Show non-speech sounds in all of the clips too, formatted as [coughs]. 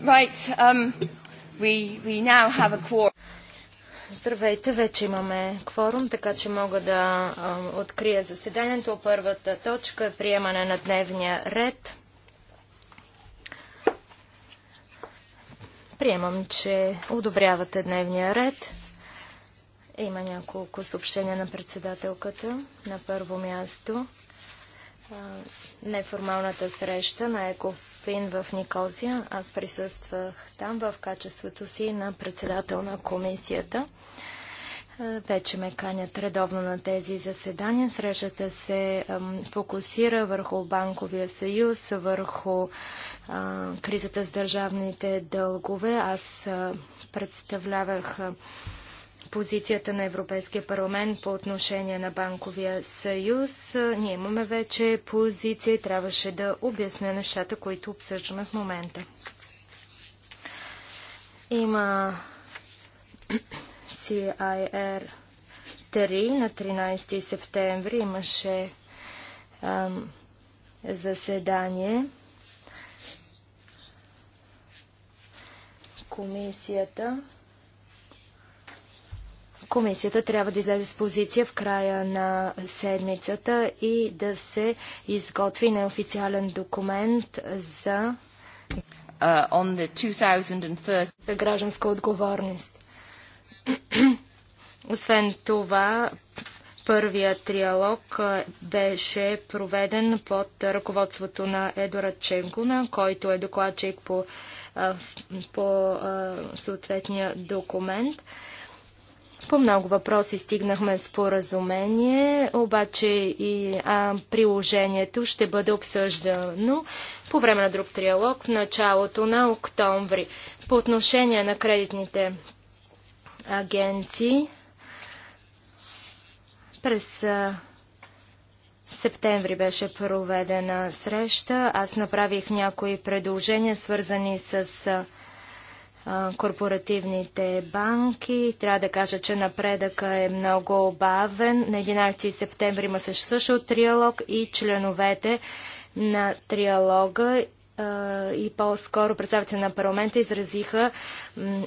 Right, um, we, we now have a quorum. Здравейте, вече имаме кворум, така че мога да um, открия заседанието. Първата точка е приемане на дневния ред. Приемам, че одобрявате дневния ред. Има няколко съобщения на председателката. На първо място неформалната среща на ЕКО. Фин в Никозия. Аз присъствах там в качеството си на председател на комисията. Вече ме канят редовно на тези заседания. Срещата се фокусира върху банковия съюз, върху кризата с държавните дългове. Аз представлявах позицията на Европейския парламент по отношение на Банковия съюз. Ние имаме вече позиция и трябваше да обясня нещата, които обсъждаме в момента. Има CIR 3 на 13 септември. Имаше ам, заседание. Комисията Комисията трябва да излезе с позиция в края на седмицата и да се изготви неофициален документ за, uh, за гражданска отговорност. [clears throat] Освен това, първият триалог беше проведен под ръководството на Едора Ченкуна, който е докладчик по, по съответния документ. По много въпроси стигнахме споразумение, обаче и а, приложението ще бъде обсъждано по време на друг триалог в началото на октомври. По отношение на кредитните агенции, през а, септември беше проведена среща. Аз направих някои предложения, свързани с. А, корпоративните банки. Трябва да кажа, че напредъка е много бавен. На 11 септември има също триалог и членовете на триалога и по-скоро представители на парламента изразиха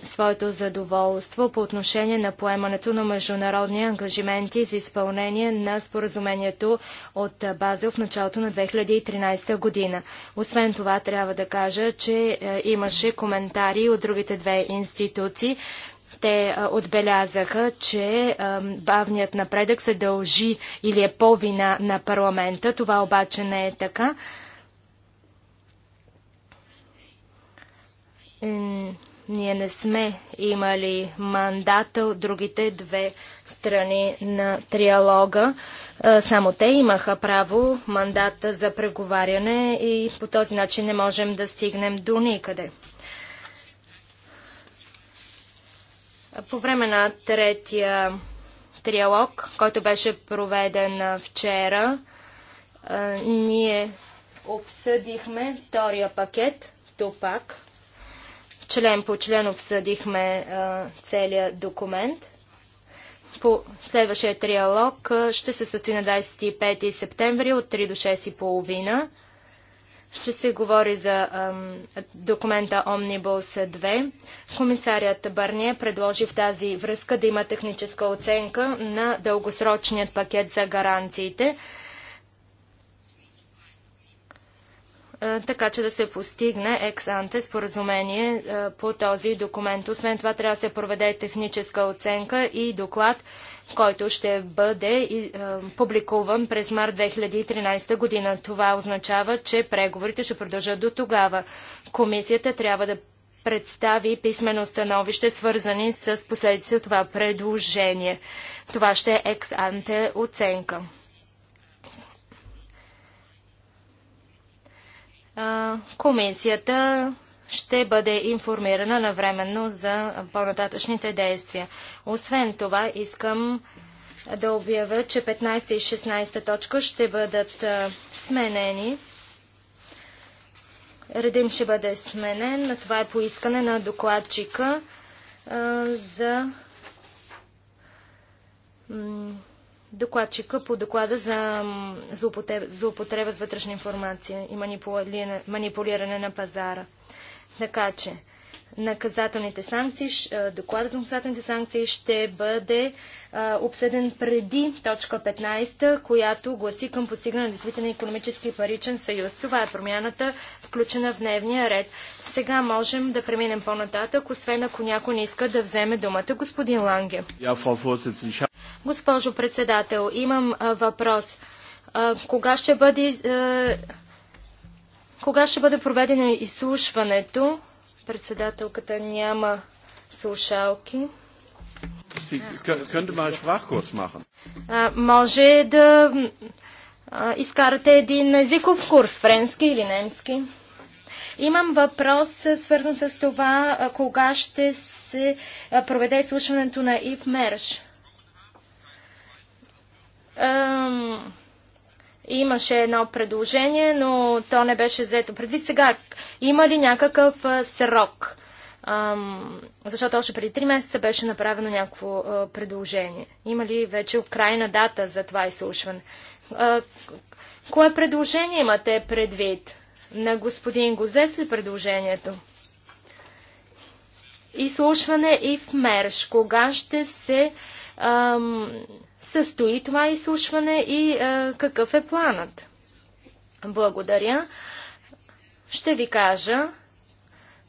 своето задоволство по отношение на поемането на международни ангажименти за изпълнение на споразумението от Базел в началото на 2013 година. Освен това, трябва да кажа, че имаше коментари от другите две институции, те отбелязаха, че бавният напредък се дължи или е по вина на парламента. Това обаче не е така. ние не сме имали мандата от другите две страни на триалога. Само те имаха право мандата за преговаряне и по този начин не можем да стигнем до никъде. По време на третия триалог, който беше проведен вчера, ние обсъдихме втория пакет, ТОПАК, Член по член обсъдихме целият документ. По следващия триалог ще се състои на 25 септември от 3 до 6.30. Ще се говори за ам, документа Omnibus 2. Комисарият Бърния предложи в тази връзка да има техническа оценка на дългосрочният пакет за гаранциите. Е, така че да се постигне ексанте споразумение е, по този документ. Освен това трябва да се проведе техническа оценка и доклад, който ще бъде е, публикуван през март 2013 година. Това означава, че преговорите ще продължат до тогава. Комисията трябва да представи писмено становище, свързани с последиците от това предложение. Това ще е ексанте оценка. комисията ще бъде информирана навременно за по-нататъчните действия. Освен това, искам да обявя, че 15 и 16 точка ще бъдат сменени. Редим ще бъде сменен. Това е поискане на докладчика за докладчика по доклада за, за, за употреба с вътрешна информация и манипулиране на пазара. Така че, наказателните санкции, докладът за наказателните санкции ще бъде обсъден преди точка 15, която гласи към постигане на действителен економически и паричен съюз. Това е промяната, включена в дневния ред. Сега можем да преминем по-нататък, освен ако някой не иска да вземе думата. Господин Ланге. Госпожо председател, имам въпрос. кога ще бъде... Е, кога ще бъде проведено изслушването Председателката няма слушалки. може да изкарате един езиков курс, френски или немски. Имам въпрос, свързан с това, кога ще се проведе изслушването на Ив Мерш. Имаше едно предложение, но то не беше взето предвид. Сега, има ли някакъв срок? Ам, защото още преди 3 месеца беше направено някакво а, предложение. Има ли вече крайна дата за това изслушване? А, кое предложение имате предвид? На господин Гозес ли предложението? Изслушване и в мерш. Кога ще се ам, състои това изслушване и е, какъв е планът. Благодаря. Ще ви кажа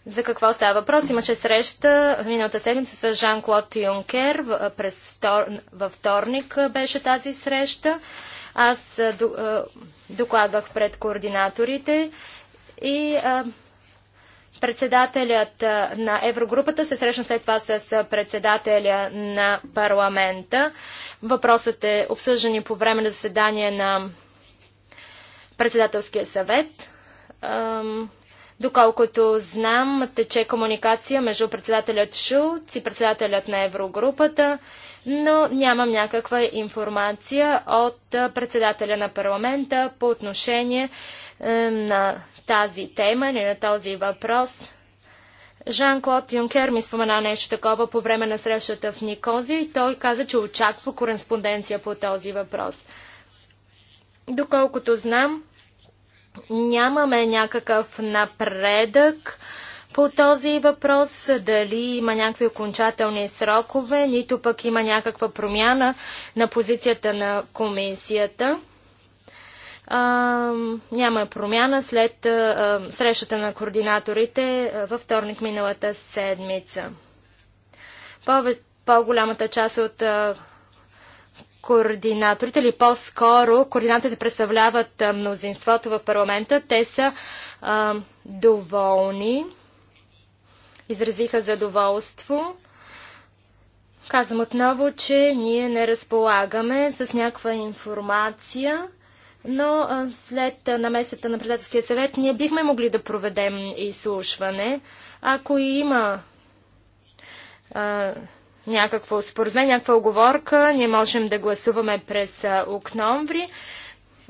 за какво става въпрос. Имаше среща в миналата седмица с Жан-Клод Юнкер. Е, през втор... Във вторник е, беше тази среща. Аз е, е, докладвах пред координаторите и е, Председателят на Еврогрупата се срещна след това с председателя на парламента. Въпросът е обсъждан по време на заседание на председателския съвет. Доколкото знам, тече комуникация между председателят Шулц и председателят на Еврогрупата, но нямам някаква информация от председателя на парламента по отношение е, на тази тема или на този въпрос. Жан-Клод Юнкер ми спомена нещо такова по време на срещата в Никози и той каза, че очаква кореспонденция по този въпрос. Доколкото знам, Нямаме някакъв напредък по този въпрос, дали има някакви окончателни срокове, нито пък има някаква промяна на позицията на комисията. А, няма промяна след а, срещата на координаторите във вторник миналата седмица. по-голямата част от координаторите, или по-скоро координаторите представляват мнозинството в парламента. Те са а, доволни, изразиха задоволство. Казвам отново, че ние не разполагаме с някаква информация, но а, след намесата на председателския съвет ние бихме могли да проведем изслушване. Ако има а, някакво споразумение, някаква оговорка. Ние можем да гласуваме през октомври.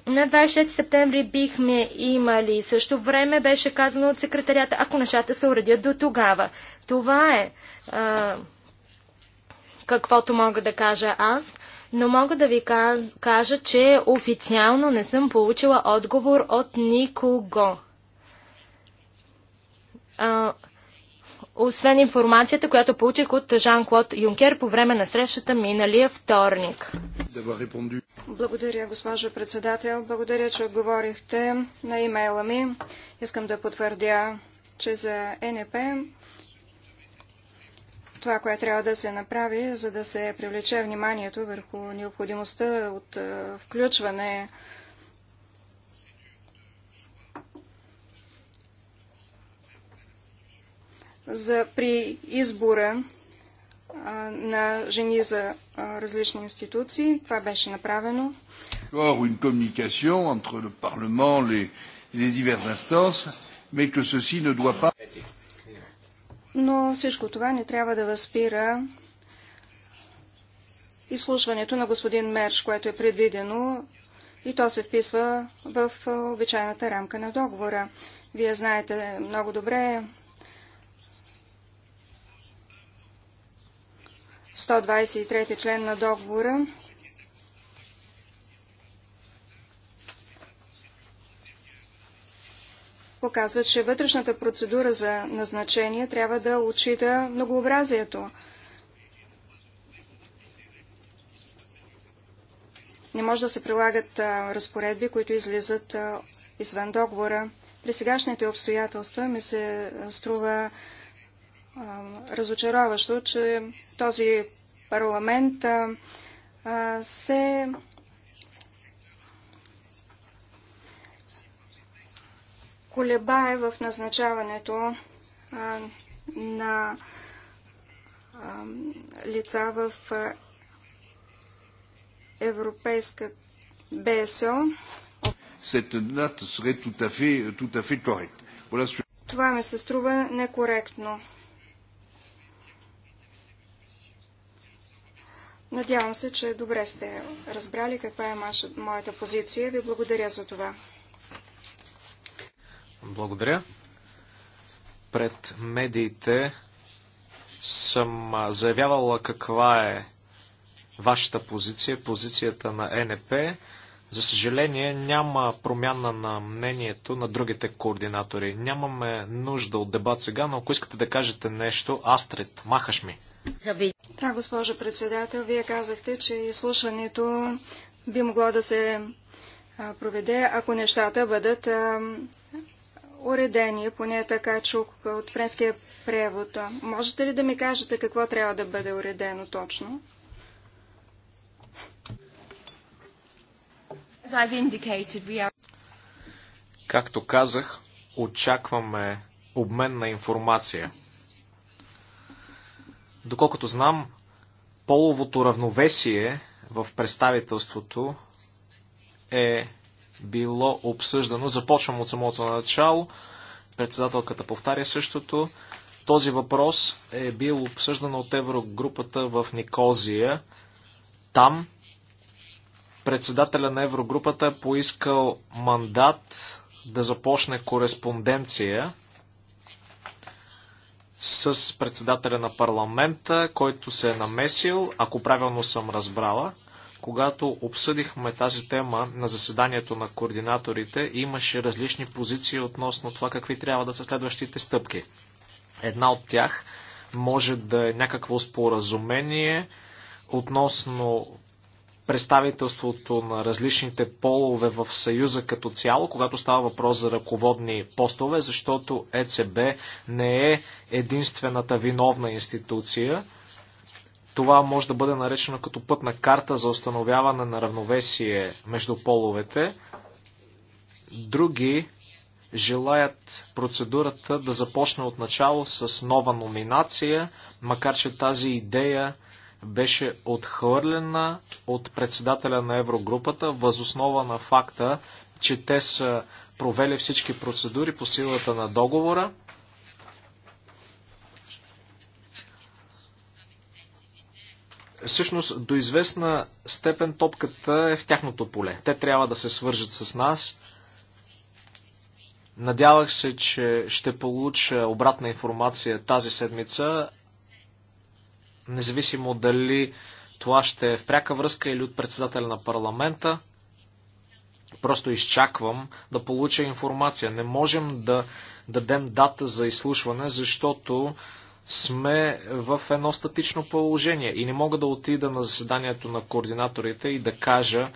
На 26 септември бихме имали също време, беше казано от секретарията, ако нещата се уредят до тогава. Това е а, каквото мога да кажа аз, но мога да ви кажа, че официално не съм получила отговор от никого. А, освен информацията, която получих от Жан-Клод Юнкер по време на срещата миналия вторник. Благодаря, госпожо председател. Благодаря, че отговорихте на имейла ми. Искам да потвърдя, че за НП това, което трябва да се направи, за да се привлече вниманието върху необходимостта от включване за при избора а, на жени за а, различни институции. Това беше направено. Une communication entre le Parlement, les, les diverses instances, mais que ceci ne doit pas... Но всичко това не трябва да възпира изслушването на господин Мерш, което е предвидено и то се вписва в обичайната рамка на договора. Вие знаете много добре 123 член на договора. показва, че вътрешната процедура за назначение трябва да отчита многообразието. Не може да се прилагат а, разпоредби, които излизат а, извън договора. При сегашните обстоятелства ми се струва разочароващо, че този парламент а, а, се колебае в назначаването а, на а, лица в а, Европейска БСО. Това ми се струва некоректно. Надявам се, че добре сте разбрали каква е моята позиция. Ви благодаря за това. Благодаря. Пред медиите съм заявявала каква е вашата позиция, позицията на НП. За съжаление, няма промяна на мнението на другите координатори. Нямаме нужда от дебат сега, но ако искате да кажете нещо, Астрид, махаш ми. Да, госпожа председател, вие казахте, че изслушването би могло да се проведе, ако нещата бъдат уредени, поне така чук от френския превод. Можете ли да ми кажете какво трябва да бъде уредено точно? Както казах, очакваме обмен на информация. Доколкото знам, половото равновесие в представителството е било обсъждано. Започвам от самото начало. Председателката повтаря същото. Този въпрос е бил обсъждан от Еврогрупата в Никозия. Там председателя на Еврогрупата е поискал мандат да започне кореспонденция с председателя на парламента, който се е намесил, ако правилно съм разбрала. Когато обсъдихме тази тема на заседанието на координаторите, имаше различни позиции относно това какви трябва да са следващите стъпки. Една от тях може да е някакво споразумение относно представителството на различните полове в Съюза като цяло, когато става въпрос за ръководни постове, защото ЕЦБ не е единствената виновна институция. Това може да бъде наречено като пътна карта за установяване на равновесие между половете. Други желаят процедурата да започне от начало с нова номинация, макар че тази идея беше отхвърлена от председателя на Еврогрупата възоснова на факта, че те са провели всички процедури по силата на договора. Всъщност, до известна степен топката е в тяхното поле. Те трябва да се свържат с нас. Надявах се, че ще получа обратна информация тази седмица независимо дали това ще е в пряка връзка или от председателя на парламента. Просто изчаквам да получа информация. Не можем да дадем дата за изслушване, защото сме в едно статично положение и не мога да отида на заседанието на координаторите и да кажа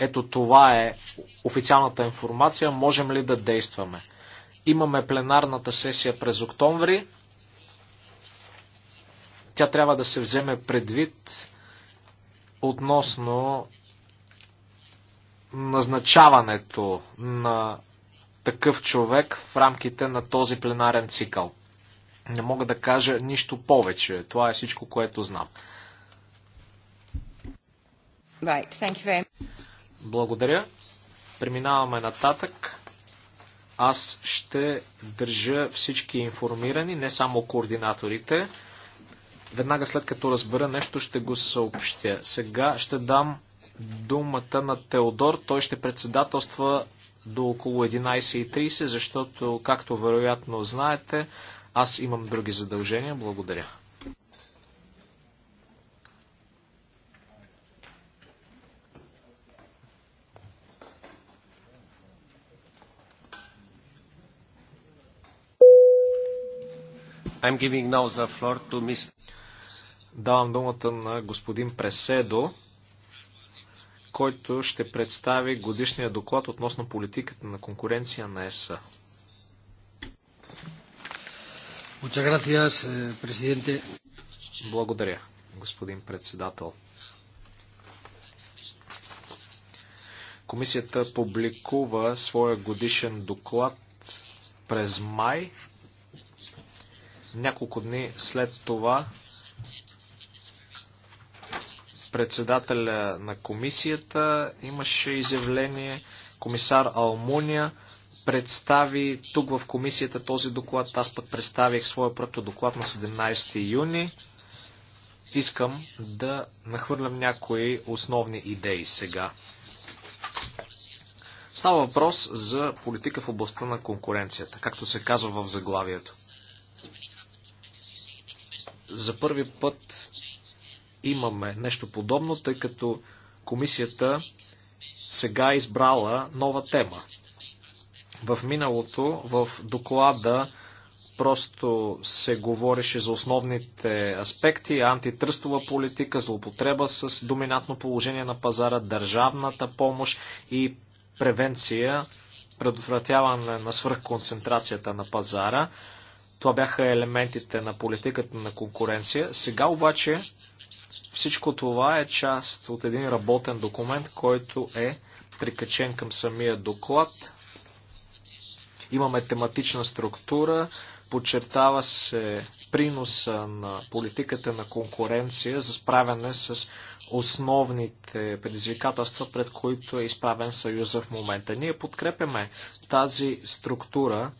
ето това е официалната информация, можем ли да действаме. Имаме пленарната сесия през октомври, тя трябва да се вземе предвид относно назначаването на такъв човек в рамките на този пленарен цикъл. Не мога да кажа нищо повече. Това е всичко, което знам. Right. Thank you very much. Благодаря. Преминаваме нататък. Аз ще държа всички информирани, не само координаторите. Веднага след като разбера нещо, ще го съобщя. Сега ще дам думата на Теодор. Той ще председателства до около 11.30, защото, както вероятно знаете, аз имам други задължения. Благодаря. I'm giving now the floor to Mr. Давам думата на господин Преседо, който ще представи годишния доклад относно политиката на конкуренция на ЕСА. Eh, Благодаря, господин председател. Комисията публикува своя годишен доклад през май. Няколко дни след това председателя на комисията имаше изявление. Комисар Алмуния представи тук в комисията този доклад. Аз пък представих своя проекто доклад на 17 юни. Искам да нахвърлям някои основни идеи сега. Става въпрос за политика в областта на конкуренцията, както се казва в заглавието. За първи път имаме нещо подобно, тъй като комисията сега е избрала нова тема. В миналото, в доклада, просто се говореше за основните аспекти, антитръстова политика, злоупотреба с доминантно положение на пазара, държавната помощ и превенция, предотвратяване на свръхконцентрацията на пазара. Това бяха елементите на политиката на конкуренция. Сега обаче всичко това е част от един работен документ, който е прикачен към самия доклад. Имаме тематична структура, подчертава се приноса на политиката на конкуренция за справяне с основните предизвикателства, пред които е изправен Съюза в момента. Ние подкрепяме тази структура,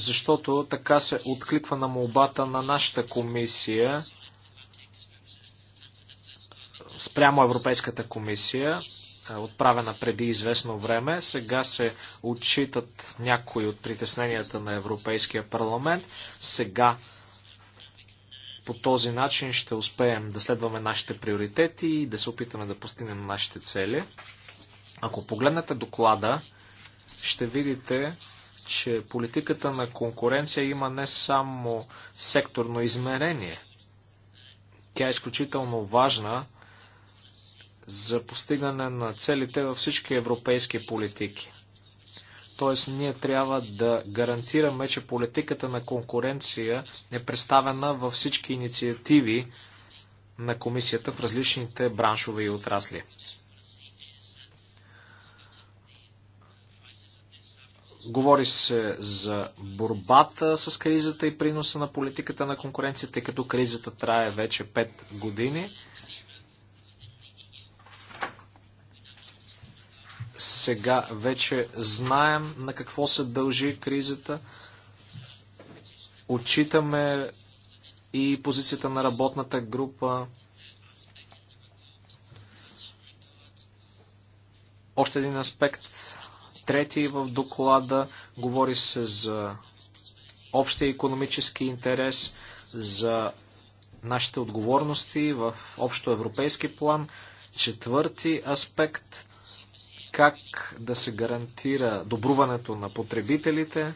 защото така се откликва на молбата на нашата комисия спрямо Европейската комисия, е, отправена преди известно време. Сега се отчитат някои от притесненията на Европейския парламент. Сега по този начин ще успеем да следваме нашите приоритети и да се опитаме да постигнем нашите цели. Ако погледнете доклада, ще видите, че политиката на конкуренция има не само секторно измерение. Тя е изключително важна за постигане на целите във всички европейски политики. Тоест, ние трябва да гарантираме, че политиката на конкуренция е представена във всички инициативи на комисията в различните браншове и отрасли. Говори се за борбата с кризата и приноса на политиката на конкуренцията, тъй като кризата трае вече 5 години. Сега вече знаем на какво се дължи кризата. Отчитаме и позицията на работната група. Още един аспект трети в доклада. Говори се за общия економически интерес, за нашите отговорности в общо европейски план. Четвърти аспект – как да се гарантира добруването на потребителите.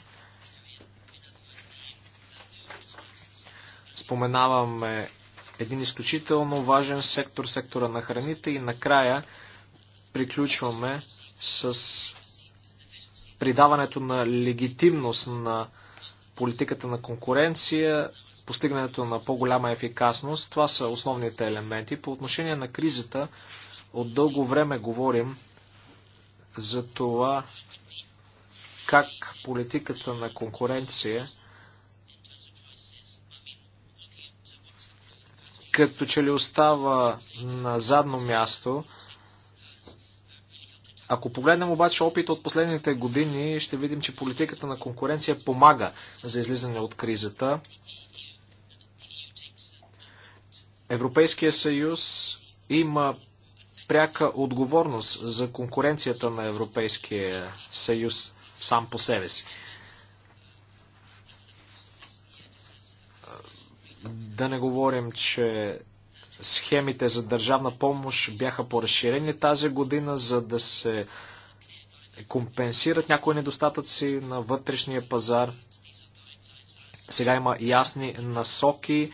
Споменаваме един изключително важен сектор, сектора на храните и накрая приключваме с придаването на легитимност на политиката на конкуренция, постигането на по-голяма ефикасност. Това са основните елементи. По отношение на кризата, от дълго време говорим за това как политиката на конкуренция като че ли остава на задно място ако погледнем обаче опита от последните години, ще видим, че политиката на конкуренция помага за излизане от кризата. Европейския съюз има пряка отговорност за конкуренцията на Европейския съюз сам по себе си. Да не говорим, че схемите за държавна помощ бяха по-разширени тази година, за да се компенсират някои недостатъци на вътрешния пазар. Сега има ясни насоки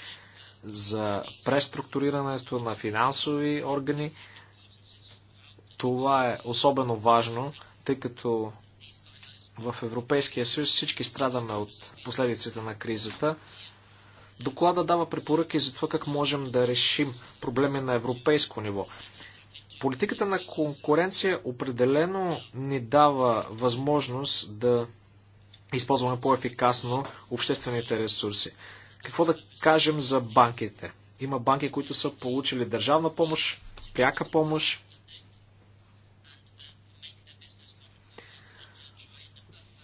за преструктурирането на финансови органи. Това е особено важно, тъй като в Европейския съюз всички страдаме от последиците на кризата. Доклада дава препоръки за това как можем да решим проблеми на европейско ниво. Политиката на конкуренция определено ни дава възможност да използваме по-ефикасно обществените ресурси. Какво да кажем за банките? Има банки, които са получили държавна помощ, пряка помощ.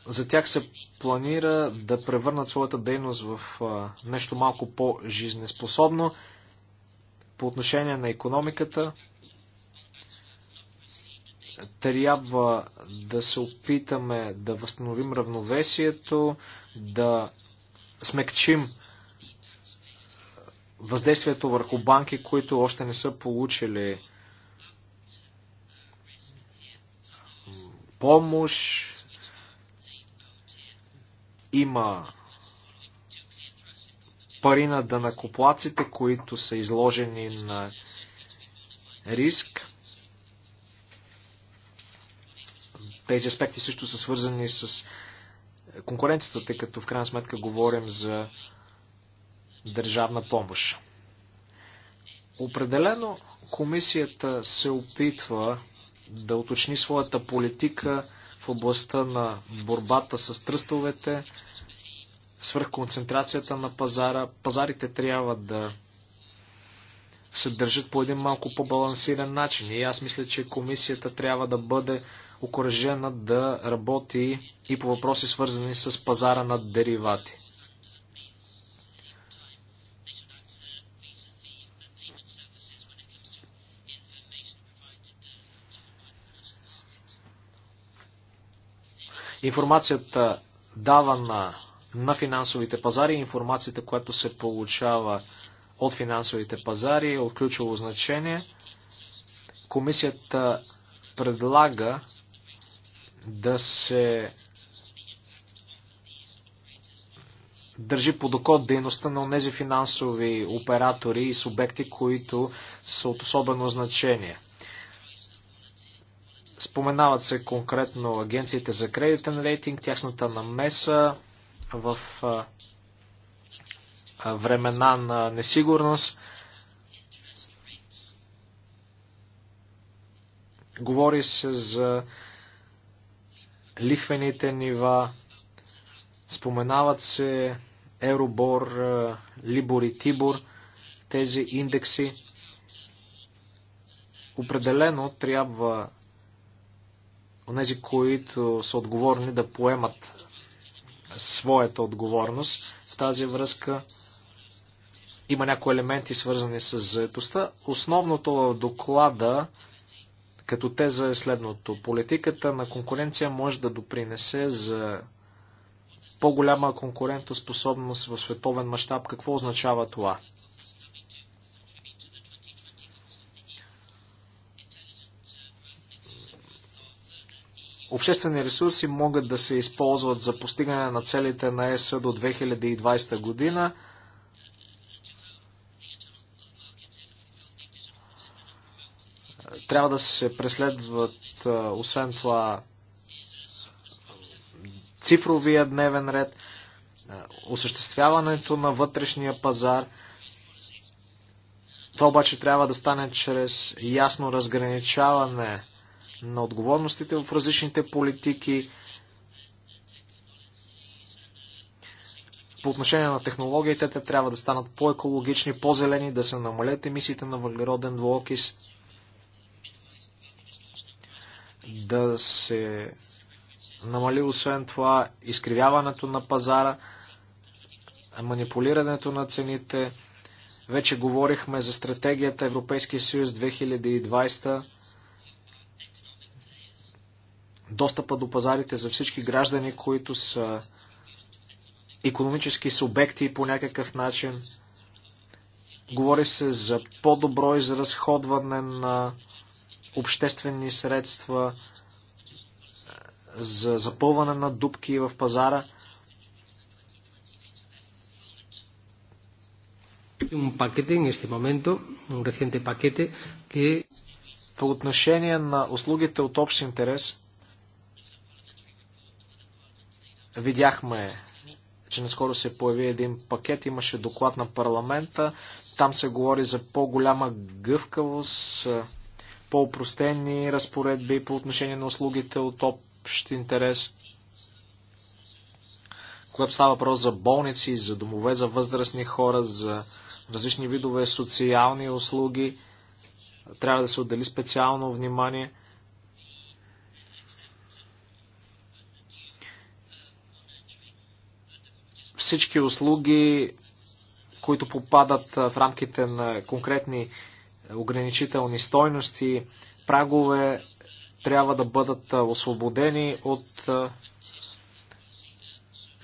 За тях са планира да превърнат своята дейност в нещо малко по-жизнеспособно по отношение на економиката. Трябва да се опитаме да възстановим равновесието, да смекчим въздействието върху банки, които още не са получили помощ, има пари на данакоплаците, които са изложени на риск. Тези аспекти също са свързани с конкуренцията, тъй като в крайна сметка говорим за държавна помощ. Определено комисията се опитва да уточни своята политика в областта на борбата с тръстовете, концентрацията на пазара. Пазарите трябва да се държат по един малко по-балансиран начин. И аз мисля, че комисията трябва да бъде окоръжена да работи и по въпроси свързани с пазара на деривати. Информацията давана на финансовите пазари, информацията, която се получава от финансовите пазари е от ключово значение. Комисията предлага да се държи под окот дейността на тези финансови оператори и субекти, които са от особено значение. Споменават се конкретно агенциите за кредитен рейтинг, тяхната намеса в времена на несигурност. Говори се за лихвените нива, споменават се Еробор, Либор и Тибор, тези индекси. Определено трябва онези, които са отговорни да поемат своята отговорност. В тази връзка има някои елементи, свързани с заетостта. Основното в доклада като теза е следното. Политиката на конкуренция може да допринесе за по-голяма конкурентоспособност в световен мащаб. Какво означава това? обществени ресурси могат да се използват за постигане на целите на ЕС до 2020 година. Трябва да се преследват, освен това, цифровия дневен ред, осъществяването на вътрешния пазар. Това обаче трябва да стане чрез ясно разграничаване на отговорностите в различните политики, по отношение на технологиите, те трябва да станат по-екологични, по-зелени, да се намалят емисиите на въглероден двуокис, да се намали освен това изкривяването на пазара, манипулирането на цените. Вече говорихме за стратегията Европейския съюз 2020 достъпа до пазарите за всички граждани, които са економически субекти по някакъв начин. Говори се за по-добро изразходване на обществени средства, за запълване на дупки в пазара. Un paquete en este momento, un reciente paquete que... По отношение на услугите от общ интерес, Видяхме, че наскоро се появи един пакет, имаше доклад на парламента, там се говори за по-голяма гъвкавост, по-упростени разпоредби по отношение на услугите от общ интерес. Когато става въпрос за болници, за домове за възрастни хора, за различни видове социални услуги, трябва да се отдели специално внимание – всички услуги, които попадат в рамките на конкретни ограничителни стойности, прагове, трябва да бъдат освободени от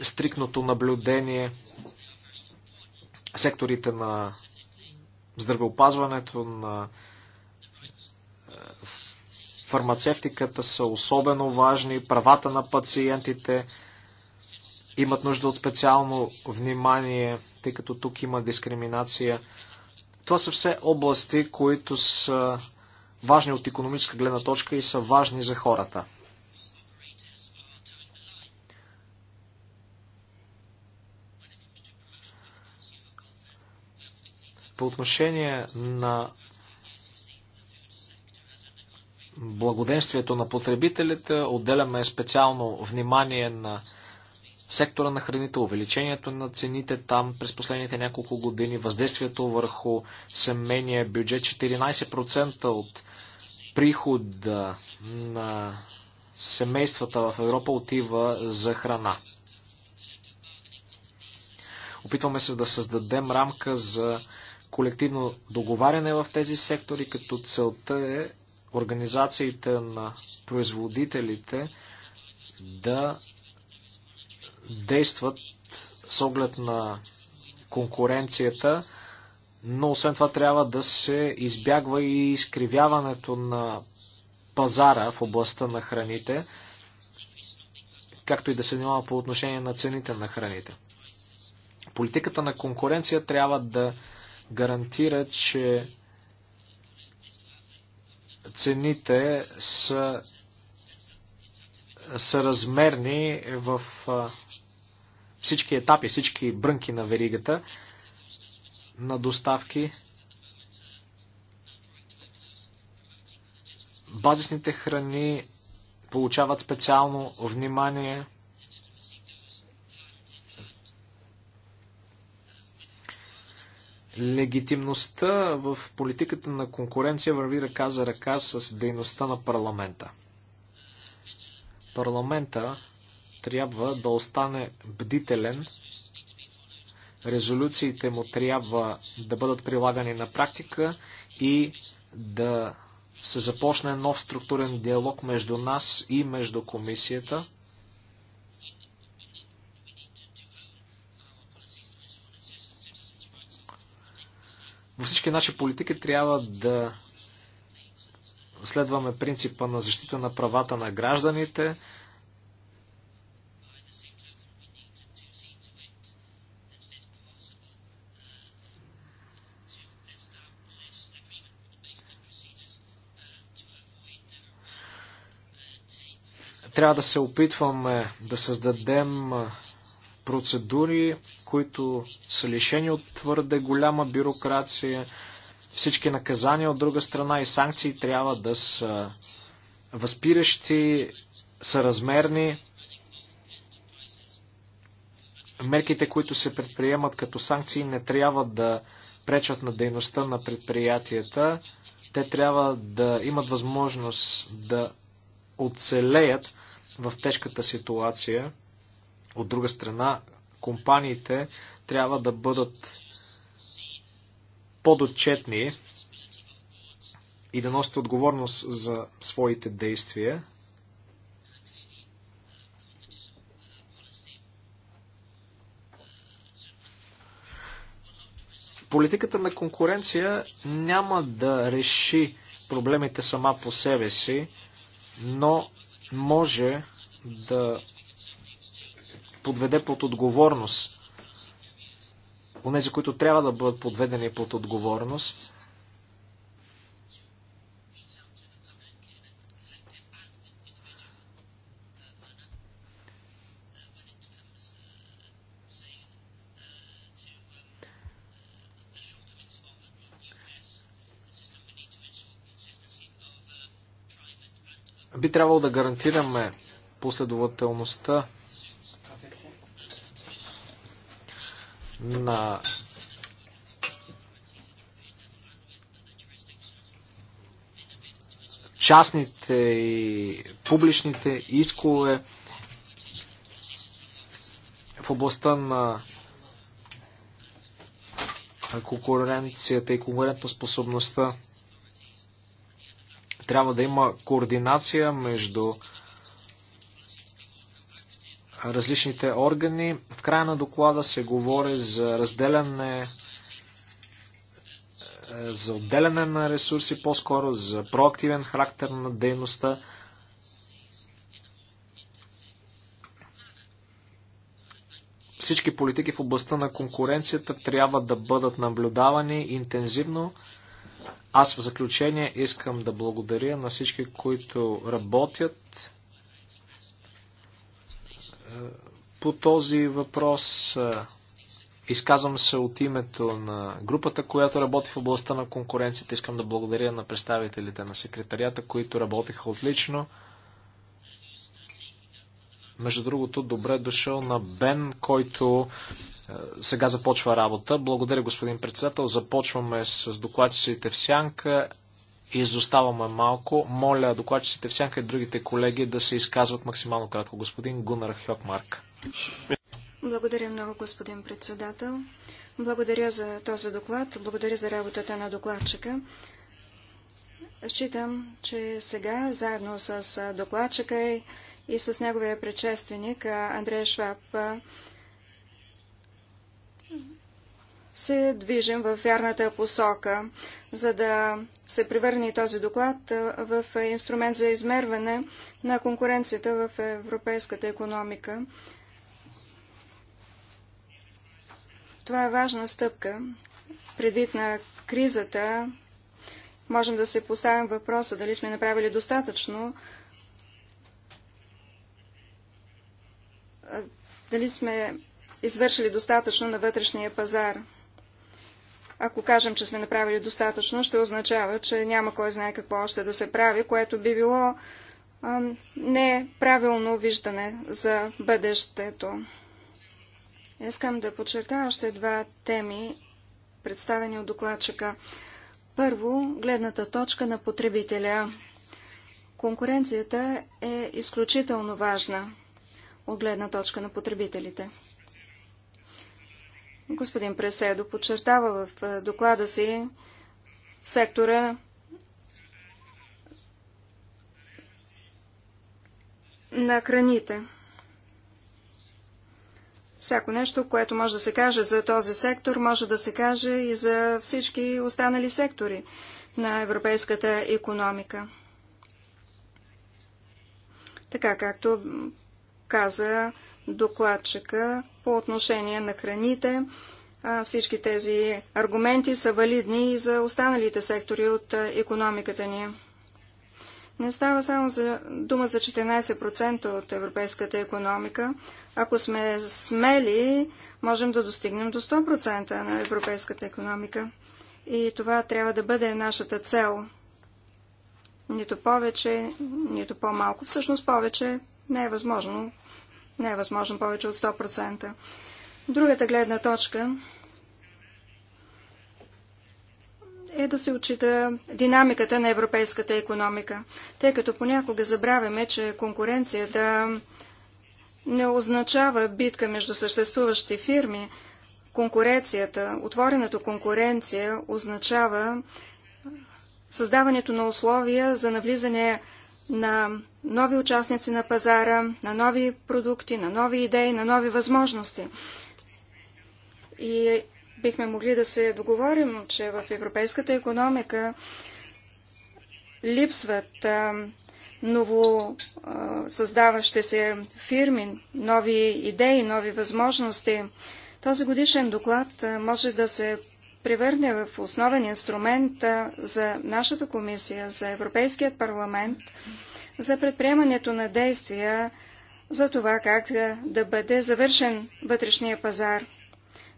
стрикното наблюдение. Секторите на здравеопазването, на фармацевтиката са особено важни, правата на пациентите – имат нужда от специално внимание, тъй като тук има дискриминация. Това са все области, които са важни от економическа гледна точка и са важни за хората. По отношение на благоденствието на потребителите, отделяме специално внимание на сектора на храните, увеличението на цените там през последните няколко години, въздействието върху семейния бюджет, 14% от прихода на семействата в Европа отива за храна. Опитваме се да създадем рамка за колективно договаряне в тези сектори, като целта е организациите на производителите да действат с оглед на конкуренцията, но освен това трябва да се избягва и изкривяването на пазара в областта на храните, както и да се внимава по отношение на цените на храните. Политиката на конкуренция трябва да гарантира, че цените са, са размерни в всички етапи, всички брънки на веригата на доставки. Базисните храни получават специално внимание. Легитимността в политиката на конкуренция върви ръка за ръка с дейността на парламента. Парламента трябва да остане бдителен. Резолюциите му трябва да бъдат прилагани на практика и да се започне нов структурен диалог между нас и между комисията. Във всички наши политики трябва да следваме принципа на защита на правата на гражданите, Трябва да се опитваме да създадем процедури, които са лишени от твърде голяма бюрокрация. Всички наказания от друга страна и санкции трябва да са възпиращи, съразмерни. Мерките, които се предприемат като санкции, не трябва да пречат на дейността на предприятията. Те трябва да имат възможност да оцелеят в тежката ситуация. От друга страна, компаниите трябва да бъдат подотчетни и да носят отговорност за своите действия. Политиката на конкуренция няма да реши проблемите сама по себе си, но може да подведе под отговорност онези, които трябва да бъдат подведени под отговорност. Би трябвало да гарантираме последователността на частните и публичните искове в областта на конкуренцията и конкурентоспособността. Трябва да има координация между различните органи. В края на доклада се говори за разделяне, е, за отделяне на ресурси, по-скоро за проактивен характер на дейността. Всички политики в областта на конкуренцията трябва да бъдат наблюдавани интензивно. Аз в заключение искам да благодаря на всички, които работят е, по този въпрос. Е, изказвам се от името на групата, която работи в областта на конкуренцията. Искам да благодаря на представителите на секретарията, които работиха отлично. Между другото, добре дошъл на Бен, който е, сега започва работа. Благодаря, господин председател. Започваме с докладчиците в сянка. Изоставаме малко. Моля докладчиците в сянка и другите колеги да се изказват максимално кратко. Господин Гунар Хьокмарк. Благодаря много, господин председател. Благодаря за този доклад. Благодаря за работата на докладчика. Считам, че сега, заедно с докладчика и с неговия предшественик Андрея Шваб, се движим в вярната посока, за да се превърне този доклад в инструмент за измерване на конкуренцията в европейската економика. Това е важна стъпка. Предвид на кризата, можем да се поставим въпроса дали сме направили достатъчно, дали сме извършили достатъчно на вътрешния пазар. Ако кажем, че сме направили достатъчно, ще означава, че няма кой знае какво още да се прави, което би било а, неправилно виждане за бъдещето. Искам да подчертая още два теми, представени от докладчика. Първо, гледната точка на потребителя. Конкуренцията е изключително важна от гледна точка на потребителите. Господин Преседо подчертава в доклада си сектора на храните. Всяко нещо, което може да се каже за този сектор, може да се каже и за всички останали сектори на европейската економика. Така както каза докладчика по отношение на храните. Всички тези аргументи са валидни и за останалите сектори от економиката ни. Не става само за дума за 14% от европейската економика. Ако сме смели, можем да достигнем до 100% на европейската економика. И това трябва да бъде нашата цел. Нито повече, нито по-малко. Всъщност повече не е възможно не е възможно повече от 100%. Другата гледна точка е да се отчита динамиката на европейската економика, тъй като понякога забравяме, че конкуренцията не означава битка между съществуващи фирми. Конкуренцията, отворената конкуренция означава създаването на условия за навлизане на нови участници на пазара, на нови продукти, на нови идеи, на нови възможности. И бихме могли да се договорим, че в европейската економика липсват а, ново а, създаващи се фирми, нови идеи, нови възможности. Този годишен доклад а, може да се превърне в основен инструмент за нашата комисия, за Европейският парламент, за предприемането на действия за това как да, бъде завършен вътрешния пазар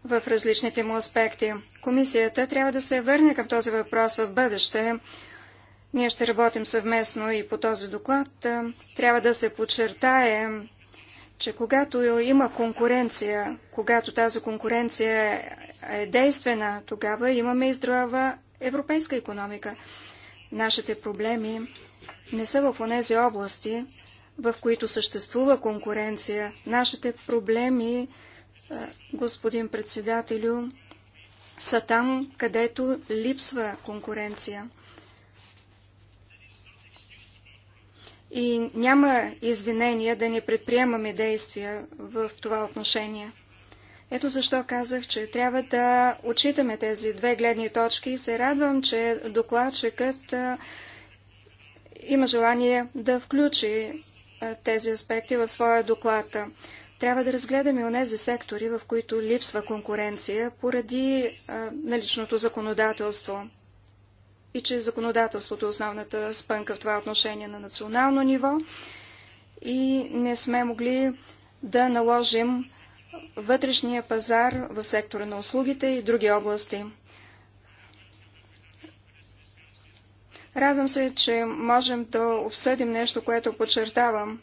в различните му аспекти. Комисията трябва да се върне към този въпрос в бъдеще. Ние ще работим съвместно и по този доклад. Трябва да се подчертае че когато има конкуренция, когато тази конкуренция е действена, тогава имаме и здрава европейска економика. Нашите проблеми не са в онези области, в които съществува конкуренция. Нашите проблеми, господин председателю, са там, където липсва конкуренция. и няма извинения да не предприемаме действия в това отношение. Ето защо казах, че трябва да отчитаме тези две гледни точки и се радвам, че докладчикът има желание да включи тези аспекти в своя доклад. Трябва да разгледаме онези сектори, в които липсва конкуренция поради наличното законодателство и че законодателството е основната спънка в това отношение на национално ниво и не сме могли да наложим вътрешния пазар в сектора на услугите и други области. Радвам се, че можем да обсъдим нещо, което подчертавам,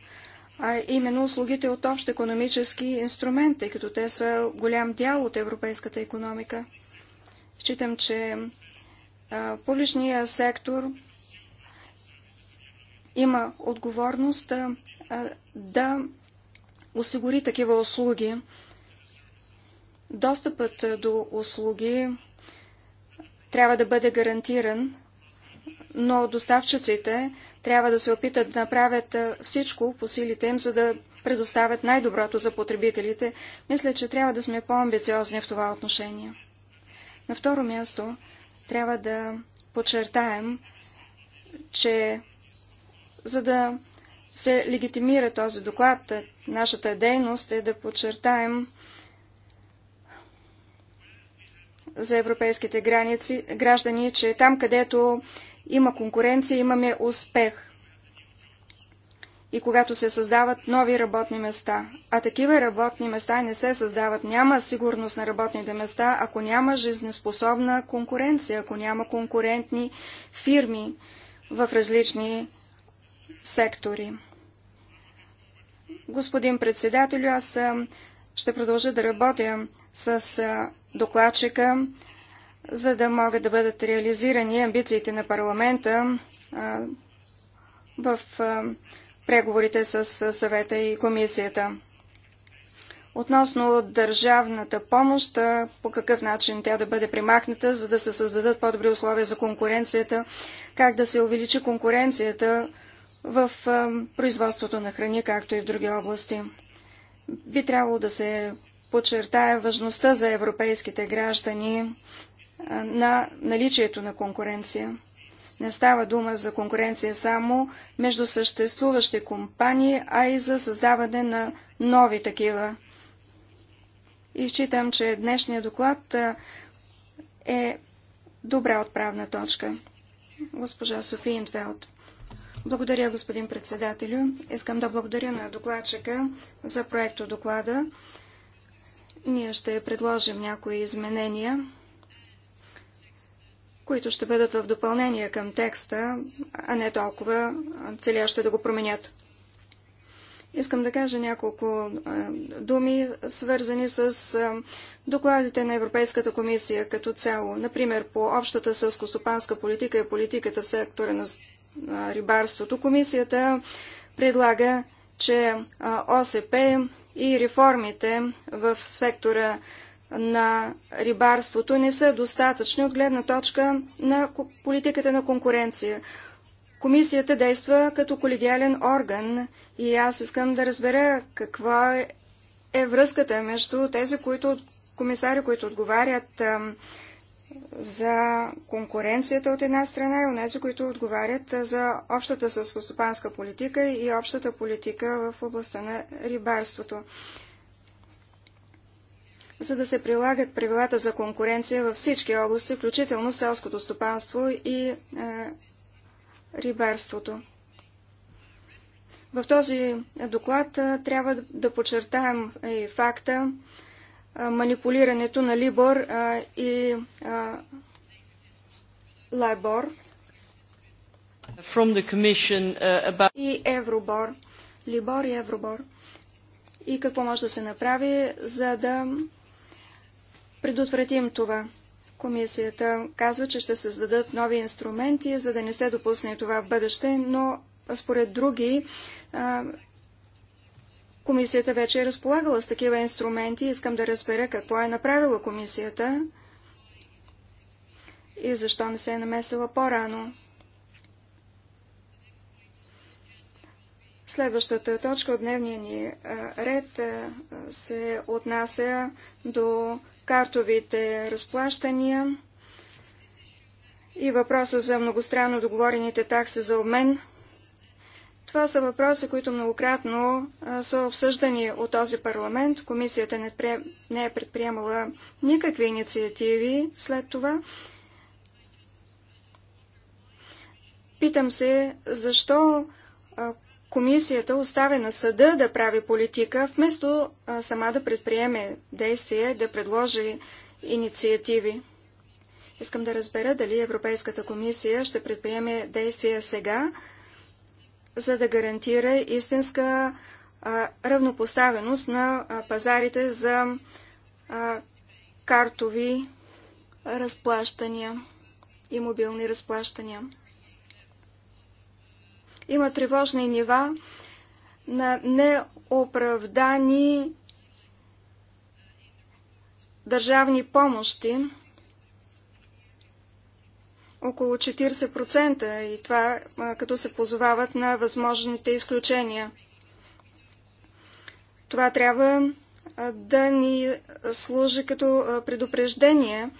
а именно услугите от общ економически инструменти, като те са голям дял от европейската економика. Считам, че публичния сектор има отговорност да осигури такива услуги. Достъпът до услуги трябва да бъде гарантиран, но доставчиците трябва да се опитат да направят всичко по силите им, за да предоставят най-доброто за потребителите. Мисля, че трябва да сме по-амбициозни в това отношение. На второ място, трябва да подчертаем, че за да се легитимира този доклад, нашата дейност е да подчертаем за европейските граници, граждани, че там, където има конкуренция, имаме успех и когато се създават нови работни места. А такива работни места не се създават. Няма сигурност на работните места, ако няма жизнеспособна конкуренция, ако няма конкурентни фирми в различни сектори. Господин председател, аз ще продължа да работя с докладчика, за да могат да бъдат реализирани амбициите на парламента в преговорите с съвета и комисията. Относно държавната помощ, по какъв начин тя да бъде примахната, за да се създадат по-добри условия за конкуренцията, как да се увеличи конкуренцията в производството на храни, както и в други области. Би трябвало да се подчертая важността за европейските граждани на наличието на конкуренция. Не става дума за конкуренция само между съществуващи компании, а и за създаване на нови такива. И считам, че днешния доклад е добра отправна точка. Госпожа София Интвелт. Благодаря, господин председателю. Искам да благодаря на докладчика за проекто доклада. Ние ще предложим някои изменения които ще бъдат в допълнение към текста, а не толкова целящи да го променят. Искам да кажа няколко думи, свързани с докладите на Европейската комисия като цяло. Например, по общата сълскостопанска политика и политиката в сектора на рибарството, комисията предлага, че ОСП и реформите в сектора на рибарството не са достатъчни от гледна точка на политиката на конкуренция. Комисията действа като колегиален орган и аз искам да разбера каква е връзката между тези, които комисари, които отговарят за конкуренцията от една страна и онези, които отговарят за общата съсвостопанска политика и общата политика в областта на рибарството за да се прилагат правилата за конкуренция във всички области, включително селското стопанство и е, рибарството. В този доклад е, трябва да подчертаем и факта е, манипулирането на Либор е, и е, Лайбор е, и Евробор. Либор и Евробор и какво може да се направи, за да предотвратим това. Комисията казва, че ще създадат нови инструменти, за да не се допусне това в бъдеще, но според други а, комисията вече е разполагала с такива инструменти. Искам да разбера какво е направила комисията и защо не се е намесила по-рано. Следващата точка от дневния ни ред се отнася до картовите разплащания и въпроса за многостранно договорените такси за обмен. Това са въпроси, които многократно са обсъждани от този парламент. Комисията не, е предприемала никакви инициативи след това. Питам се, защо комисията оставя на съда да прави политика, вместо а, сама да предприеме действия, да предложи инициативи. Искам да разбера дали Европейската комисия ще предприеме действия сега, за да гарантира истинска а, равнопоставеност на а, пазарите за а, картови разплащания и мобилни разплащания. Има тревожни нива на неоправдани държавни помощи, около 40% и това като се позовават на възможните изключения. Това трябва да ни служи като предупреждение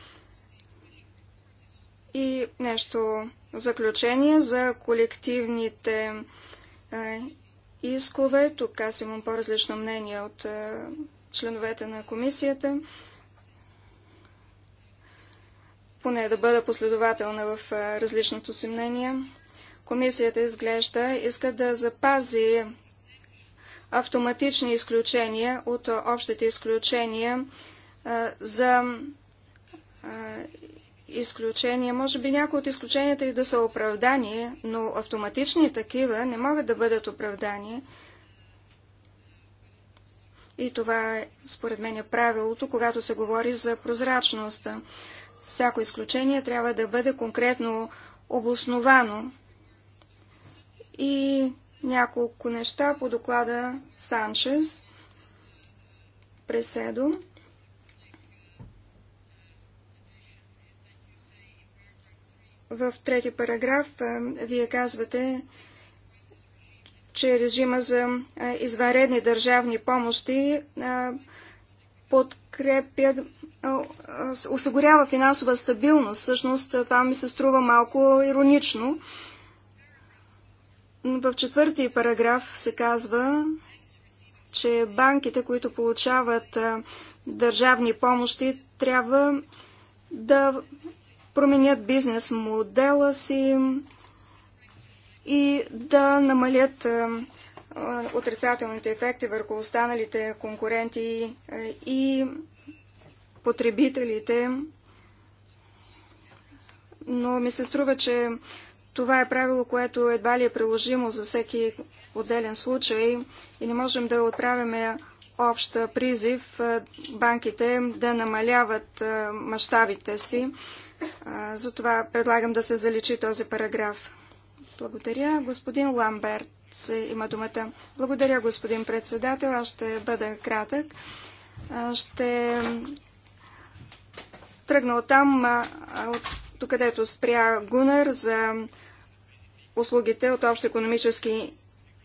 и нещо заключение за колективните е, искове. Тук аз имам по-различно мнение от е, членовете на комисията. Поне да бъда последователна в е, различното си мнение. Комисията изглежда иска да запази автоматични изключения от общите изключения за изключения, може би някои от изключенията и да са оправдани, но автоматични такива не могат да бъдат оправдани. И това, е, според мен, е правилото, когато се говори за прозрачността. Всяко изключение трябва да бъде конкретно обосновано. И няколко неща по доклада Санчес. Преседо. В трети параграф вие казвате, че режима за изваредни държавни помощи подкрепя, осигурява финансова стабилност. Всъщност това ми се струва малко иронично. В четвърти параграф се казва, че банките, които получават държавни помощи, трябва да променят бизнес модела си и да намалят е, е, отрицателните ефекти върху останалите конкуренти е, и потребителите. Но ми се струва, че това е правило, което едва ли е приложимо за всеки отделен случай и не можем да отправяме общ призив банките да намаляват мащабите си затова предлагам да се заличи този параграф. Благодаря. Господин Ламберт има думата. Благодаря, господин председател. Аз ще бъда кратък. Ще тръгна от там, от докъдето спря Гунър за услугите от общ економически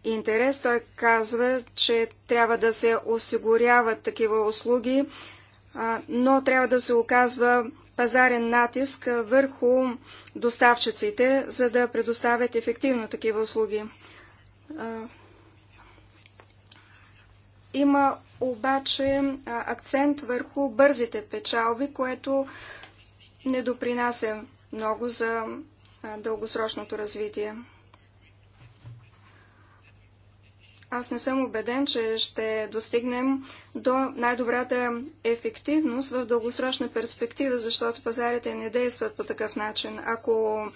интерес. Той казва, че трябва да се осигуряват такива услуги, но трябва да се оказва пазарен натиск върху доставчиците, за да предоставят ефективно такива услуги. Има обаче акцент върху бързите печалби, което не допринася много за дългосрочното развитие. Аз не съм убеден, че ще достигнем до най-добрата ефективност в дългосрочна перспектива, защото пазарите не действат по такъв начин. Ако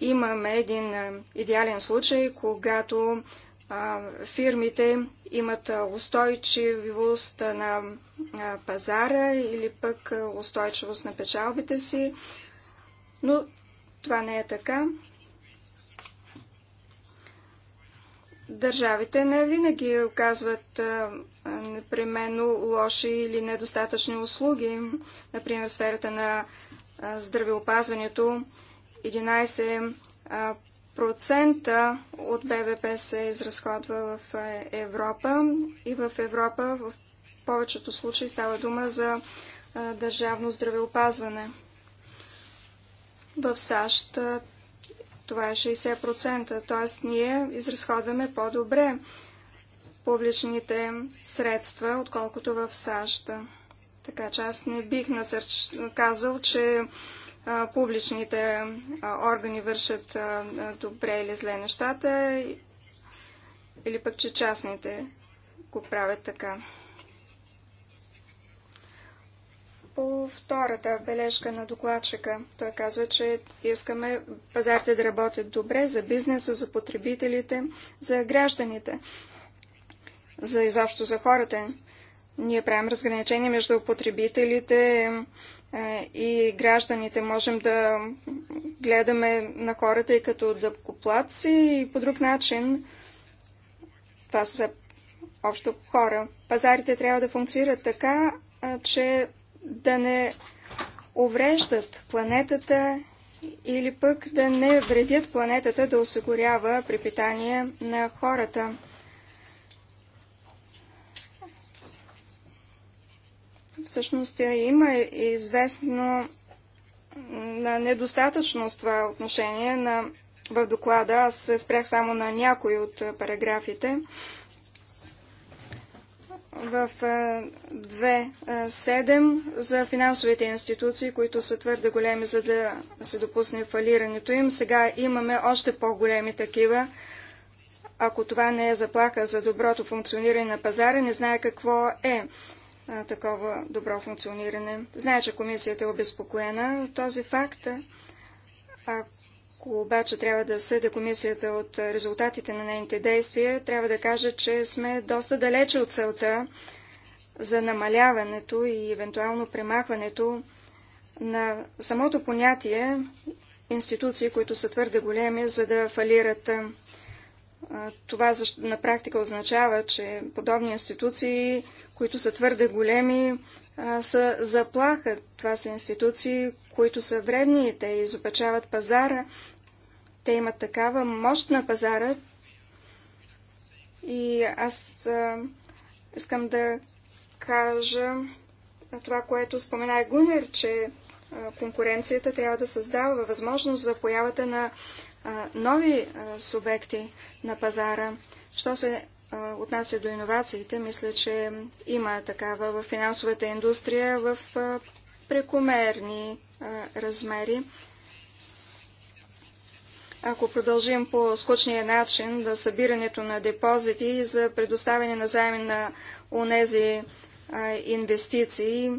имаме един идеален случай, когато фирмите имат устойчивост на пазара или пък устойчивост на печалбите си, но това не е така. Държавите не винаги оказват непременно лоши или недостатъчни услуги, например в сферата на здравеопазването. 11% от БВП се изразходва в Европа и в Европа в повечето случаи става дума за държавно здравеопазване. В САЩ това е 60%, т.е. ние изразходваме по-добре публичните средства, отколкото в САЩ. Така че аз не бих насърч... казал, че а, публичните а, органи вършат а, добре или зле нещата, или пък, че частните го правят така. по втората бележка на докладчика. Той казва, че искаме пазарите да работят добре за бизнеса, за потребителите, за гражданите, за изобщо за хората. Ние правим разграничение между потребителите е, и гражданите. Можем да гледаме на хората и като дъпкоплаци и по друг начин. Това са общо хора. Пазарите трябва да функцират така, е, че да не увреждат планетата или пък да не вредят планетата да осигурява препитание на хората. Всъщност е, има известно на недостатъчност това отношение на, в доклада. Аз се спрях само на някои от параграфите в 2.7 за финансовите институции, които са твърде големи, за да се допусне фалирането им. Сега имаме още по-големи такива. Ако това не е заплаха за доброто функциониране на пазара, не знае какво е такова добро функциониране. Знае, че комисията е обезпокоена от този факт. Ако ако обаче трябва да съда комисията от резултатите на нейните действия, трябва да кажа, че сме доста далече от целта за намаляването и евентуално премахването на самото понятие институции, които са твърде големи, за да фалират. Това на практика означава, че подобни институции, които са твърде големи, са заплаха. Това са институции, които са вредни, те изопачават пазара, те имат такава мощ на пазара. И аз искам да кажа това, което спомена Гунер, че конкуренцията трябва да създава възможност за появата на нови субекти на пазара. Що се отнася до иновациите, мисля, че има такава в финансовата индустрия в прекомерни размери. Ако продължим по скучния начин да събирането на депозити за предоставяне на заеми на онези инвестиции,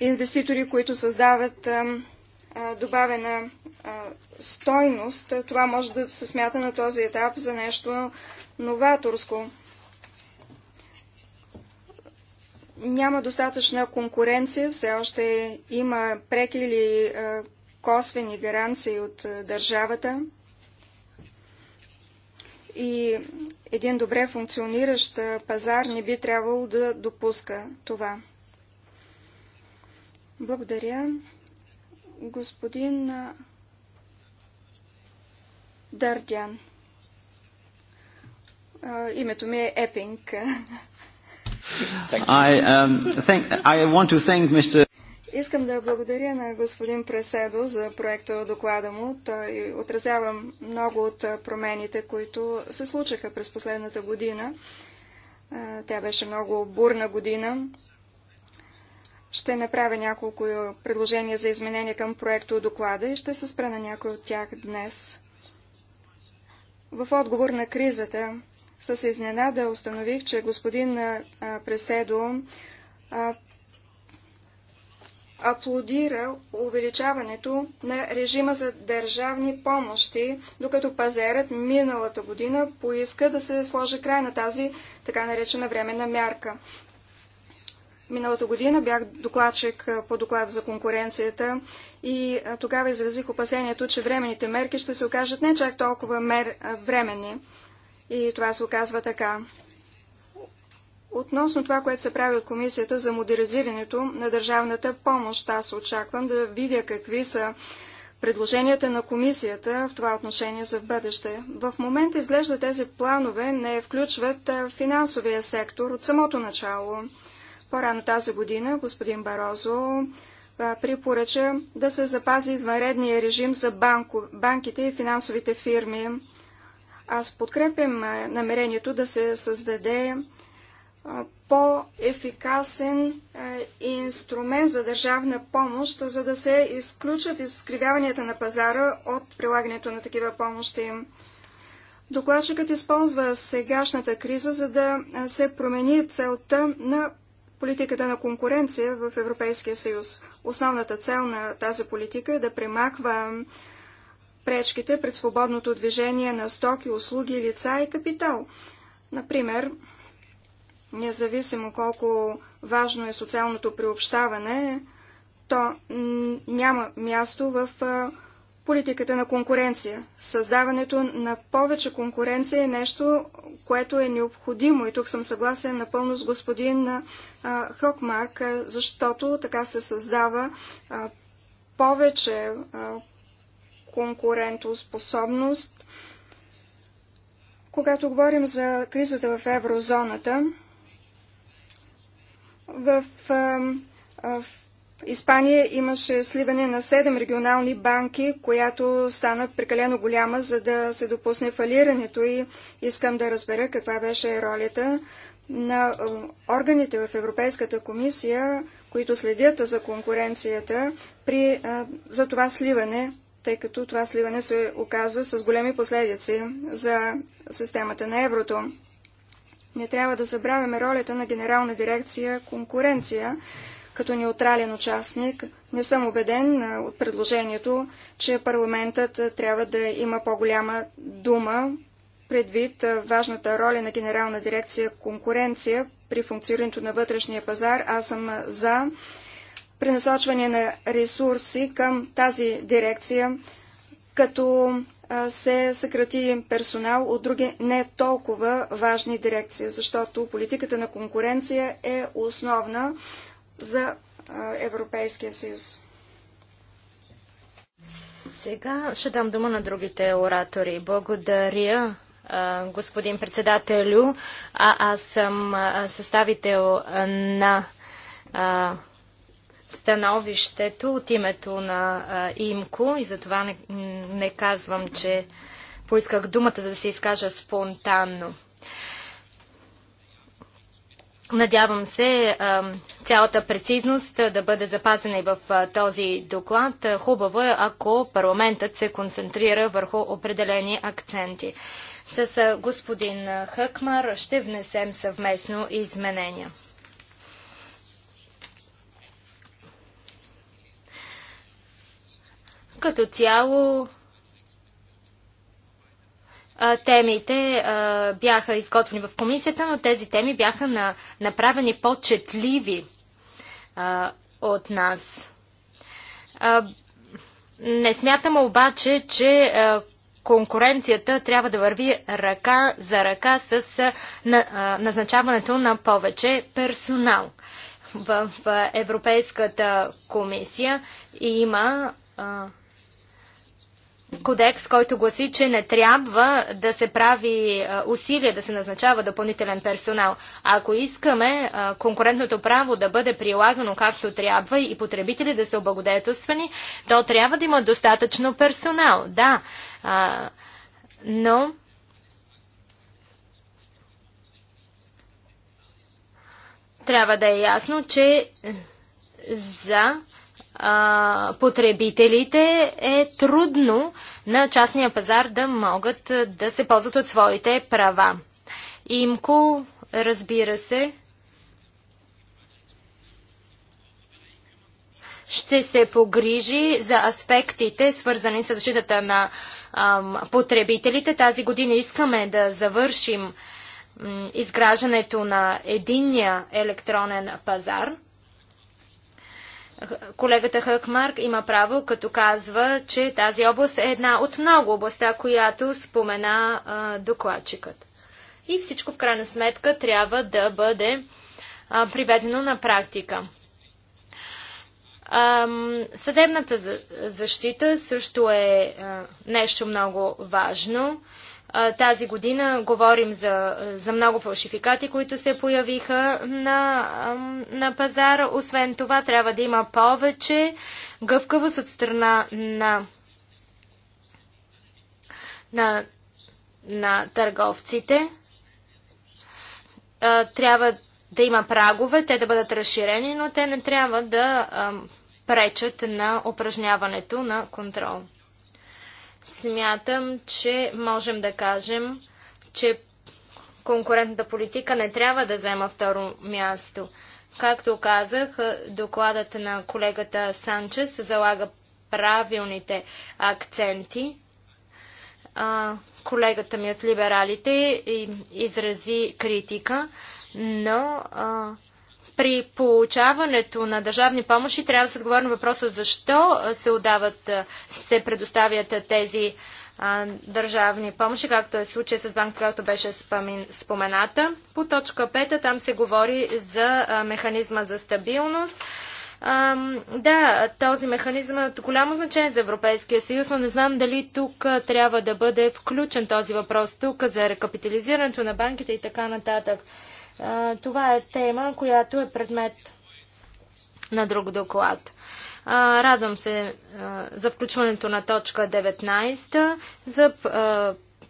инвеститори, които създават добавена стойност, това може да се смята на този етап за нещо новаторско. Няма достатъчна конкуренция, все още има преки или косвени гаранции от държавата. И един добре функциониращ пазар не би трябвало да допуска това. Благодаря. Господин Дардян. Името ми е Епинг. [laughs] I, um, thank, I want to thank Mr. Искам да благодаря на господин Преседо за проекта доклада му. Той отразява много от промените, които се случиха през последната година. Тя беше много бурна година. Ще направя няколко предложения за изменения към проекто доклада и ще се спра на някои от тях днес. В отговор на кризата с изненада установих, че господин Преседо аплодира увеличаването на режима за държавни помощи, докато пазерът миналата година поиска да се сложи край на тази така наречена временна мярка. Миналата година бях докладчик по доклад за конкуренцията и а, тогава изразих опасението, че временните мерки ще се окажат не чак толкова мер... временни. И това се оказва така. Относно това, което се прави от Комисията за модернизирането на държавната помощ, аз очаквам да видя какви са предложенията на комисията в това отношение за в бъдеще. В момента изглежда тези планове не включват финансовия сектор от самото начало. По-рано тази година господин Барозо препоръча да се запази извънредния режим за банко, банките и финансовите фирми. Аз подкрепям намерението да се създаде по-ефикасен инструмент за държавна помощ, за да се изключат изкривяванията на пазара от прилагането на такива помощи. Докладчикът използва сегашната криза, за да се промени целта на политиката на конкуренция в Европейския съюз. Основната цел на тази политика е да премахва пречките пред свободното движение на стоки, услуги, лица и капитал. Например, независимо колко важно е социалното приобщаване, то няма място в политиката на конкуренция. Създаването на повече конкуренция е нещо, което е необходимо и тук съм съгласен напълно с господин Хокмарк, защото така се създава повече конкурентоспособност. Когато говорим за кризата в еврозоната, в, в Испания имаше сливане на 7 регионални банки, която стана прекалено голяма, за да се допусне фалирането и искам да разбера каква беше ролята на органите в Европейската комисия, които следят за конкуренцията при, за това сливане, тъй като това сливане се оказа с големи последици за системата на еврото. Не трябва да забравяме ролята на Генерална дирекция конкуренция като неутрален участник. Не съм убеден от предложението, че парламентът трябва да има по-голяма дума предвид важната роля на Генерална дирекция конкуренция при функционирането на вътрешния пазар, аз съм за пренасочване на ресурси към тази дирекция, като се съкрати персонал от други не толкова важни дирекции, защото политиката на конкуренция е основна за Европейския съюз. Сега ще дам дума на другите оратори. Благодаря господин председателю. А, аз съм съставител на становището от името на ИМКО и затова не, не казвам, че поисках думата, за да се изкажа спонтанно. Надявам се цялата прецизност да бъде запазена и в този доклад. Хубаво е, ако парламентът се концентрира върху определени акценти. С господин Хъкмар ще внесем съвместно изменения. Като цяло темите бяха изготвени в комисията, но тези теми бяха направени по-четливи от нас. не смятам обаче, че конкуренцията трябва да върви ръка за ръка с назначаването на повече персонал. В Европейската комисия има кодекс, който гласи, че не трябва да се прави усилия да се назначава допълнителен персонал. А ако искаме конкурентното право да бъде прилагано както трябва и потребители да са облагодетелствани, то трябва да има достатъчно персонал. Да, но трябва да е ясно, че за потребителите е трудно на частния пазар да могат да се ползват от своите права. Имко, разбира се, ще се погрижи за аспектите, свързани с защитата на потребителите. Тази година искаме да завършим изграждането на единния електронен пазар. Колегата Хъкмарк има право, като казва, че тази област е една от много областта, която спомена а, докладчикът. И всичко в крайна сметка трябва да бъде а, приведено на практика. А, съдебната защита също е а, нещо много важно. А, тази година говорим за, за много фалшификати, които се появиха на, на пазара. Освен това, трябва да има повече гъвкавост от страна на, на, на търговците. Трябва да има прагове, те да бъдат разширени, но те не трябва да пречат на упражняването на контрол. Смятам, че можем да кажем, че конкурентната политика не трябва да взема второ място. Както казах, докладът на колегата Санчес залага правилните акценти. колегата ми от либералите изрази критика, но а, при получаването на държавни помощи трябва да се отговори на въпроса защо се отдават, се предоставят тези държавни помощи, както е случай с банка, която беше спомената. По точка 5 там се говори за механизма за стабилност. да, този механизъм е от голямо значение за Европейския съюз, но не знам дали тук трябва да бъде включен този въпрос тук за рекапитализирането на банките и така нататък това е тема, която е предмет на друг доклад. радвам се за включването на точка 19 за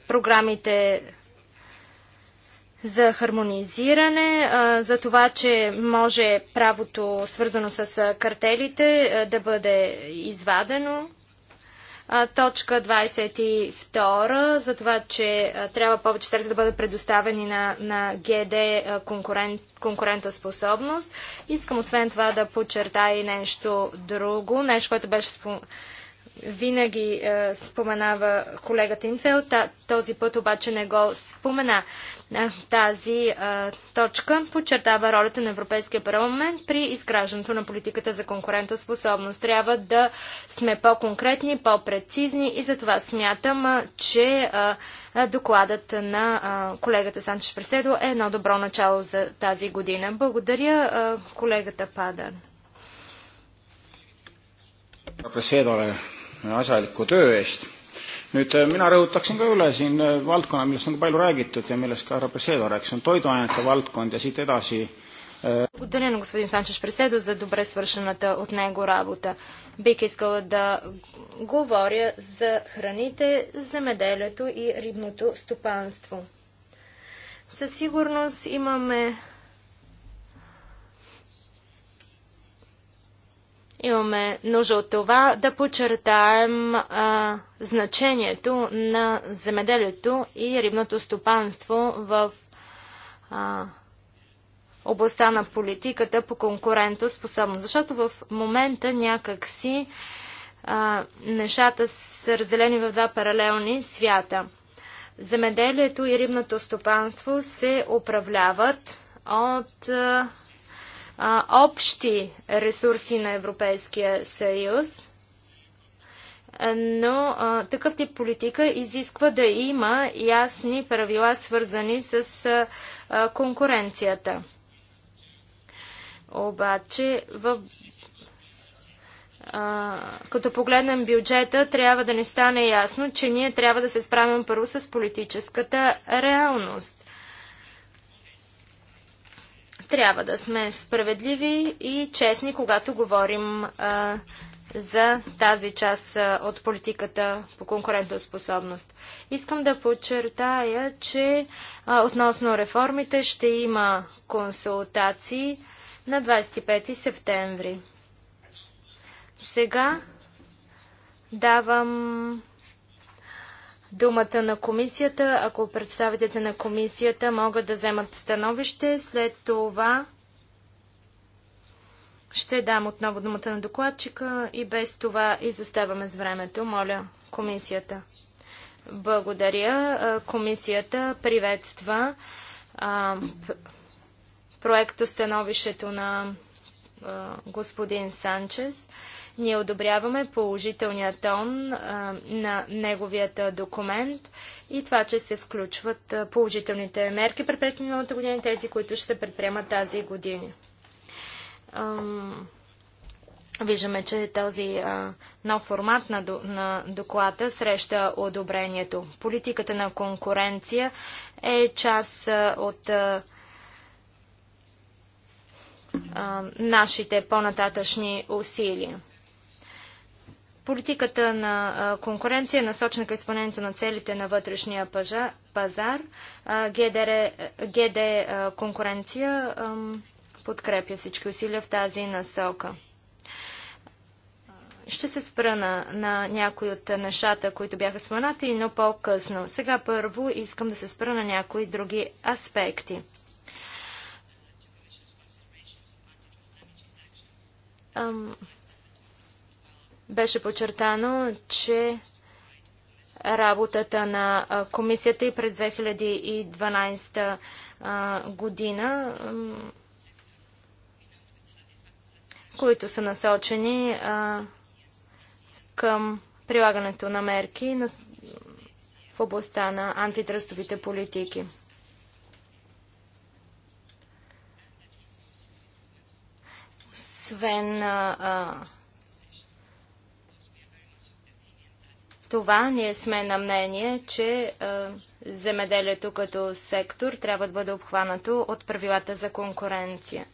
програмите за хармонизиране, за това, че може правото свързано с картелите да бъде извадено Точка 22 за това, че трябва повече търси да бъдат предоставени на, на ГД конкурент, конкурента способност. Искам освен това да подчертая и нещо друго, нещо, което беше винаги е, споменава колегата Инфел, този път обаче не го спомена. Тази е, точка подчертава ролята на Европейския парламент при изграждането на политиката за конкурентоспособност. Трябва да сме по-конкретни, по-прецизни и затова смятам, е, че е, е, докладът на е, колегата Санчеш Преседо е едно добро начало за тази година. Благодаря е, колегата Падър. Преседо, asjaliku töö eest. nüüd mina rõhutaksin ka üle siin valdkonna, millest on ka palju räägitud ja millest ka härra Presedo rääkis, on toiduainete valdkond ja siit edasi Благодаря на господин Санчеш Преседо за добре свършената от него работа. Бих искала да говоря за храните, земеделието и рибното стопанство. Със сигурност имаме Имаме нужда от това да подчертаем а, значението на земеделието и рибното стопанство в а, областта на политиката по конкурентоспособност. Защото в момента някакси а, нещата са разделени в два паралелни свята. Земеделието и рибното стопанство се управляват от а, а, общи ресурси на Европейския съюз, но а, такъв тип политика изисква да има ясни правила, свързани с а, конкуренцията. Обаче, в а, като погледнем бюджета, трябва да ни стане ясно, че ние трябва да се справим първо с политическата реалност. Трябва да сме справедливи и честни, когато говорим а, за тази част а, от политиката по конкурентоспособност. Искам да подчертая, че а, относно реформите ще има консултации на 25 септември. Сега давам думата на комисията, ако представителите на комисията могат да вземат становище. След това ще дам отново думата на докладчика и без това изоставаме с времето. Моля, комисията. Благодаря. Комисията приветства проекто становището на господин Санчес. Ние одобряваме положителния тон на неговият документ и това, че се включват положителните мерки, предприятите миналата година и тези, които ще се предприемат тази година. Виждаме, че този нов формат на, доклада среща одобрението. Политиката на конкуренция е част от а, а, нашите по-нататъчни усилия. Политиката на конкуренция е насочена към изпълнението на целите на вътрешния пазар. ГДР, ГД конкуренция подкрепя всички усилия в тази насока. Ще се спра на, на някои от нещата, които бяха споменати, но по-късно. Сега първо искам да се спра на някои други аспекти. Беше подчертано, че работата на комисията и през 2012 година, които са насочени към прилагането на мерки в областта на антитръстовите политики. Освен а, а, това, ние сме на мнение, че а, земеделието като сектор трябва да бъде обхванато от правилата за конкуренция.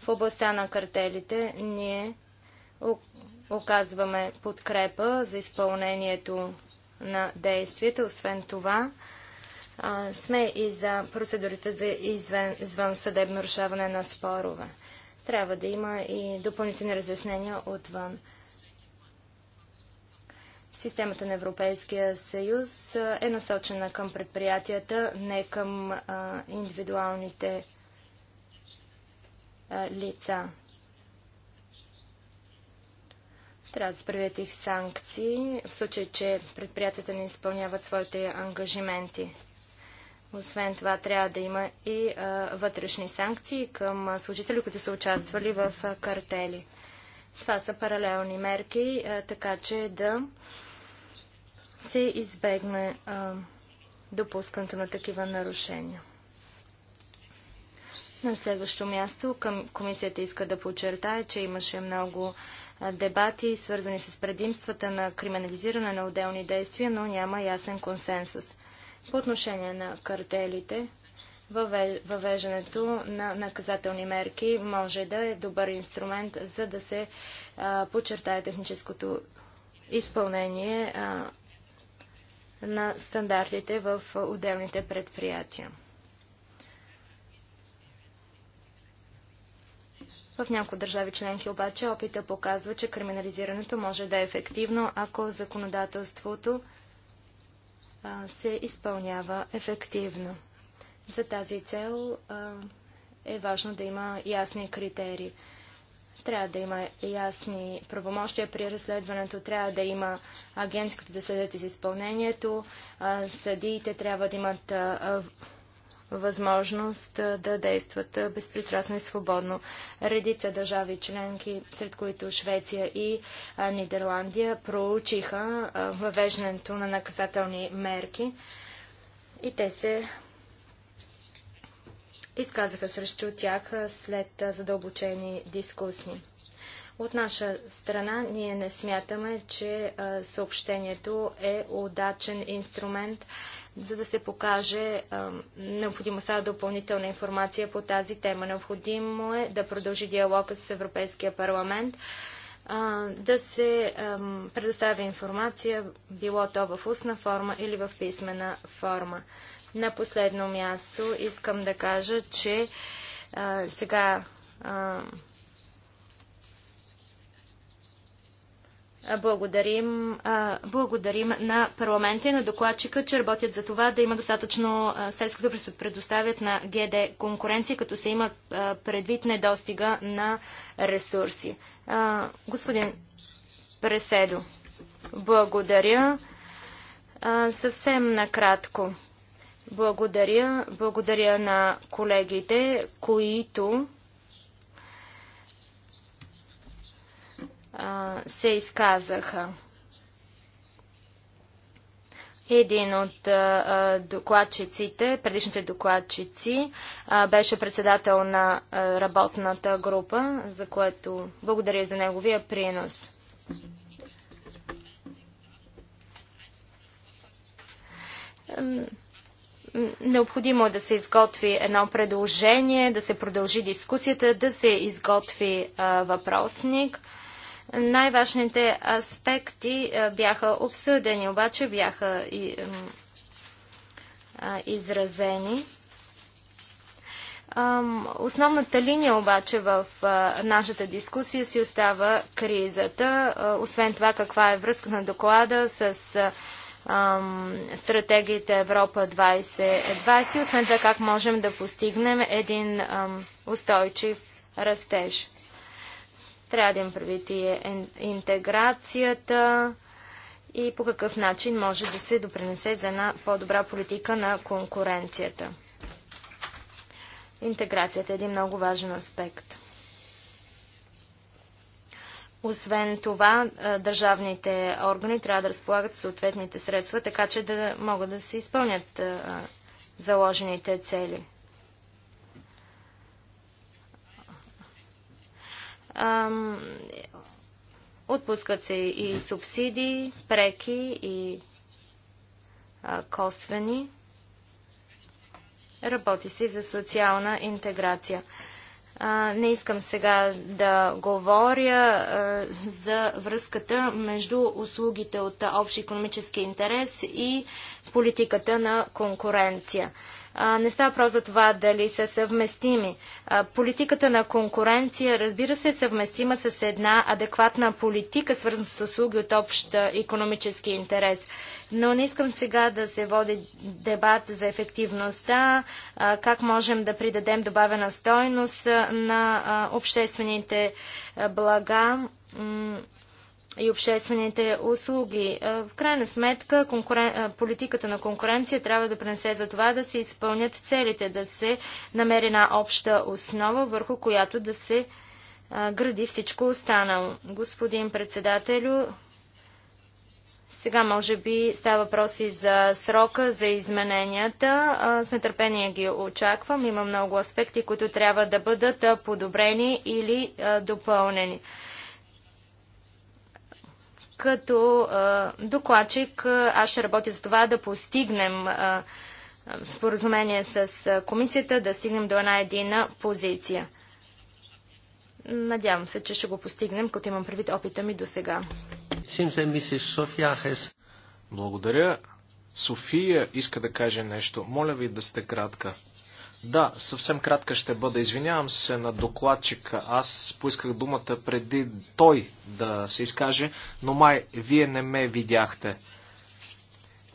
В областта на картелите ние оказваме подкрепа за изпълнението на действията. Освен това, а, сме и за процедурите за извън, съдебно решаване на спорове трябва да има и допълнителни разяснения отвън. Системата на Европейския съюз е насочена към предприятията, не към индивидуалните лица. Трябва да их санкции в случай, че предприятията не изпълняват своите ангажименти. Освен това, трябва да има и а, вътрешни санкции към служители, които са участвали в а, картели. Това са паралелни мерки, а, така че да се избегне допускането на такива нарушения. На следващо място към комисията иска да подчертае, че имаше много дебати, свързани с предимствата на криминализиране на отделни действия, но няма ясен консенсус. По отношение на картелите, въвеждането на наказателни мерки може да е добър инструмент, за да се подчертае техническото изпълнение на стандартите в отделните предприятия. В някои държави членки обаче опита показва, че криминализирането може да е ефективно, ако законодателството се изпълнява ефективно. За тази цел е важно да има ясни критерии. Трябва да има ясни правомощия при разследването, трябва да има агентското да следят из изпълнението, съдиите трябва да имат възможност да действат безпристрастно и свободно. Редица държави членки, сред които Швеция и Нидерландия, проучиха въвеждането на наказателни мерки и те се изказаха срещу тях след задълбочени дискусии. От наша страна ние не смятаме, че съобщението е удачен инструмент, за да се покаже необходимо необходимостта от допълнителна информация по тази тема. Необходимо е да продължи диалога с Европейския парламент, да се предоставя информация, било то в устна форма или в писмена форма. На последно място искам да кажа, че сега Благодарим, благодарим на парламента и на докладчика, че работят за това да има достатъчно средства, които се предоставят на ГД конкуренция, като се има предвид недостига на ресурси. Господин Преседо, благодаря. Съвсем накратко. Благодаря. Благодаря на колегите, които а, се изказаха. Един от а, докладчиците, предишните докладчици, а, беше председател на а, работната група, за което благодаря за неговия принос. Необходимо е да се изготви едно предложение, да се продължи дискусията, да се изготви въпросник. Най-важните аспекти е, бяха обсъдени, обаче бяха и, изразени. Основната линия обаче в нашата дискусия си остава кризата. Освен това, каква е връзка на доклада с стратегията Европа 2020, освен това как можем да постигнем един устойчив растеж. Трябва да им предвид интеграцията и по какъв начин може да се допринесе за една по-добра политика на конкуренцията. Интеграцията е един много важен аспект. Освен това, държавните органи трябва да разполагат съответните средства, така че да могат да се изпълнят заложените цели. Ам, отпускат се и субсидии, преки и а, косвени. Работи се за социална интеграция. А, не искам сега да говоря а, за връзката между услугите от общ економически интерес и политиката на конкуренция. А, не става просто за това дали са съвместими. Политиката на конкуренция, разбира се, е съвместима с една адекватна политика, свързана с услуги от общ економически интерес. Но не искам сега да се води дебат за ефективността, как можем да придадем добавена стойност на обществените блага и обществените услуги. В крайна сметка конкурен... политиката на конкуренция трябва да пренесе за това да се изпълнят целите, да се намери една обща основа, върху която да се гради всичко останало. Господин председателю, сега може би става въпроси за срока, за измененията. С нетърпение ги очаквам. Има много аспекти, които трябва да бъдат подобрени или допълнени. Като докладчик аз ще работя за това да постигнем споразумение с комисията, да стигнем до една едина позиция. Надявам се, че ще го постигнем, като имам предвид опита ми до сега. Has... Благодаря. София иска да каже нещо. Моля ви да сте кратка. Да, съвсем кратка ще бъда. Извинявам се на докладчика. Аз поисках думата преди той да се изкаже, но май вие не ме видяхте.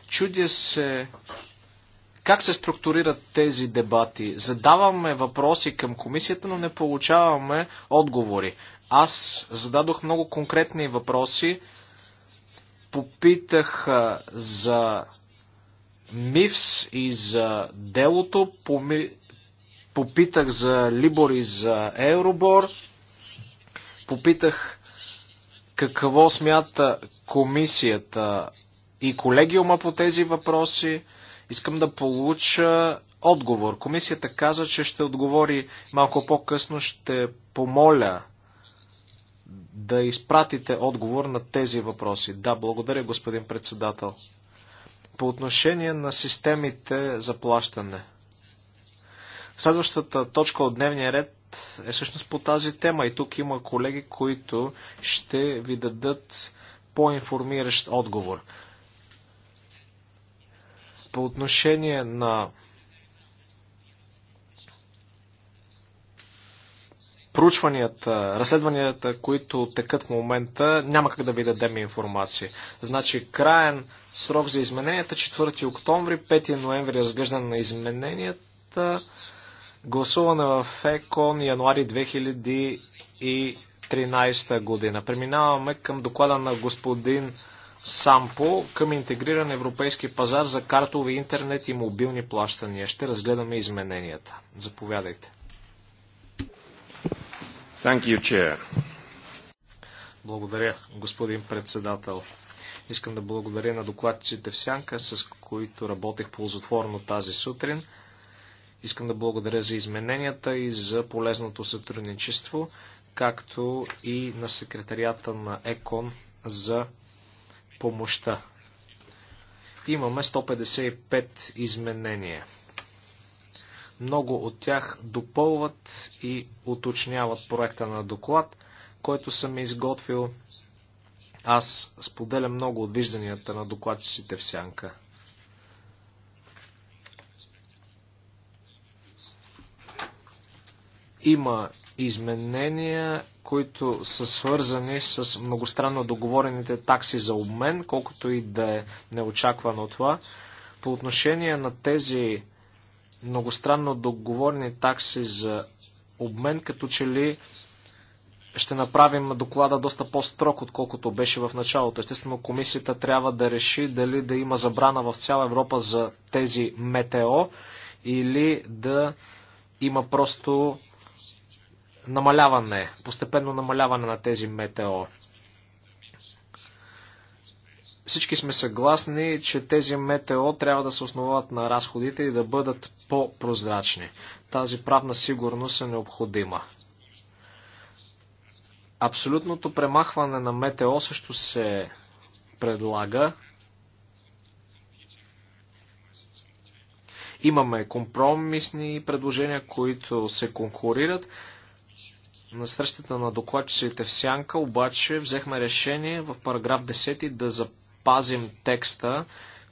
Чудя се как се структурират тези дебати. Задаваме въпроси към комисията, но не получаваме отговори. Аз зададох много конкретни въпроси попитаха за МИФС и за делото, попитах за Либор и за Евробор, попитах какво смята комисията и колегиума по тези въпроси. Искам да получа отговор. Комисията каза, че ще отговори малко по-късно, ще помоля да изпратите отговор на тези въпроси. Да, благодаря, господин председател. По отношение на системите за плащане. Следващата точка от дневния ред е всъщност по тази тема и тук има колеги, които ще ви дадат по-информиращ отговор. По отношение на проучванията, разследванията, които текат в момента, няма как да ви дадем информация. Значи, краен срок за измененията 4 октомври, 5 ноември разглеждане на измененията, гласуване в ЕКОН януари 2013 година. Преминаваме към доклада на господин Сампо към интегриран европейски пазар за картови интернет и мобилни плащания. Ще разгледаме измененията. Заповядайте. Thank you, chair. Благодаря, господин председател. Искам да благодаря на докладчиците в Сянка, с които работех ползотворно тази сутрин. Искам да благодаря за измененията и за полезното сътрудничество, както и на секретарията на ЕКОН за помощта. Имаме 155 изменения. Много от тях допълват и уточняват проекта на доклад, който съм изготвил. Аз споделям много от вижданията на докладчиците в сянка. Има изменения, които са свързани с многостранно договорените такси за обмен, колкото и да е неочаквано това. По отношение на тези многостранно договорени такси за обмен, като че ли ще направим доклада доста по-строг, отколкото беше в началото. Естествено, комисията трябва да реши дали да има забрана в цяла Европа за тези МТО или да има просто намаляване, постепенно намаляване на тези МТО. Всички сме съгласни, че тези МТО трябва да се основават на разходите и да бъдат по-прозрачни. Тази правна сигурност е необходима. Абсолютното премахване на МТО също се предлага. Имаме компромисни предложения, които се конкурират. На срещата на докладчиците в Сянка обаче взехме решение в параграф 10 да запазим Пазим текста,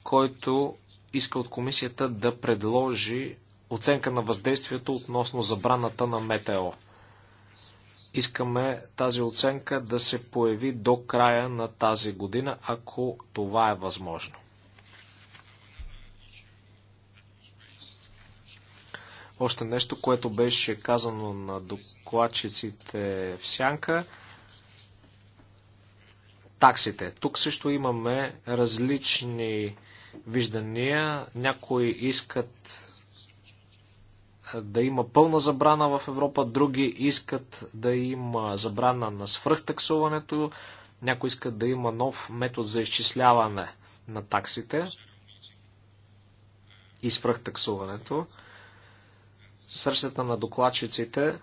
който иска от комисията да предложи оценка на въздействието относно забраната на МТО. Искаме тази оценка да се появи до края на тази година, ако това е възможно. Още нещо, което беше казано на докладчиците в Сянка – таксите. Тук също имаме различни виждания. Някои искат да има пълна забрана в Европа, други искат да има забрана на свръхтаксуването, някои искат да има нов метод за изчисляване на таксите и свръхтаксуването. Сърцата на докладчиците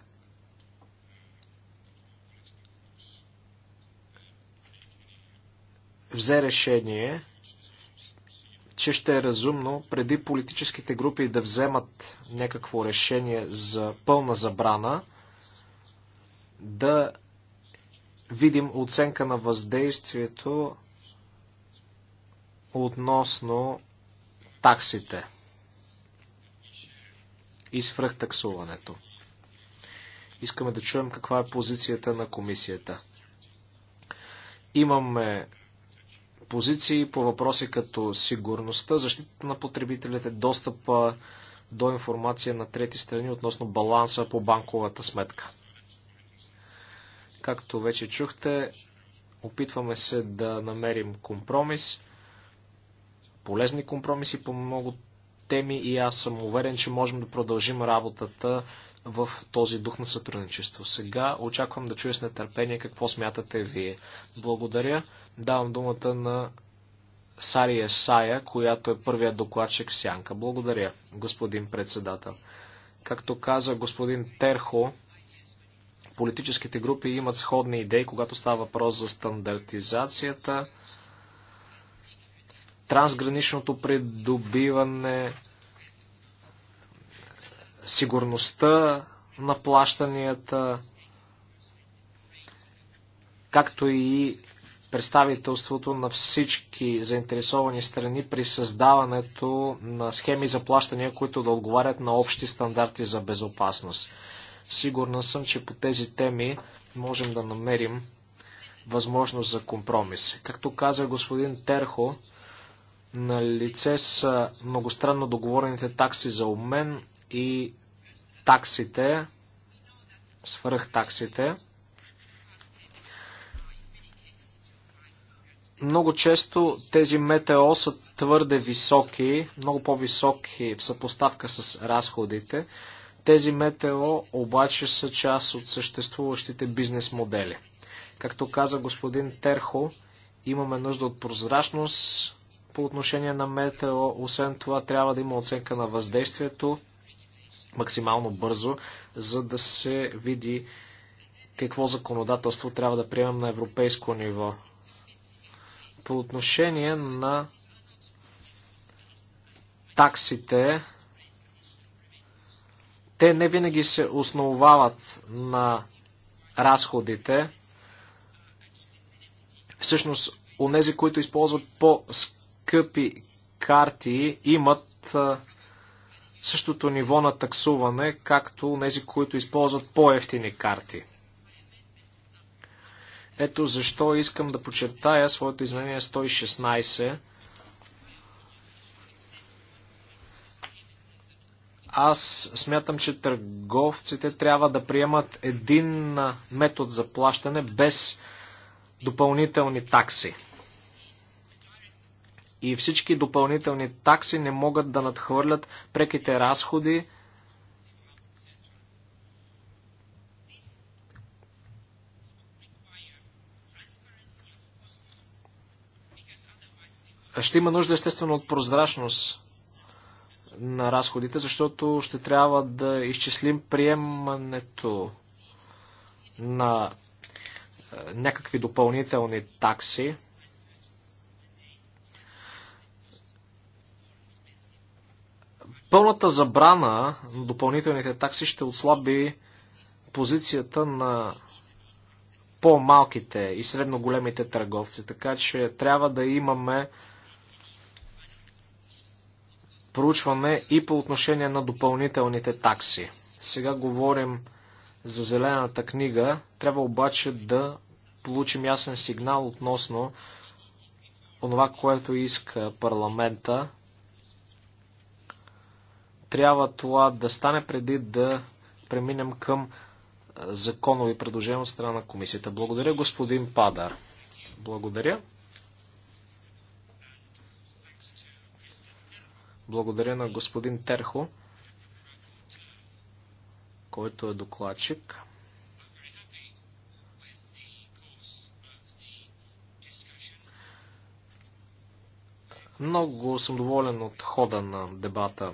взе решение, че ще е разумно преди политическите групи да вземат някакво решение за пълна забрана, да видим оценка на въздействието относно таксите и свръхтаксуването. Искаме да чуем каква е позицията на комисията. Имаме позиции по въпроси като сигурността, защитата на потребителите, достъпа до информация на трети страни относно баланса по банковата сметка. Както вече чухте, опитваме се да намерим компромис, полезни компромиси по много теми и аз съм уверен, че можем да продължим работата в този дух на сътрудничество. Сега очаквам да чуя с нетърпение какво смятате вие. Благодаря. Давам думата на Сария Сая, която е първият докладчик Сянка. Благодаря, господин председател. Както каза господин Терхо, политическите групи имат сходни идеи, когато става въпрос за стандартизацията, трансграничното придобиване, сигурността на плащанията, както и представителството на всички заинтересовани страни при създаването на схеми за плащания, които да отговарят на общи стандарти за безопасност. Сигурна съм, че по тези теми можем да намерим възможност за компромис. Както каза господин Терхо, на лице са многостранно договорените такси за обмен и таксите, свръхтаксите. таксите Много често тези МТО са твърде високи, много по-високи в съпоставка с разходите. Тези МТО обаче са част от съществуващите бизнес модели. Както каза господин Терхо, имаме нужда от прозрачност по отношение на МТО. Освен това, трябва да има оценка на въздействието максимално бързо, за да се види какво законодателство трябва да приемем на европейско ниво. По отношение на таксите, те не винаги се основават на разходите. Всъщност, нези, които използват по-скъпи карти, имат същото ниво на таксуване, както нези, които използват по-ефтини карти. Ето защо искам да подчертая своето изменение 116. Аз смятам, че търговците трябва да приемат един метод за плащане без допълнителни такси. И всички допълнителни такси не могат да надхвърлят преките разходи Ще има нужда естествено от прозрачност на разходите, защото ще трябва да изчислим приемането на е, някакви допълнителни такси. Пълната забрана на допълнителните такси ще отслаби позицията на по-малките и средно големите търговци, така че трябва да имаме проучване и по отношение на допълнителните такси. Сега говорим за зелената книга, трябва обаче да получим ясен сигнал относно онова, което иска парламента. Трябва това да стане преди да преминем към законови предложения от страна на комисията. Благодаря, господин Падар. Благодаря. Благодаря на господин Терхо, който е докладчик. Много съм доволен от хода на дебата.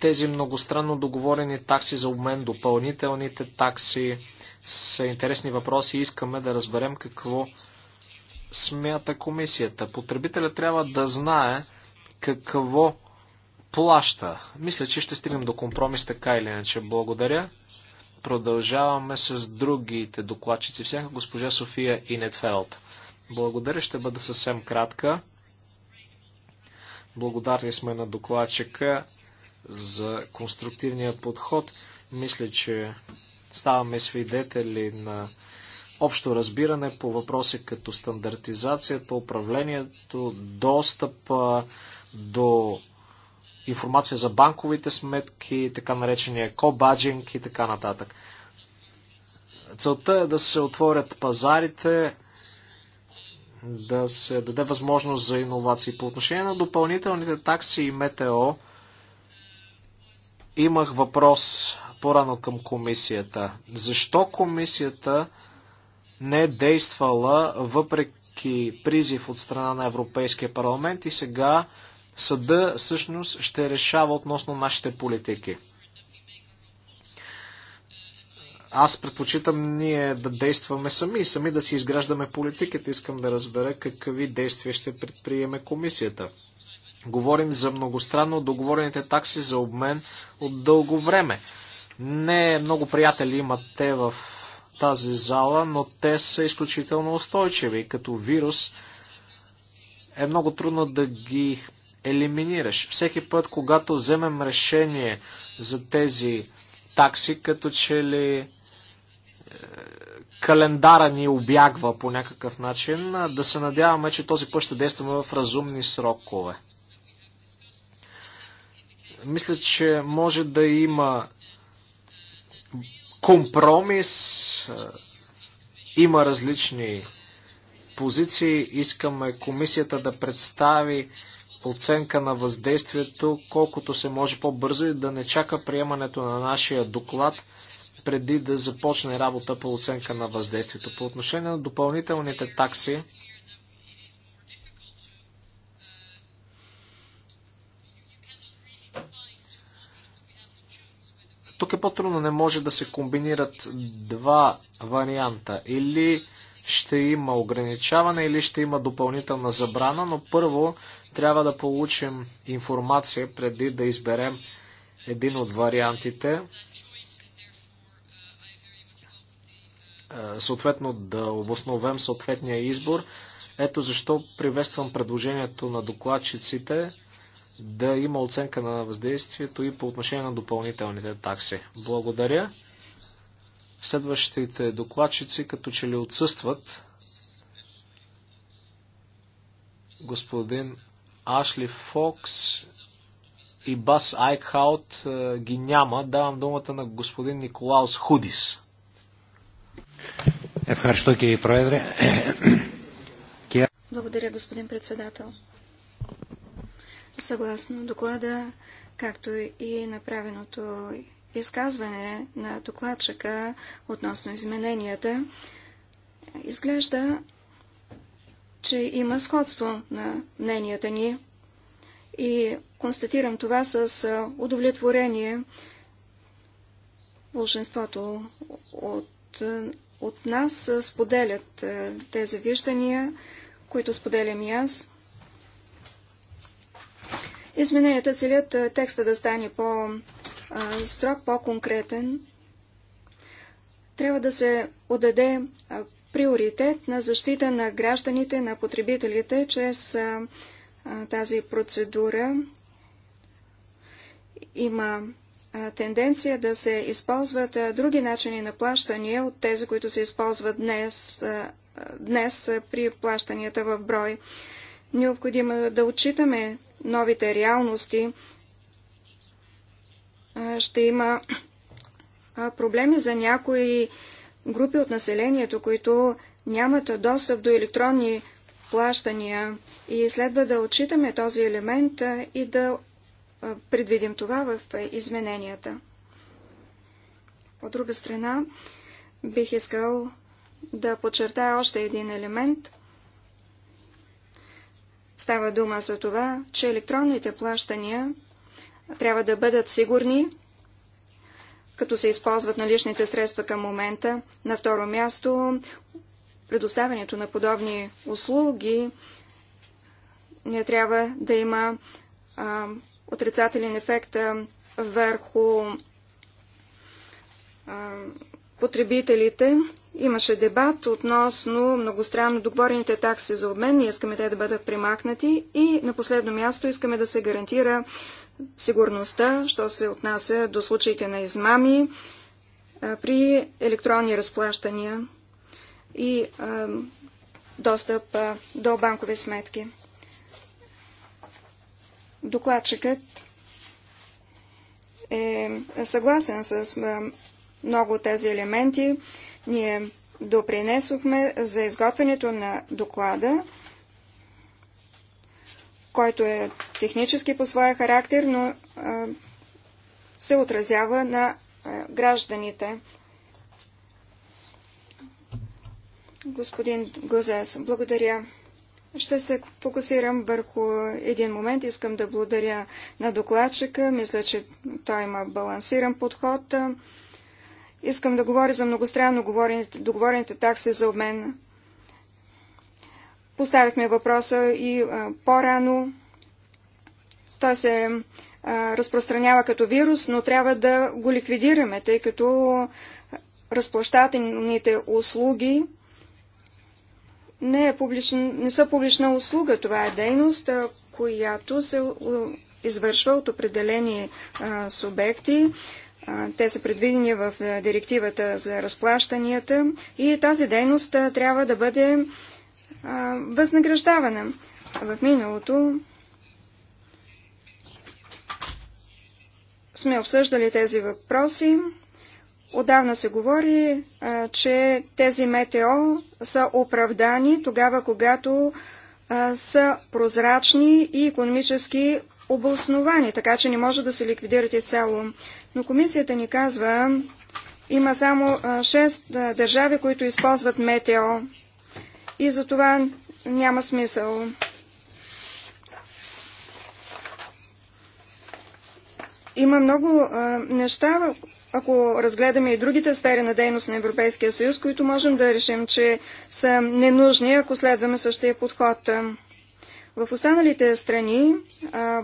Тези многостранно договорени такси за обмен, допълнителните такси, са интересни въпроси и искаме да разберем какво смята комисията. Потребителя трябва да знае какво плаща. Мисля, че ще стигнем до компромис така или иначе. Благодаря. Продължаваме с другите докладчици. Всяка госпожа София Инетфелд. Благодаря, ще бъда съвсем кратка. Благодарни сме на докладчика за конструктивния подход. Мисля, че ставаме свидетели на общо разбиране по въпроси като стандартизацията, управлението, достъп до информация за банковите сметки, така наречения кобаджинг и така нататък. Целта е да се отворят пазарите, да се даде възможност за иновации. По отношение на допълнителните такси и МТО, имах въпрос по-рано към комисията. Защо комисията не е действала въпреки призив от страна на Европейския парламент и сега съда всъщност ще решава относно нашите политики? аз предпочитам ние да действаме сами, сами да си изграждаме политиката. Искам да разбера какви действия ще предприеме комисията. Говорим за многостранно договорените такси за обмен от дълго време. Не много приятели имат те в тази зала, но те са изключително устойчиви. Като вирус е много трудно да ги елиминираш. Всеки път, когато вземем решение за тези такси, като че ли е, календара ни обягва по някакъв начин, да се надяваме, че този път ще действаме в разумни срокове. Мисля, че може да има компромис. Има различни позиции. Искаме комисията да представи оценка на въздействието колкото се може по-бързо и да не чака приемането на нашия доклад преди да започне работа по оценка на въздействието. По отношение на допълнителните такси, тук е по-трудно, не може да се комбинират два варианта. Или ще има ограничаване, или ще има допълнителна забрана, но първо трябва да получим информация преди да изберем един от вариантите. Е, съответно да обосновем съответния избор. Ето защо приветствам предложението на докладчиците да има оценка на въздействието и по отношение на допълнителните такси. Благодаря. Следващите докладчици като че ли отсъстват. Господин Ашли Фокс и Бас Айкхаут е, ги няма. Давам думата на господин Николаус Худис. [coughs] Благодаря, господин председател. Съгласно доклада, както и направеното изказване на докладчика относно измененията, изглежда, че има сходство на мненията ни и констатирам това с удовлетворение. Болшинството от, от нас споделят тези виждания, които споделям и аз. Измененията целят текста да стане по-строг, по-конкретен. Трябва да се отдаде приоритет на защита на гражданите, на потребителите чрез тази процедура. Има тенденция да се използват други начини на плащания от тези, които се използват днес, днес при плащанията в брой. Необходимо е да отчитаме новите реалности, ще има проблеми за някои групи от населението, които нямат достъп до електронни плащания и следва да отчитаме този елемент и да предвидим това в измененията. От друга страна, бих искал да подчертая още един елемент – Става дума за това, че електронните плащания трябва да бъдат сигурни, като се използват наличните средства към момента. На второ място, предоставянето на подобни услуги не трябва да има а, отрицателен ефект върху а, потребителите, Имаше дебат относно многостранно договорените такси за обмен. Ние искаме те да бъдат примахнати. И на последно място искаме да се гарантира сигурността, що се отнася до случаите на измами при електронни разплащания и достъп до банкови сметки. Докладчикът е съгласен с много от тези елементи. Ние допринесохме за изготвянето на доклада, който е технически по своя характер, но а, се отразява на а, гражданите. Господин Гозес, благодаря. Ще се фокусирам върху един момент. Искам да благодаря на докладчика. Мисля, че той има балансиран подход. Искам да говоря за многостранно договорените, договорените такси за обмен. Поставихме въпроса и по-рано. Той се а, разпространява като вирус, но трябва да го ликвидираме, тъй като разплащателните услуги не, е публична, не са публична услуга. Това е дейност, която се извършва от определени а, субекти те са предвидени в директивата за разплащанията и тази дейност трябва да бъде възнаграждавана. В миналото сме обсъждали тези въпроси. Отдавна се говори, че тези МТО са оправдани тогава, когато са прозрачни и економически обосновани, така че не може да се ликвидират изцяло. цяло но комисията ни казва, има само 6 държави, които използват метео. И за това няма смисъл. Има много а, неща, ако разгледаме и другите сфери на дейност на Европейския съюз, които можем да решим, че са ненужни, ако следваме същия подход. В останалите страни а,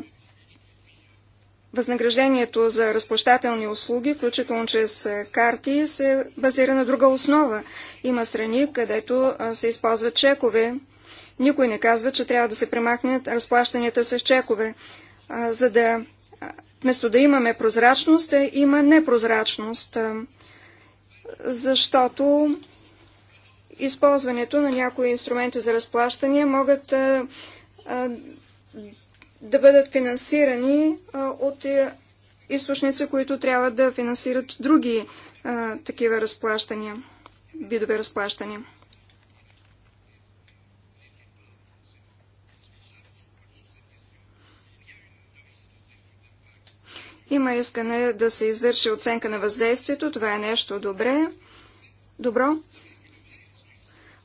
възнаграждението за разплащателни услуги, включително чрез карти, се базира на друга основа. Има страни, където се използват чекове. Никой не казва, че трябва да се премахнат разплащанията с чекове. За да вместо да имаме прозрачност, да е, има непрозрачност, защото използването на някои инструменти за разплащане могат да бъдат финансирани от е, източници, които трябва да финансират други а, такива разплащания, видове разплащания. Има искане да се извърши оценка на въздействието. Това е нещо добре, добро,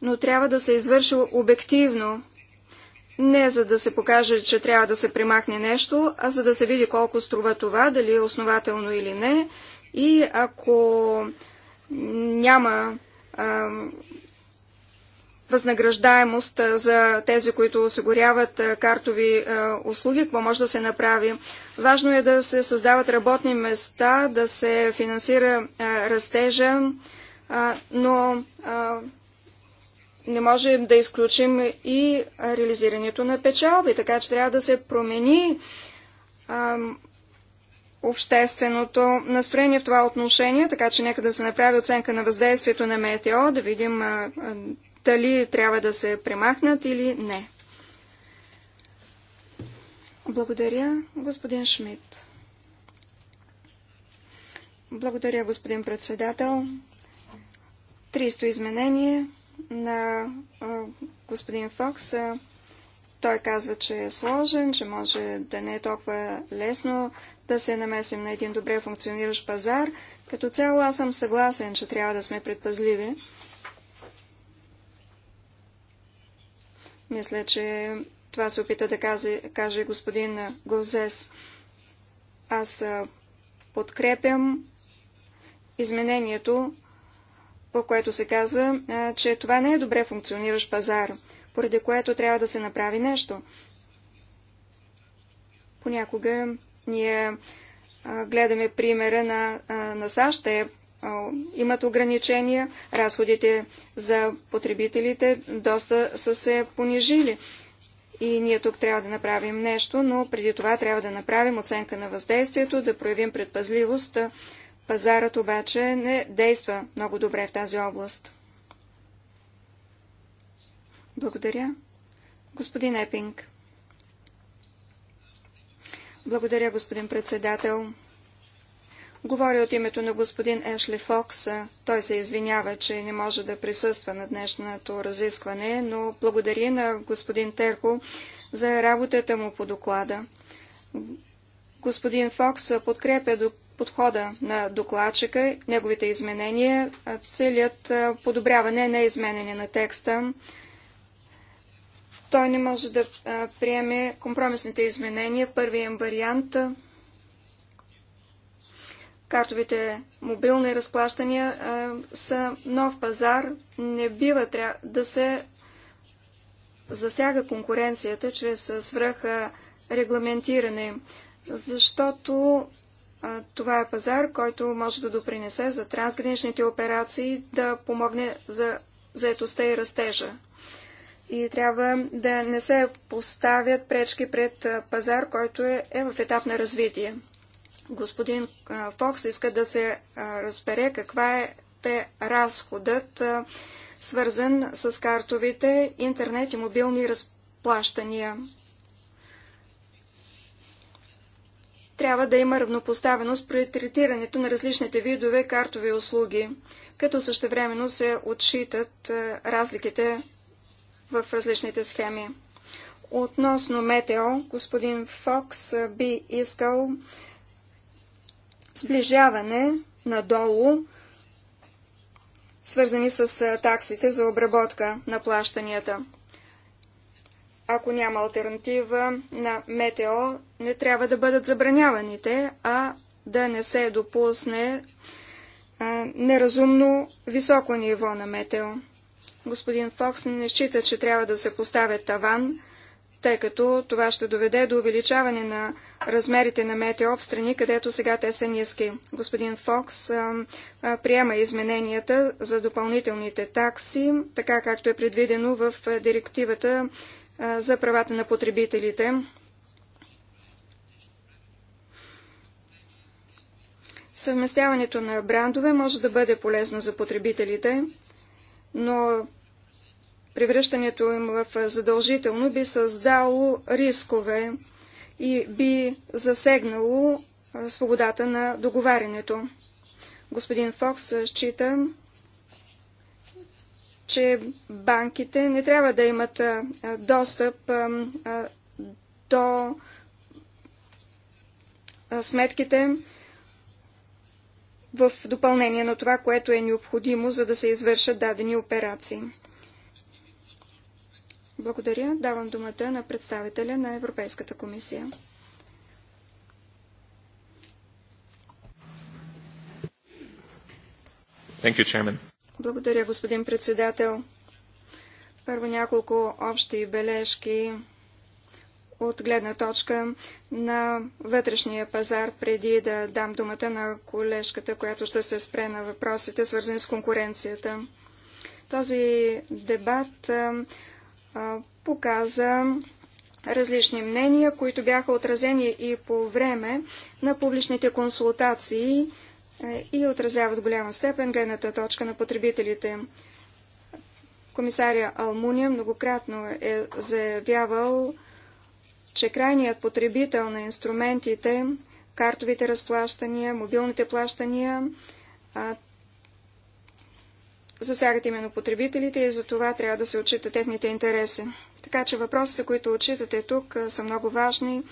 но трябва да се извърши обективно не за да се покаже, че трябва да се примахне нещо, а за да се види колко струва това, дали е основателно или не. И ако няма а, възнаграждаемост за тези, които осигуряват картови а, услуги, какво може да се направи. Важно е да се създават работни места, да се финансира а, растежа, а, но не можем да изключим и реализирането на печалби, така че трябва да се промени ам, общественото настроение в това отношение, така че нека да се направи оценка на въздействието на МТО, да видим а, а, дали трябва да се премахнат или не. Благодаря, господин Шмидт. Благодаря, господин председател. 300 изменение на господин Фокс. Той казва, че е сложен, че може да не е толкова лесно да се намесим на един добре функциониращ пазар. Като цяло аз съм съгласен, че трябва да сме предпазливи. Мисля, че това се опита да каже, каже господин Гозес. Аз подкрепям изменението по което се казва, че това не е добре функциониращ пазар, поради което трябва да се направи нещо. Понякога ние гледаме примера на, на САЩ, те имат ограничения, разходите за потребителите доста са се понижили. И ние тук трябва да направим нещо, но преди това трябва да направим оценка на въздействието, да проявим предпазливост, Пазарът обаче не действа много добре в тази област. Благодаря. Господин Епинг. Благодаря, господин председател. Говоря от името на господин Ешли Фокс. Той се извинява, че не може да присъства на днешното разискване, но благодари на господин Терко за работата му по доклада. Господин Фокс подкрепя Подхода на докладчика, неговите изменения целят подобряване, не изменение на текста. Той не може да приеме компромисните изменения. Първият вариант картовите мобилни разплащания са нов пазар. Не бива да се засяга конкуренцията чрез свръх регламентиране, защото това е пазар, който може да допринесе за трансграничните операции, да помогне за заетостта и растежа. И трябва да не се поставят пречки пред пазар, който е, е в етап на развитие. Господин Фокс иска да се разбере каква е разходът, свързан с картовите интернет и мобилни разплащания. трябва да има равнопоставеност при третирането на различните видове картови услуги, като същевременно се отчитат е, разликите в различните схеми. Относно Метео, господин Фокс е, би искал сближаване надолу, свързани с е, таксите за обработка на плащанията. Ако няма альтернатива на Метео, не трябва да бъдат забраняваните, а да не се допусне а, неразумно високо ниво на метео. Господин Фокс не счита, че трябва да се поставя таван, тъй като това ще доведе до увеличаване на размерите на метео в страни, където сега те са ниски. Господин Фокс а, а, приема измененията за допълнителните такси, така както е предвидено в директивата а, за правата на потребителите. Съвместяването на брандове може да бъде полезно за потребителите, но превръщането им в задължително би създало рискове и би засегнало свободата на договарянето. Господин Фокс счита, че банките не трябва да имат достъп до сметките в допълнение на това, което е необходимо, за да се извършат дадени операции. Благодаря. Давам думата на представителя на Европейската комисия. You, Благодаря, господин председател. Първо няколко общи бележки от гледна точка на вътрешния пазар, преди да дам думата на колежката, която ще се спре на въпросите, свързани с конкуренцията. Този дебат показа различни мнения, които бяха отразени и по време на публичните консултации и отразяват в голяма степен гледната точка на потребителите. Комисаря Алмуния многократно е заявявал, че крайният потребител на инструментите, картовите разплащания, мобилните плащания, а, засягат именно потребителите и за това трябва да се отчита техните интереси. Така че въпросите, които отчитате тук, са много важни.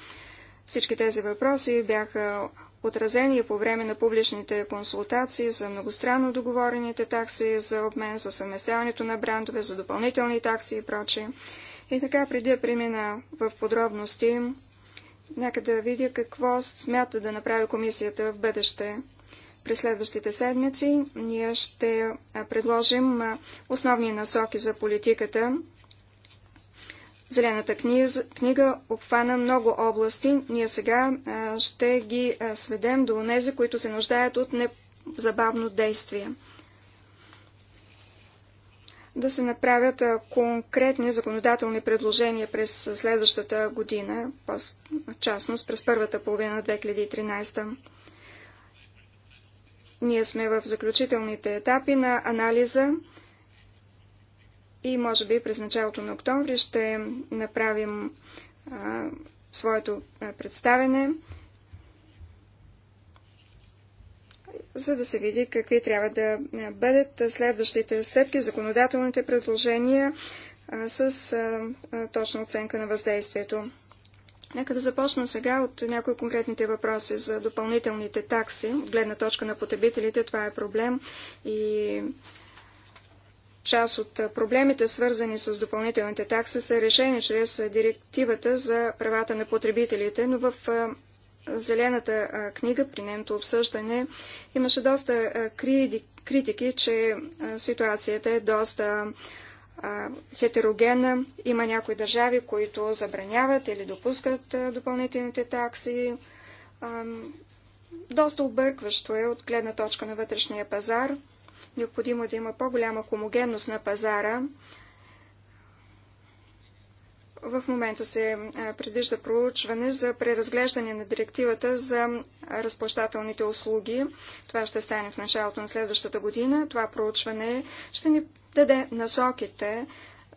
Всички тези въпроси бяха отразени по време на публичните консултации за многостранно договорените такси, за обмен, за съместяването на брандове, за допълнителни такси и прочее. И така, преди да премина в подробности, нека да видя какво смята да направи комисията в бъдеще. През следващите седмици ние ще предложим основни насоки за политиката. Зелената книга обхвана много области. Ние сега ще ги сведем до тези, които се нуждаят от незабавно действие да се направят конкретни законодателни предложения през следващата година, частност през първата половина на 2013. Ние сме в заключителните етапи на анализа и може би през началото на октомври ще направим а, своето представене за да се види какви трябва да бъдат следващите стъпки, законодателните предложения а, с а, точна оценка на въздействието. Нека да започна сега от някои конкретните въпроси за допълнителните такси. От гледна точка на потребителите това е проблем и част от проблемите, свързани с допълнителните такси, са решени чрез директивата за правата на потребителите, но в Зелената книга при нейното обсъждане имаше доста критики, че ситуацията е доста хетерогенна. Има някои държави, които забраняват или допускат допълнителните такси. Доста объркващо е от гледна точка на вътрешния пазар. Необходимо е да има по-голяма хомогенност на пазара, в момента се е, предвижда проучване за преразглеждане на директивата за разплащателните услуги. Това ще стане в началото на следващата година. Това проучване ще ни даде насоките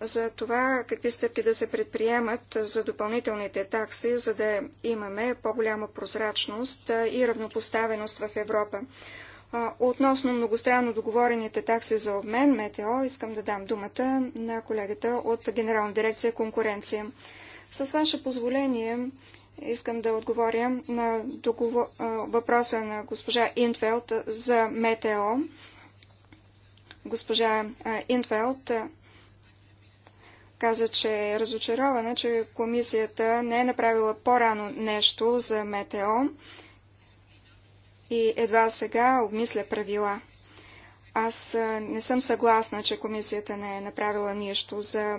за това какви стъпки да се предприемат за допълнителните такси, за да имаме по-голяма прозрачност е, и равнопоставеност в Европа. Относно многостранно договорените такси за обмен, МТО, искам да дам думата на колегата от Генерална дирекция конкуренция. С ваше позволение искам да отговоря на договор... въпроса на госпожа Интфелд за МТО. Госпожа Интфелд каза, че е разочарована, че комисията не е направила по-рано нещо за МТО и едва сега обмисля правила. Аз не съм съгласна, че комисията не е направила нищо за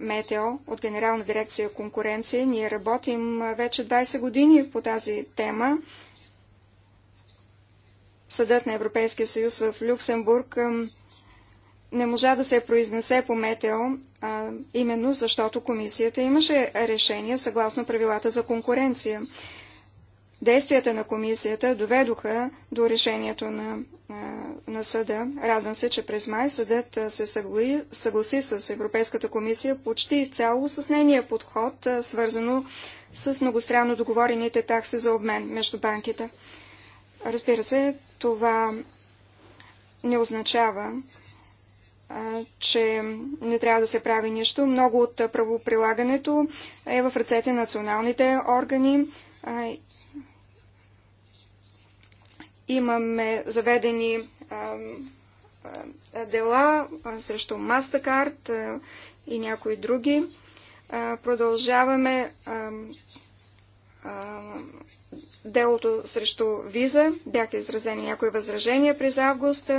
Метео от Генерална дирекция конкуренция. Ние работим вече 20 години по тази тема. Съдът на Европейския съюз в Люксембург не можа да се произнесе по Метео, а, именно защото комисията имаше решение съгласно правилата за конкуренция. Действията на комисията доведоха до решението на, на съда. Радвам се, че през май съдът се съгласи, съгласи с Европейската комисия почти изцяло с нейния подход, свързано с многостранно договорените такси за обмен между банките. Разбира се, това не означава, че не трябва да се прави нищо. Много от правоприлагането е в ръцете на националните органи Имаме заведени а, а, дела а, срещу Mastercard а, и някои други. А, продължаваме а, а, делото срещу виза. Бяха изразени някои възражения през август.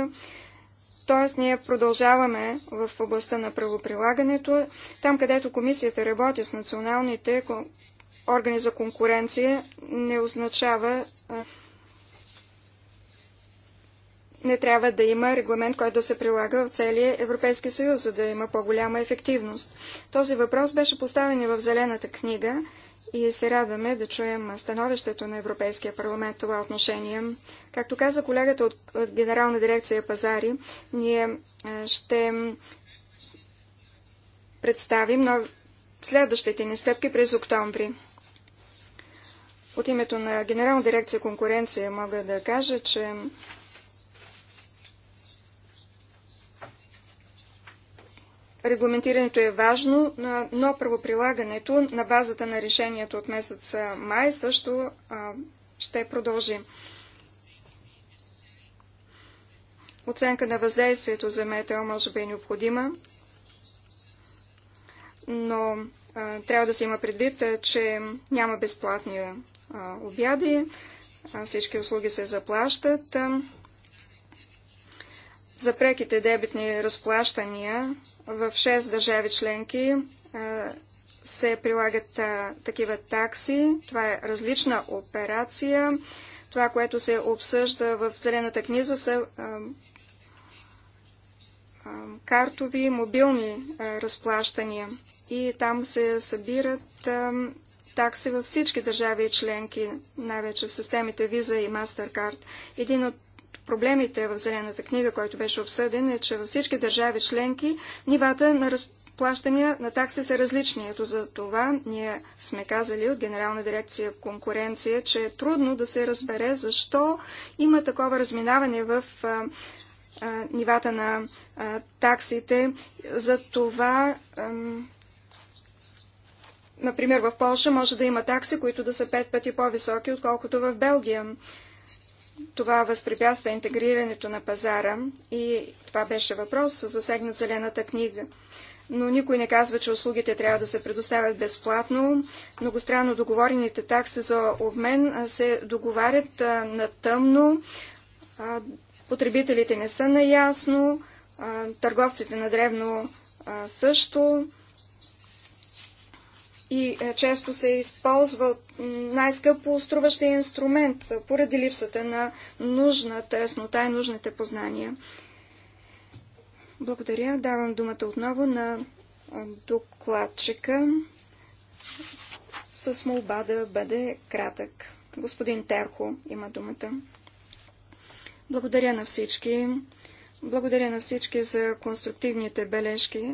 Тоест, ние продължаваме в областта на правоприлагането. Там, където комисията работи с националните органи за конкуренция, не означава не трябва да има регламент, който да се прилага в целия Европейски съюз, за да има по-голяма ефективност. Този въпрос беше поставен и в Зелената книга и се радваме да чуем становището на Европейския парламент в това отношение. Както каза колегата от, от Генерална дирекция Пазари, ние ще представим нов... следващите ни стъпки през октомври. От името на Генерална дирекция конкуренция мога да кажа, че Регламентирането е важно, но правоприлагането на базата на решението от месец май също ще продължи. Оценка на въздействието за МТО може би е необходима, но трябва да се има предвид, че няма безплатни обяди, всички услуги се заплащат за преките дебитни разплащания в 6 държави членки се прилагат а, такива такси. Това е различна операция. Това, което се обсъжда в Зелената книза, са а, а, картови, мобилни а, разплащания. И там се събират а, такси във всички държави и членки, най-вече в системите Visa и MasterCard. Един от проблемите в Зелената книга, който беше обсъден, е, че във всички държави членки нивата на разплащания на такси са различни. Ето за това ние сме казали от Генерална дирекция конкуренция, че е трудно да се разбере защо има такова разминаване в нивата на а, таксите. За това Например, в Польша може да има такси, които да са пет пъти по-високи, отколкото в Белгия. Това възпрепятства интегрирането на пазара и това беше въпрос засегнат зелената книга. Но никой не казва, че услугите трябва да се предоставят безплатно. Многостранно договорените такси за обмен се договарят на тъмно. Потребителите не са наясно, търговците на древно също и е, често се използва най-скъпо струващия инструмент поради липсата на нужната яснота и нужните познания. Благодаря. Давам думата отново на е, докладчика с молба да бъде кратък. Господин Терхо има думата. Благодаря на всички. Благодаря на всички за конструктивните бележки.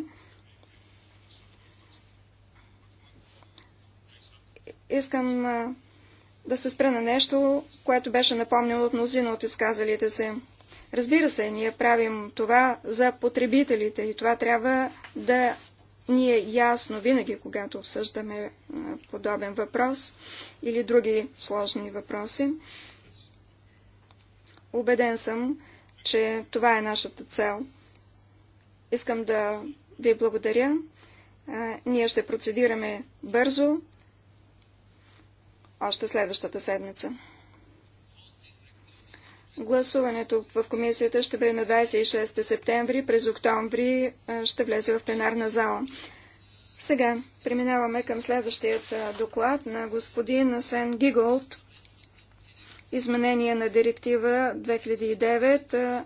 Искам да се спра на нещо, което беше напомнено от мнозина от изказалите се. Разбира се, ние правим това за потребителите и това трябва да ни е ясно винаги, когато обсъждаме подобен въпрос или други сложни въпроси. Убеден съм, че това е нашата цел. Искам да ви благодаря. Ние ще процедираме бързо, още следващата седмица. Гласуването в комисията ще бъде на 26 септември, през октомври е, ще влезе в пленарна зала. Сега преминаваме към следващият е, доклад на господин Сен Гиголд. Изменение на директива 2009 е,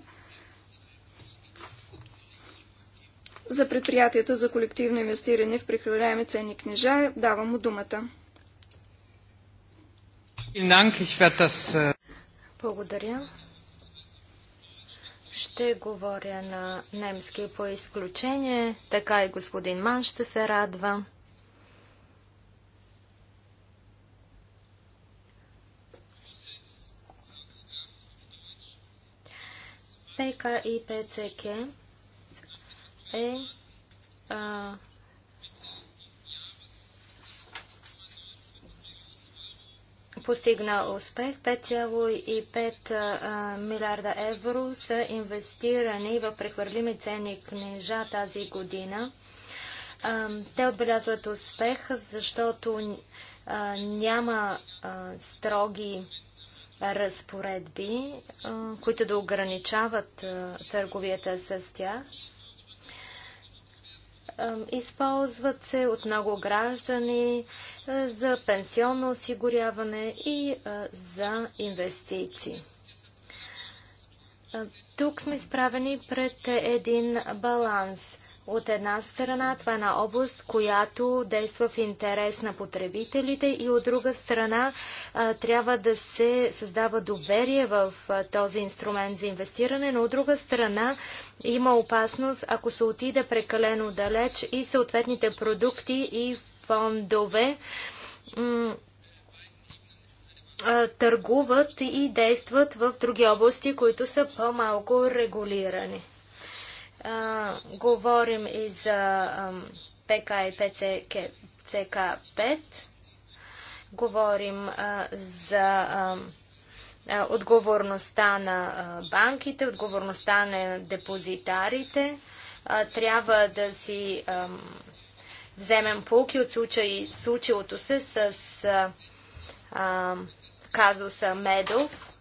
за предприятията за колективно инвестиране в прехвърляеми ценни книжа. Давам му думата. Äh, Благодаря. Ще говоря на немски по изключение, така и господин Ман ще се радва. ПК и ПЦК е а, постигна успех. 5,5 милиарда евро са инвестирани в прехвърлими ценни книжа тази година. те отбелязват успех, защото няма строги разпоредби, които да ограничават търговията с тях. Използват се от много граждани за пенсионно осигуряване и за инвестиции. Тук сме изправени пред един баланс. От една страна, това е на област, която действа в интерес на потребителите и от друга страна трябва да се създава доверие в този инструмент за инвестиране, но от друга страна има опасност, ако се отиде прекалено далеч и съответните продукти и фондове търгуват и действат в други области, които са по-малко регулирани говорим и за а, ПК и ПЦК, ЦК-5. Говорим а, за а, отговорността на банките, отговорността на депозитарите. А, трябва да си а, вземем полки от случай, случилото се с а, казуса Медов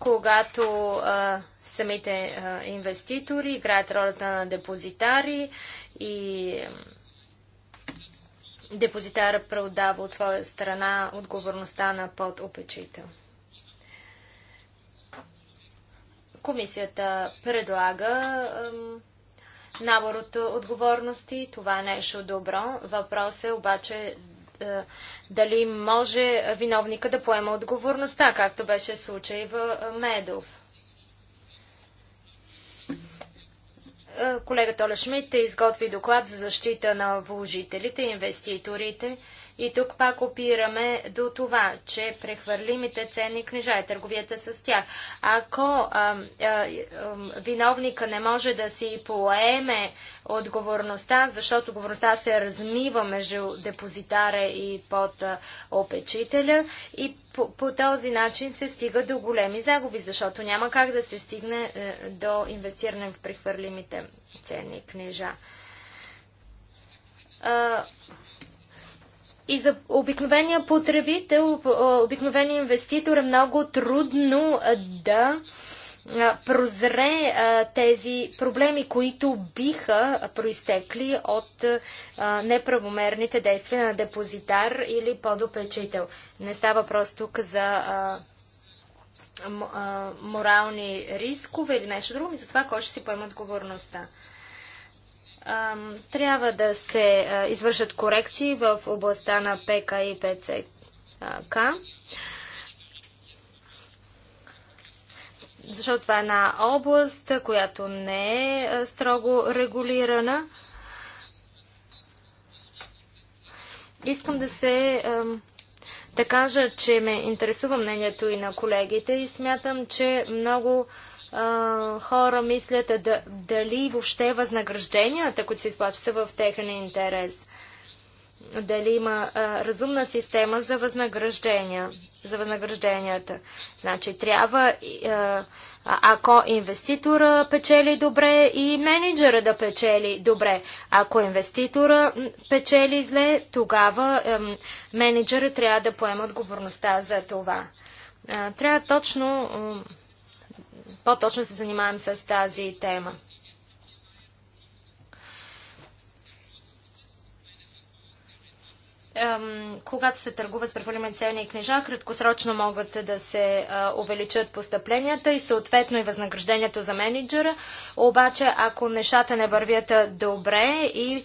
когато а, самите а, инвеститори играят ролята на депозитари и депозитара преодава от своя страна отговорността на подопечител. Комисията предлага ам, набор от отговорности. Това е нещо добро. Въпрос е обаче е, дали може виновника да поема отговорността, както беше случай в е, Медов. Е, Колегата Оля Шмидт изготви доклад за защита на вложителите и инвеститорите и тук пак опираме до това, че прехвърлимите ценни книжа и търговията с тях. Ако а, а, а, виновника не може да си поеме отговорността, защото отговорността се размива между депозитаря и под опечителя и по, по този начин се стига до големи загуби, защото няма как да се стигне а, е, до инвестиране в прехвърлимите ценни книжа. И за обикновения потребител, обикновения инвеститор е много трудно да прозре тези проблеми, които биха проистекли от неправомерните действия на депозитар или подопечител. Не става просто тук за морални рискове или нещо друго, и за това кой ще си поема отговорността. Трябва да се извършат корекции в областта на ПК и ПЦК, защото това е една област, която не е строго регулирана. Искам да се да кажа, че ме интересува мнението и на колегите и смятам, че много хора мислят да, дали въобще възнагражденията, които се изплащат, са в техен интерес. Дали има а, разумна система за възнаграждения, за възнагражденията. Значи трябва, а, ако инвеститора печели добре и менеджера да печели добре. Ако инвеститора печели зле, тогава а, менеджера трябва да поема отговорността за това. А, трябва точно. А, по-точно се занимаем с тази тема. когато се търгува с прехвърлими ценни книжа, краткосрочно могат да се увеличат постъпленията и съответно и възнаграждението за менеджера. Обаче, ако нещата не вървят добре и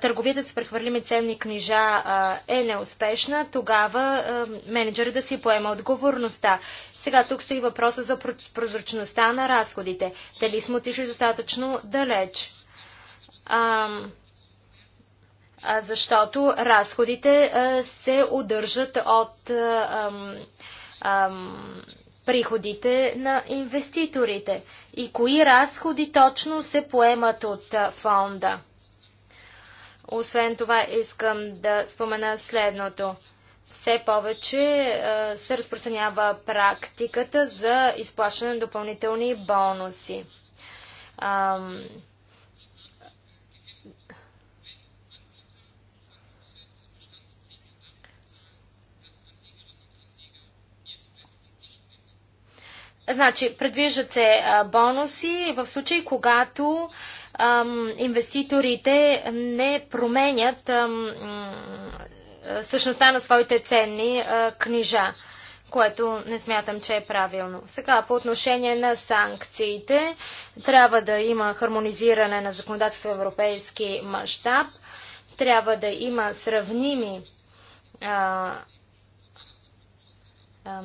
търговията с прехвърлими ценни книжа е неуспешна, тогава менеджера да си поема отговорността. Сега тук стои въпроса за прозрачността на разходите. Дали сме отишли достатъчно далеч? А, защото разходите а, се удържат от а, а, приходите на инвеститорите и кои разходи точно се поемат от фонда. Освен това искам да спомена следното – все повече се разпространява практиката за изплащане на допълнителни бонуси. Значи, предвиждат се бонуси в случай, когато инвеститорите не променят същността на своите ценни книжа, което не смятам, че е правилно. Сега, по отношение на санкциите, трябва да има хармонизиране на законодателство в европейски мащаб, трябва да има сравними а, а,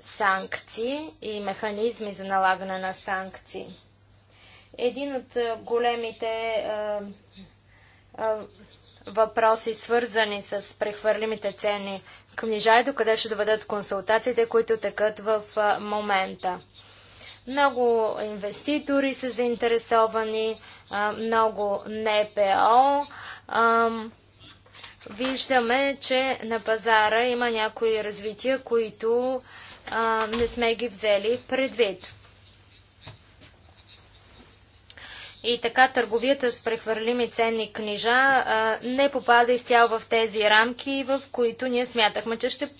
санкции и механизми за налагане на санкции. Един от големите въпроси, свързани с прехвърлимите цени книжа и докъде ще доведат консултациите, които текат в момента. Много инвеститори са заинтересовани, много НПО. виждаме, че на пазара има някои развития, които не сме ги взели предвид. И така търговията с прехвърлими ценни книжа а, не попада изцяло в тези рамки, в които ние смятахме, че ще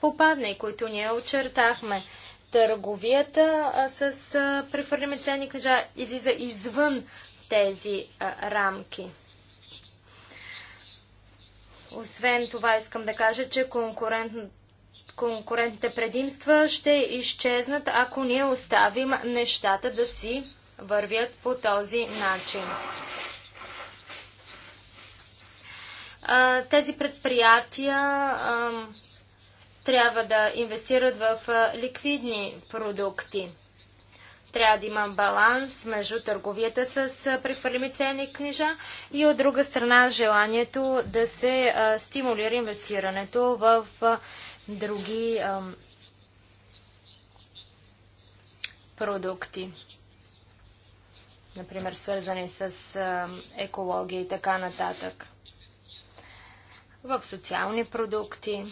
попадне и които ние очертахме. Търговията а, с прехвърлими ценни книжа излиза извън тези а, рамки. Освен това искам да кажа, че конкурент, конкурентните предимства ще изчезнат, ако ние оставим нещата да си вървят по този начин. Тези предприятия трябва да инвестират в ликвидни продукти. Трябва да има баланс между търговията с прехвърлими ценни книжа и от друга страна желанието да се стимулира инвестирането в други продукти например, свързани с екология и така нататък. В социални продукти.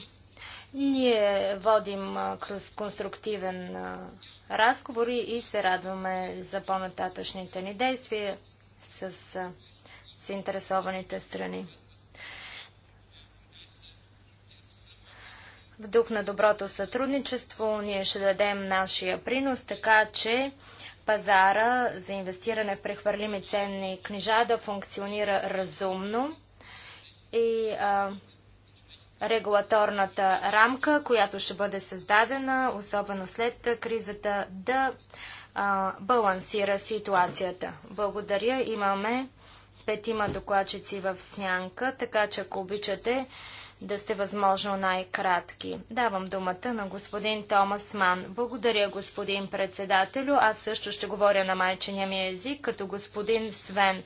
Ние водим конструктивен разговор и се радваме за по-нататъчните ни действия с заинтересованите страни. В дух на доброто сътрудничество ние ще дадем нашия принос, така че пазара за инвестиране в прехвърлими ценни книжа да функционира разумно и а, регулаторната рамка, която ще бъде създадена, особено след кризата, да а, балансира ситуацията. Благодаря. Имаме петима докладчици в сянка, така че ако обичате, да сте възможно най-кратки. Давам думата на господин Томас Ман. Благодаря, господин председателю. Аз също ще говоря на майчения ми език, като господин Свен.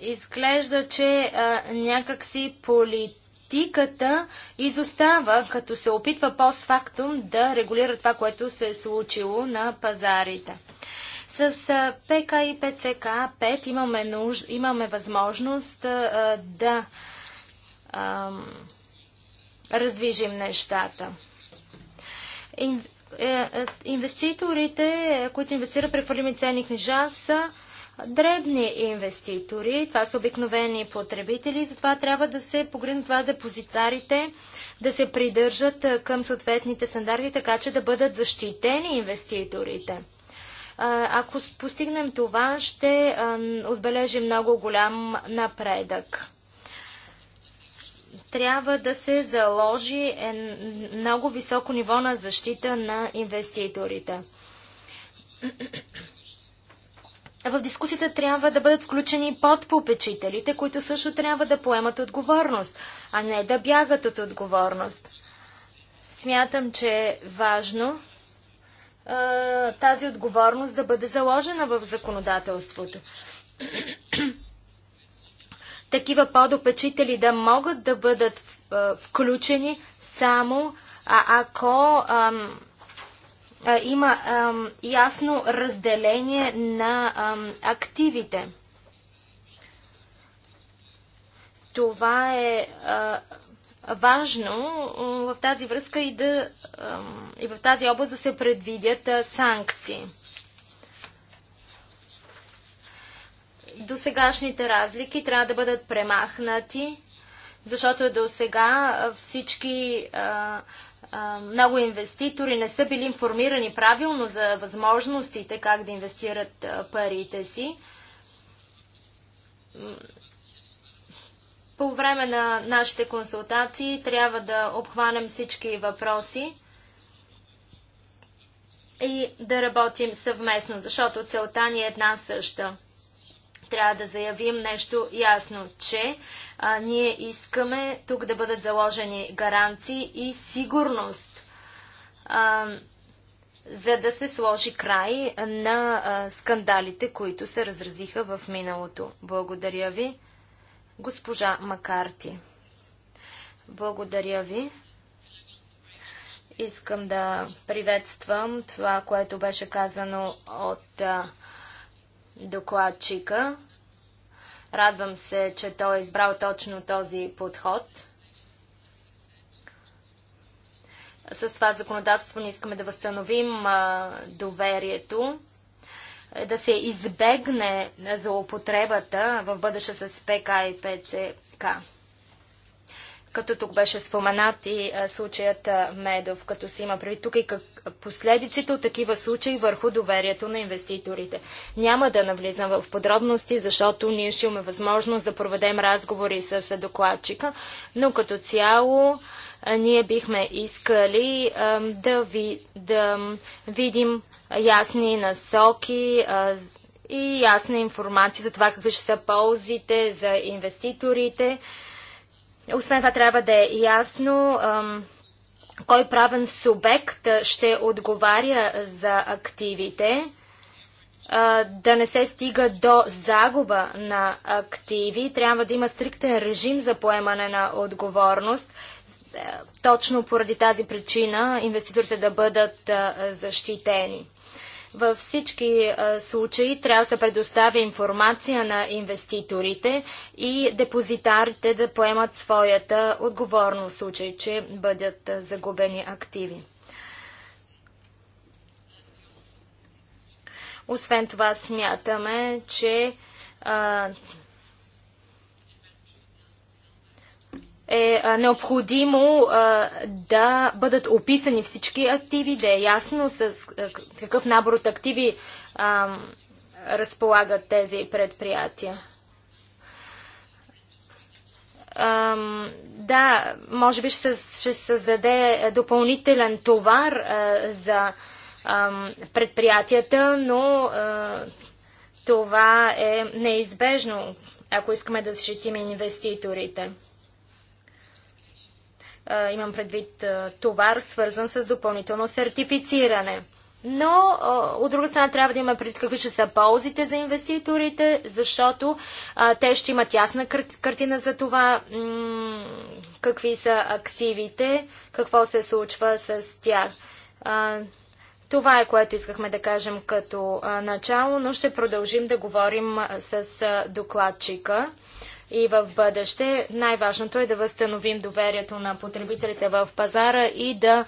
изглежда, че а, някакси политиката изостава, като се опитва постфактум да регулира това, което се е случило на пазарите. С ПК и ПЦК 5 имаме, нуж... имаме възможност да раздвижим нещата. Е, е, инвеститорите, които инвестират при фалими ценни книжа, са дребни инвеститори. Това са обикновени потребители. Затова трябва да се погледнат това депозитарите, да се придържат към съответните стандарти, така че да бъдат защитени инвеститорите. Ако постигнем това, ще отбележим много голям напредък. Трябва да се заложи много високо ниво на защита на инвеститорите. В дискусията трябва да бъдат включени подпопечителите, които също трябва да поемат отговорност, а не да бягат от отговорност. Смятам, че е важно тази отговорност да бъде заложена в законодателството. Такива подопечители да могат да бъдат включени само а, ако ам, а, има ам, ясно разделение на ам, активите. Това е а, важно в тази връзка и, да, и в тази област да се предвидят санкции. До сегашните разлики трябва да бъдат премахнати, защото е до сега всички много инвеститори не са били информирани правилно за възможностите как да инвестират парите си по време на нашите консултации трябва да обхванем всички въпроси и да работим съвместно, защото целта ни е една съща. Трябва да заявим нещо ясно, че а, ние искаме тук да бъдат заложени гаранции и сигурност, а, за да се сложи край на а, скандалите, които се разразиха в миналото. Благодаря ви. Госпожа Макарти, благодаря ви. Искам да приветствам това, което беше казано от докладчика. Радвам се, че той е избрал точно този подход. С това законодателство не искаме да възстановим доверието е, да се избегне злоупотребата в бъдеще с ПК и ПЦК. Като тук беше споменат и случаят Медов, като се има преди тук и как последиците от такива случаи върху доверието на инвеститорите. Няма да навлизам в подробности, защото ние ще имаме възможност да проведем разговори с докладчика, но като цяло ние бихме искали да, ви, да видим ясни насоки и ясна информация за това какви ще са ползите за инвеститорите. Освен това трябва да е ясно кой правен субект ще отговаря за активите, да не се стига до загуба на активи. Трябва да има стриктен режим за поемане на отговорност – точно поради тази причина инвеститорите да бъдат защитени. Във всички случаи трябва да се предоставя информация на инвеститорите и депозитарите да поемат своята отговорност в случай, че бъдат загубени активи. Освен това смятаме, че е необходимо да бъдат описани всички активи, да е ясно с какъв набор от активи разполагат тези предприятия. да, може би ще, ще създаде допълнителен товар за предприятията, но това е неизбежно, ако искаме да защитим инвеститорите имам предвид товар, свързан с допълнително сертифициране. Но, от друга страна, трябва да има предвид какви ще са ползите за инвеститорите, защото а, те ще имат ясна картина за това какви са активите, какво се случва с тях. А, това е което искахме да кажем като начало, но ще продължим да говорим с докладчика и в бъдеще. Най-важното е да възстановим доверието на потребителите в пазара и да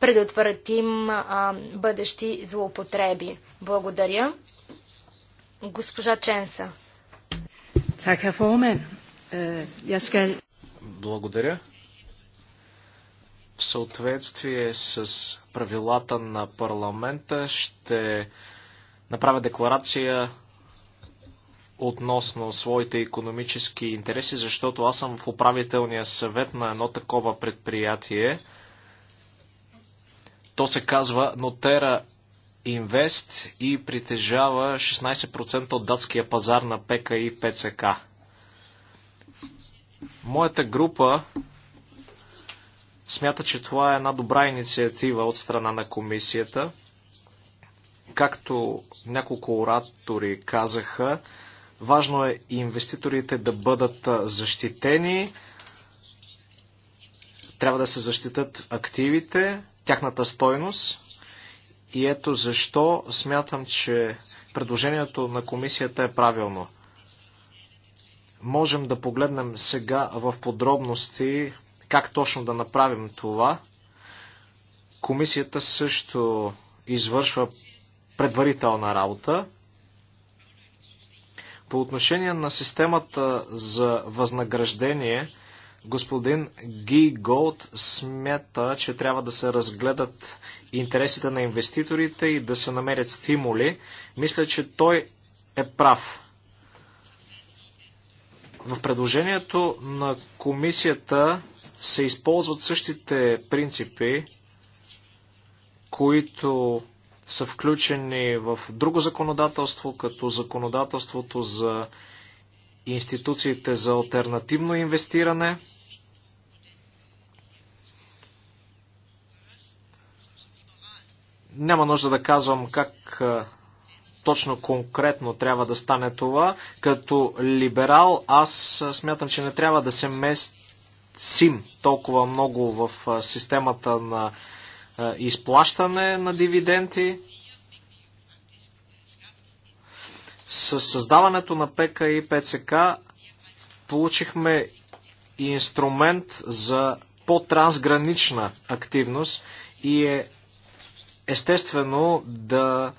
предотвратим а, бъдещи злоупотреби. Благодаря. Госпожа Ченса. Е, Благодаря. В съответствие с правилата на парламента ще направя декларация относно своите економически интереси, защото аз съм в управителния съвет на едно такова предприятие. То се казва Notera Invest и притежава 16% от датския пазар на ПК и ПЦК. Моята група смята, че това е една добра инициатива от страна на комисията. Както няколко оратори казаха, Важно е инвеститорите да бъдат защитени. Трябва да се защитат активите, тяхната стойност. И ето защо смятам, че предложението на комисията е правилно. Можем да погледнем сега в подробности как точно да направим това. Комисията също извършва предварителна работа. По отношение на системата за възнаграждение, господин Ги Голд смята, че трябва да се разгледат интересите на инвеститорите и да се намерят стимули. Мисля, че той е прав. В предложението на комисията се използват същите принципи, които са включени в друго законодателство, като законодателството за институциите за альтернативно инвестиране. Няма нужда да казвам как точно конкретно трябва да стане това. Като либерал аз смятам, че не трябва да се местим толкова много в системата на е, изплащане на дивиденти. С създаването на ПК и ПЦК получихме инструмент за по-трансгранична активност и е естествено да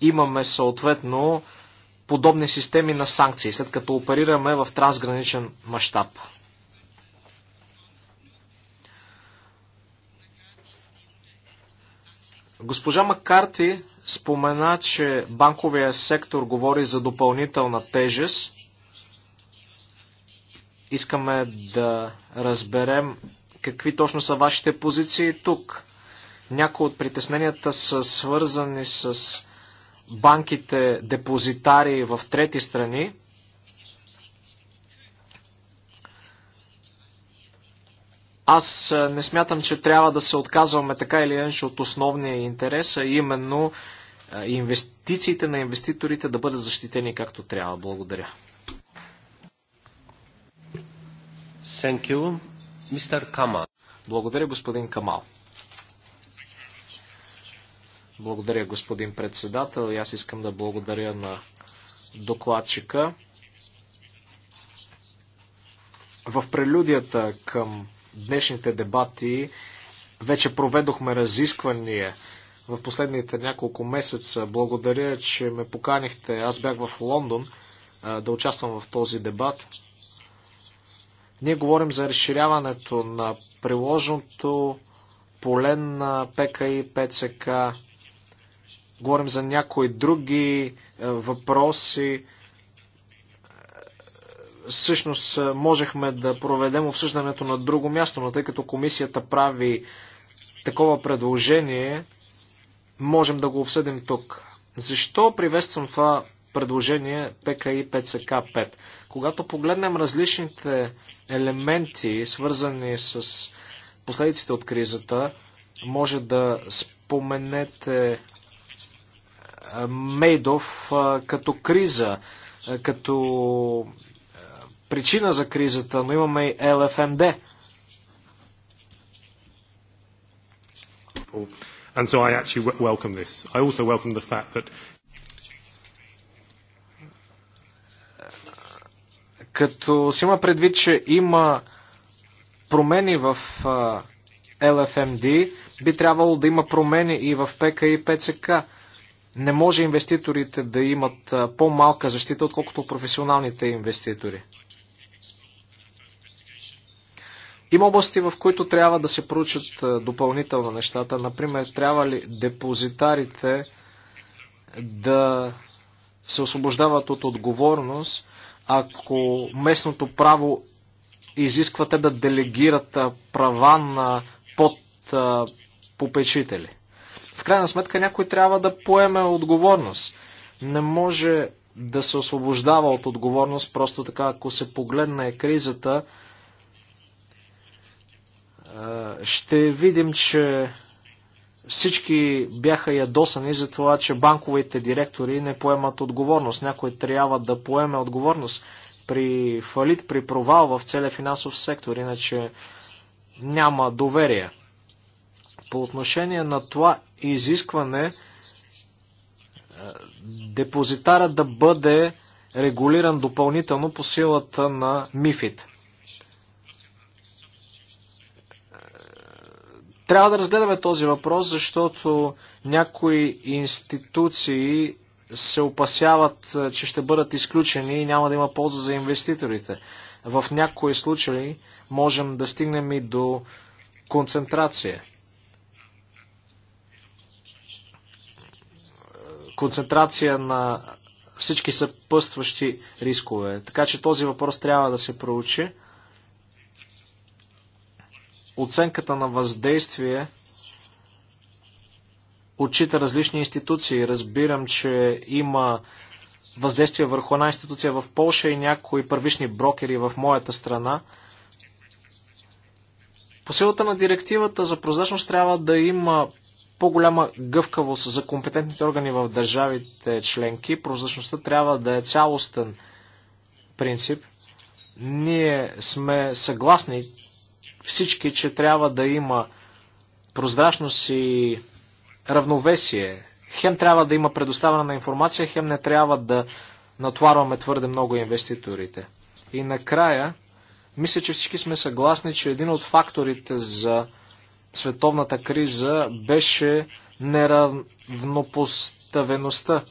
имаме съответно подобни системи на санкции, след като оперираме в трансграничен мащаб. Госпожа Макарти спомена, че банковия сектор говори за допълнителна тежест. Искаме да разберем какви точно са вашите позиции тук. Някои от притесненията са свързани с банките депозитари в трети страни. Аз е, не смятам, че трябва да се отказваме така или иначе от основния интерес, а именно е, инвестициите на инвеститорите да бъдат защитени както трябва. Благодаря. Thank you. Mr. Kamal. Благодаря, господин Камал. Благодаря, господин председател. аз искам да благодаря на докладчика. В прелюдията към днешните дебати вече проведохме разисквания в последните няколко месеца. Благодаря, че ме поканихте. Аз бях в Лондон да участвам в този дебат. Ние говорим за разширяването на приложното поле на ПК и ПЦК. Говорим за някои други въпроси всъщност е, можехме да проведем обсъждането на друго място, но тъй като комисията прави такова предложение, можем да го обсъдим тук. Защо приветствам това предложение ПКИ 5СК5? Когато погледнем различните елементи, свързани с последиците от кризата, може да споменете е, Мейдов е, като криза, като причина за кризата, но имаме и ЛФМД. And so I actually welcome this. I also welcome the fact that като си има предвид, че има промени в LFMD, би трябвало да има промени и в ПК и ПЦК. Не може инвеститорите да имат по-малка защита, отколкото професионалните инвеститори. Има области, в които трябва да се проучат допълнително нещата. Например, трябва ли депозитарите да се освобождават от отговорност, ако местното право изисква те да делегират права на под попечители. В крайна сметка някой трябва да поеме отговорност. Не може да се освобождава от отговорност просто така, ако се погледне кризата, ще видим, че всички бяха ядосани за това, че банковите директори не поемат отговорност. Някой трябва да поеме отговорност при фалит, при провал в целия финансов сектор, иначе няма доверие. По отношение на това изискване, депозитара да бъде регулиран допълнително по силата на МИФИД. Трябва да разгледаме този въпрос, защото някои институции се опасяват, е, че ще бъдат изключени и няма да има полза за инвеститорите. В някои случаи можем да стигнем и до концентрация. Концентрация на всички съпъстващи рискове. Така че този въпрос трябва да се проучи оценката на въздействие отчита различни институции. Разбирам, че има въздействие върху една институция в Польша и някои първични брокери в моята страна. По силата на директивата за прозрачност трябва да има по-голяма гъвкавост за компетентните органи в държавите членки. Прозрачността трябва да е цялостен принцип. Ние сме съгласни, всички, че трябва да има прозрачност и равновесие. Хем трябва да има предоставяне на информация, хем не трябва да натварваме твърде много инвеститорите. И накрая, мисля, че всички сме съгласни, че един от факторите за световната криза беше неравнопоставеността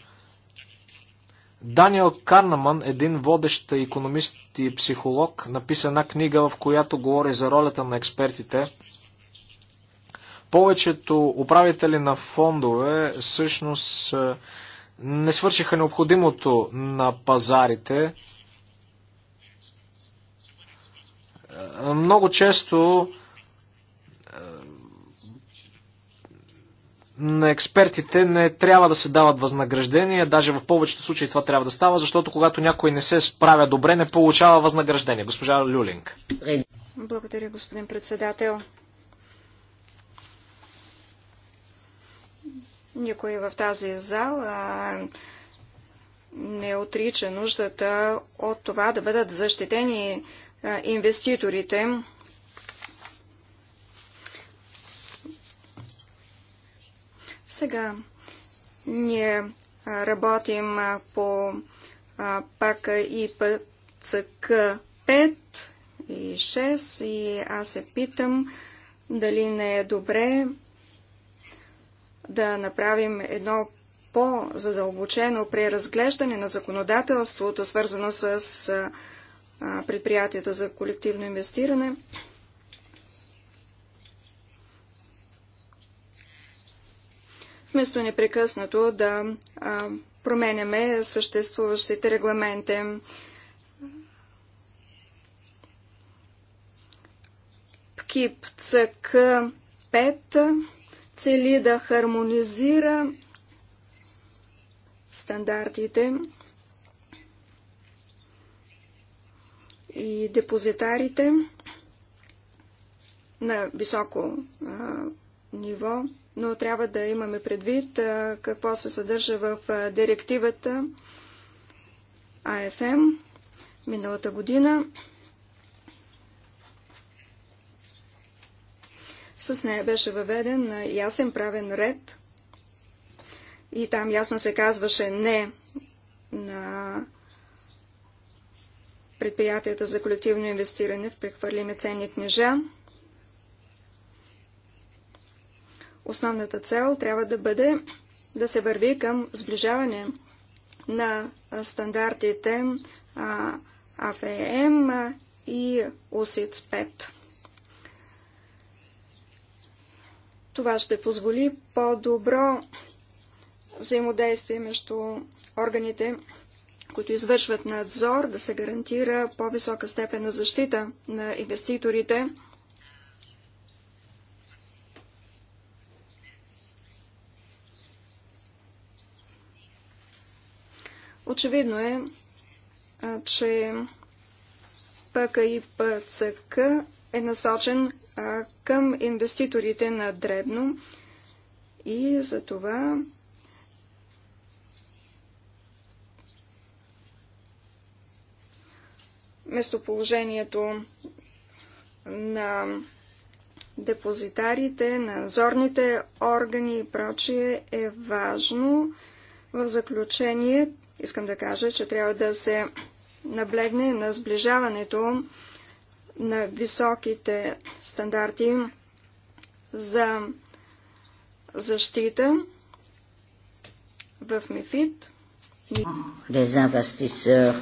Даниел Карнаман, един водещ економист и психолог, написа една книга, в която говори за ролята на експертите. Повечето управители на фондове всъщност е, не свършиха необходимото на пазарите. Е, много често на експертите не трябва да се дават възнаграждения, даже в повечето случаи това трябва да става, защото когато някой не се справя добре, не получава възнаграждение. Госпожа Люлинг. Благодаря, господин председател. Никой в тази зала не отрича нуждата от това да бъдат защитени инвеститорите Сега ние работим по пака и ПЦК 5 и 6 и аз се питам дали не е добре да направим едно по-задълбочено преразглеждане на законодателството, свързано с предприятията за колективно инвестиране, вместо непрекъснато да а, променяме съществуващите регламенти. ПКИП ЦК 5 цели да хармонизира стандартите и депозитарите на високо а, ниво но трябва да имаме предвид какво се съдържа в директивата АФМ миналата година. С нея беше въведен ясен правен ред и там ясно се казваше не на предприятията за колективно инвестиране в прехвърлими ценни книжа. Основната цел трябва да бъде да се върви към сближаване на стандартите АФЕМ и ОСИЦ 5. Това ще позволи по-добро взаимодействие между органите, които извършват надзор, да се гарантира по-висока степен на защита на инвеститорите – Очевидно е, че ПКИПЦК е насочен към инвеститорите на Дребно и за това местоположението на депозитарите, на надзорните органи и прочие е важно. В заключение Искам да кажа, че трябва да се наблегне на сближаването на високите стандарти за защита в МИФИД. Les investisseurs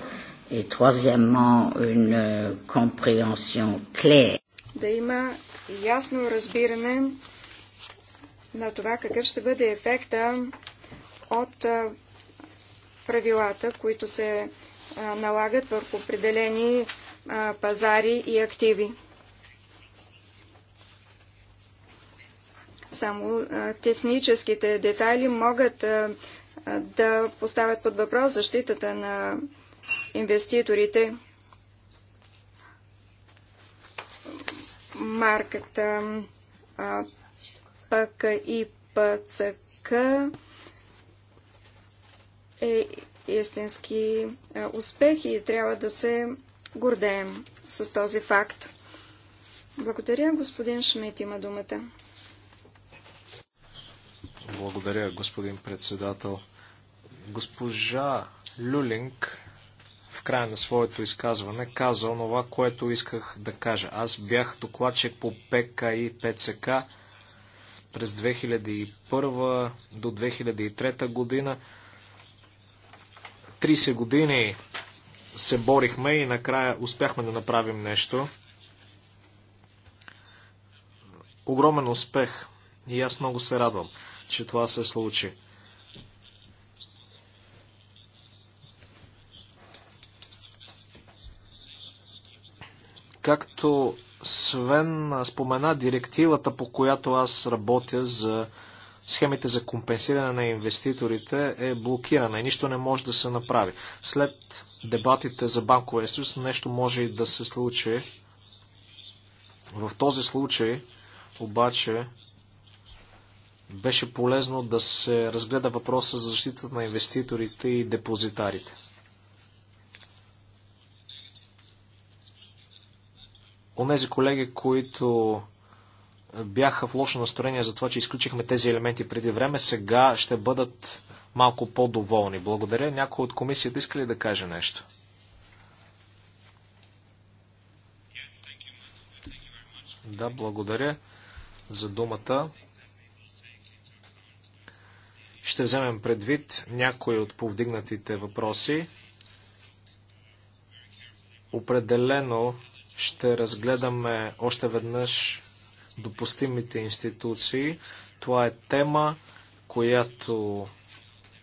et troisièmement une euh, compréhension claire. Да има ясно разбиране на това какъв ще бъде ефекта от правилата, които се налагат върху определени пазари и активи. Само техническите детайли могат да поставят под въпрос защитата на инвеститорите. Марката пък и ПЦК е истински е, успех и трябва да се гордеем с този факт. Благодаря, господин Шмидт има думата. Благодаря, господин председател. Госпожа Люлинг в края на своето изказване каза това, което исках да кажа. Аз бях докладчик по ПК и ПЦК през 2001 до 2003 година. 30 години се борихме и накрая успяхме да направим нещо. Огромен успех. И аз много се радвам, че това се случи. Както Свен спомена директивата, по която аз работя за схемите за компенсиране на инвеститорите е блокирана и нищо не може да се направи. След дебатите за банковия съюз нещо може и да се случи. В този случай обаче беше полезно да се разгледа въпроса за защитата на инвеститорите и депозитарите. Онези колеги, които бяха в лошо настроение за това, че изключихме тези елементи преди време, сега ще бъдат малко по-доволни. Благодаря. Някой от комисията иска ли да каже нещо? Да, благодаря за думата. Ще вземем предвид някои от повдигнатите въпроси. Определено ще разгледаме още веднъж допустимите институции. Това е тема, която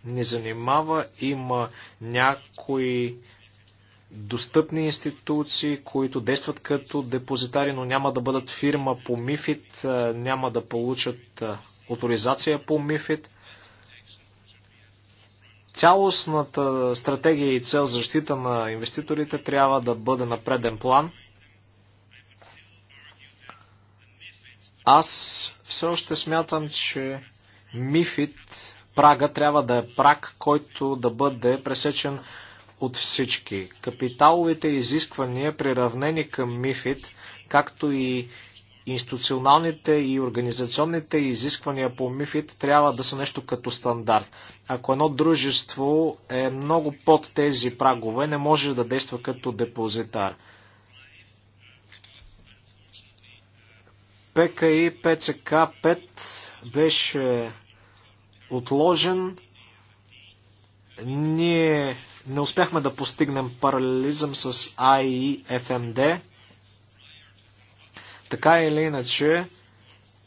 ни занимава. Има някои достъпни институции, които действат като депозитари, но няма да бъдат фирма по МИФИД, няма да получат авторизация по МИФИД. Цялостната стратегия и цел защита на инвеститорите трябва да бъде на преден план – Аз все още смятам, че Мифит прага трябва да е праг, който да бъде пресечен от всички. Капиталовите изисквания, приравнени към Мифит, както и институционалните и организационните изисквания по МИФИД трябва да са нещо като стандарт. Ако едно дружество е много под тези прагове, не може да действа като депозитар. ПКИ ПЦК-5 беше отложен. Ние не успяхме да постигнем паралелизъм с АИФМД. Така или иначе,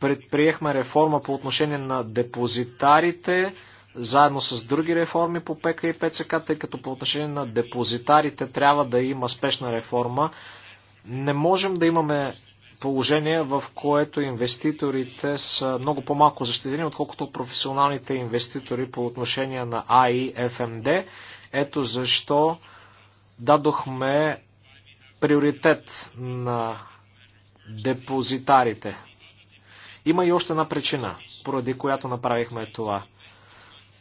предприехме реформа по отношение на депозитарите, заедно с други реформи по ПК и ПЦК, тъй като по отношение на депозитарите трябва да има спешна реформа. Не можем да имаме положение, в което инвеститорите са много по-малко защитени, отколкото професионалните инвеститори по отношение на АИ ФМД. Ето защо дадохме приоритет на депозитарите. Има и още една причина, поради която направихме това.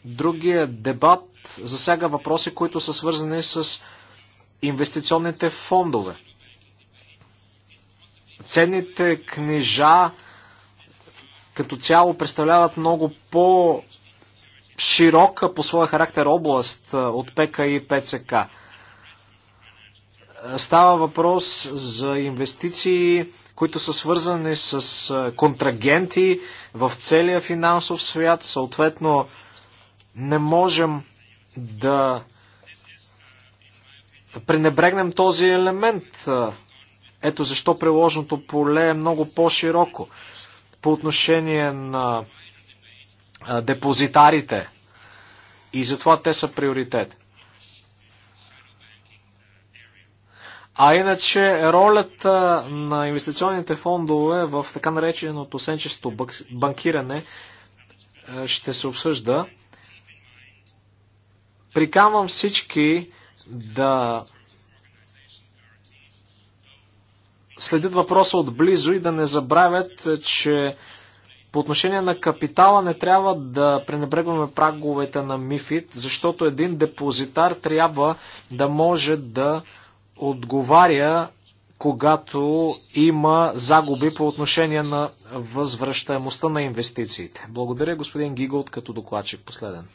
Другия дебат засяга въпроси, които са свързани с инвестиционните фондове ценните книжа като цяло представляват много по- широка по своя характер област от ПК и ПЦК. Става въпрос за инвестиции, които са свързани с контрагенти в целия финансов свят. Съответно, не можем да пренебрегнем този елемент ето защо приложното поле е много по-широко по отношение на депозитарите и затова те са приоритет. А иначе ролята на инвестиционните фондове в така нареченото сенчесто банкиране ще се обсъжда. Прикамвам всички да следят въпроса отблизо и да не забравят, че по отношение на капитала не трябва да пренебрегваме праговете на МИФИД, защото един депозитар трябва да може да отговаря, когато има загуби по отношение на възвръщаемостта на инвестициите. Благодаря, господин Гиголт, като докладчик последен.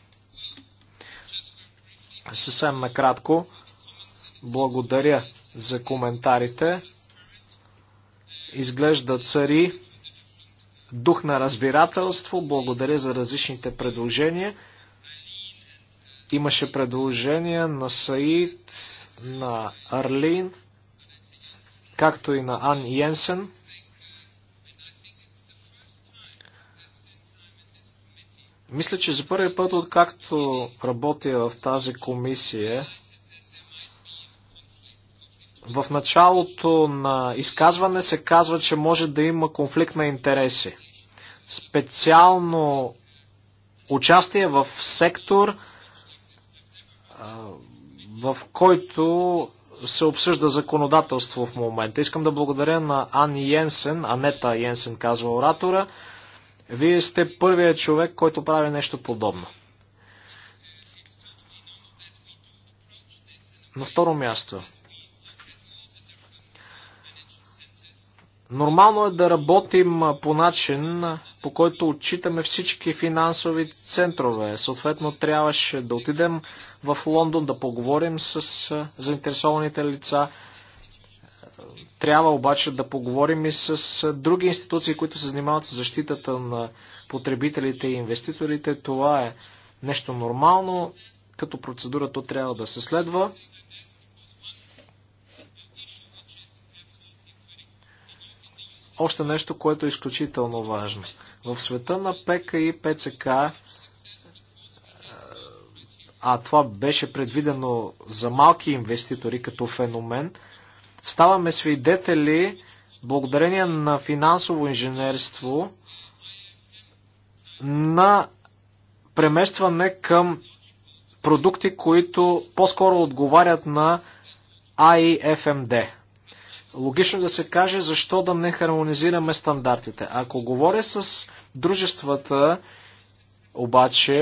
Съвсем накратко, благодаря за коментарите изглежда цари дух на разбирателство. Благодаря за различните предложения. Имаше предложения на Саид, на Арлин, както и на Ан Йенсен. Мисля, че за първи път, откакто работя в тази комисия, в началото на изказване се казва, че може да има конфликт на интереси. Специално участие в сектор, в който се обсъжда законодателство в момента. Искам да благодаря на Ани Йенсен, Анета Йенсен казва оратора. Вие сте първият човек, който прави нещо подобно. На второ място, Нормално е да работим по начин, по който отчитаме всички финансови центрове. Съответно, трябваше да отидем в Лондон, да поговорим с заинтересованите лица. Трябва обаче да поговорим и с други институции, които се занимават с защитата на потребителите и инвеститорите. Това е нещо нормално. Като процедура то трябва да се следва. още нещо, което е изключително важно. В света на ПК и ПЦК, а това беше предвидено за малки инвеститори като феномен, ставаме свидетели благодарение на финансово инженерство на преместване към продукти, които по-скоро отговарят на AIFMD – логично да се каже защо да не хармонизираме стандартите. Ако говоря с дружествата, обаче,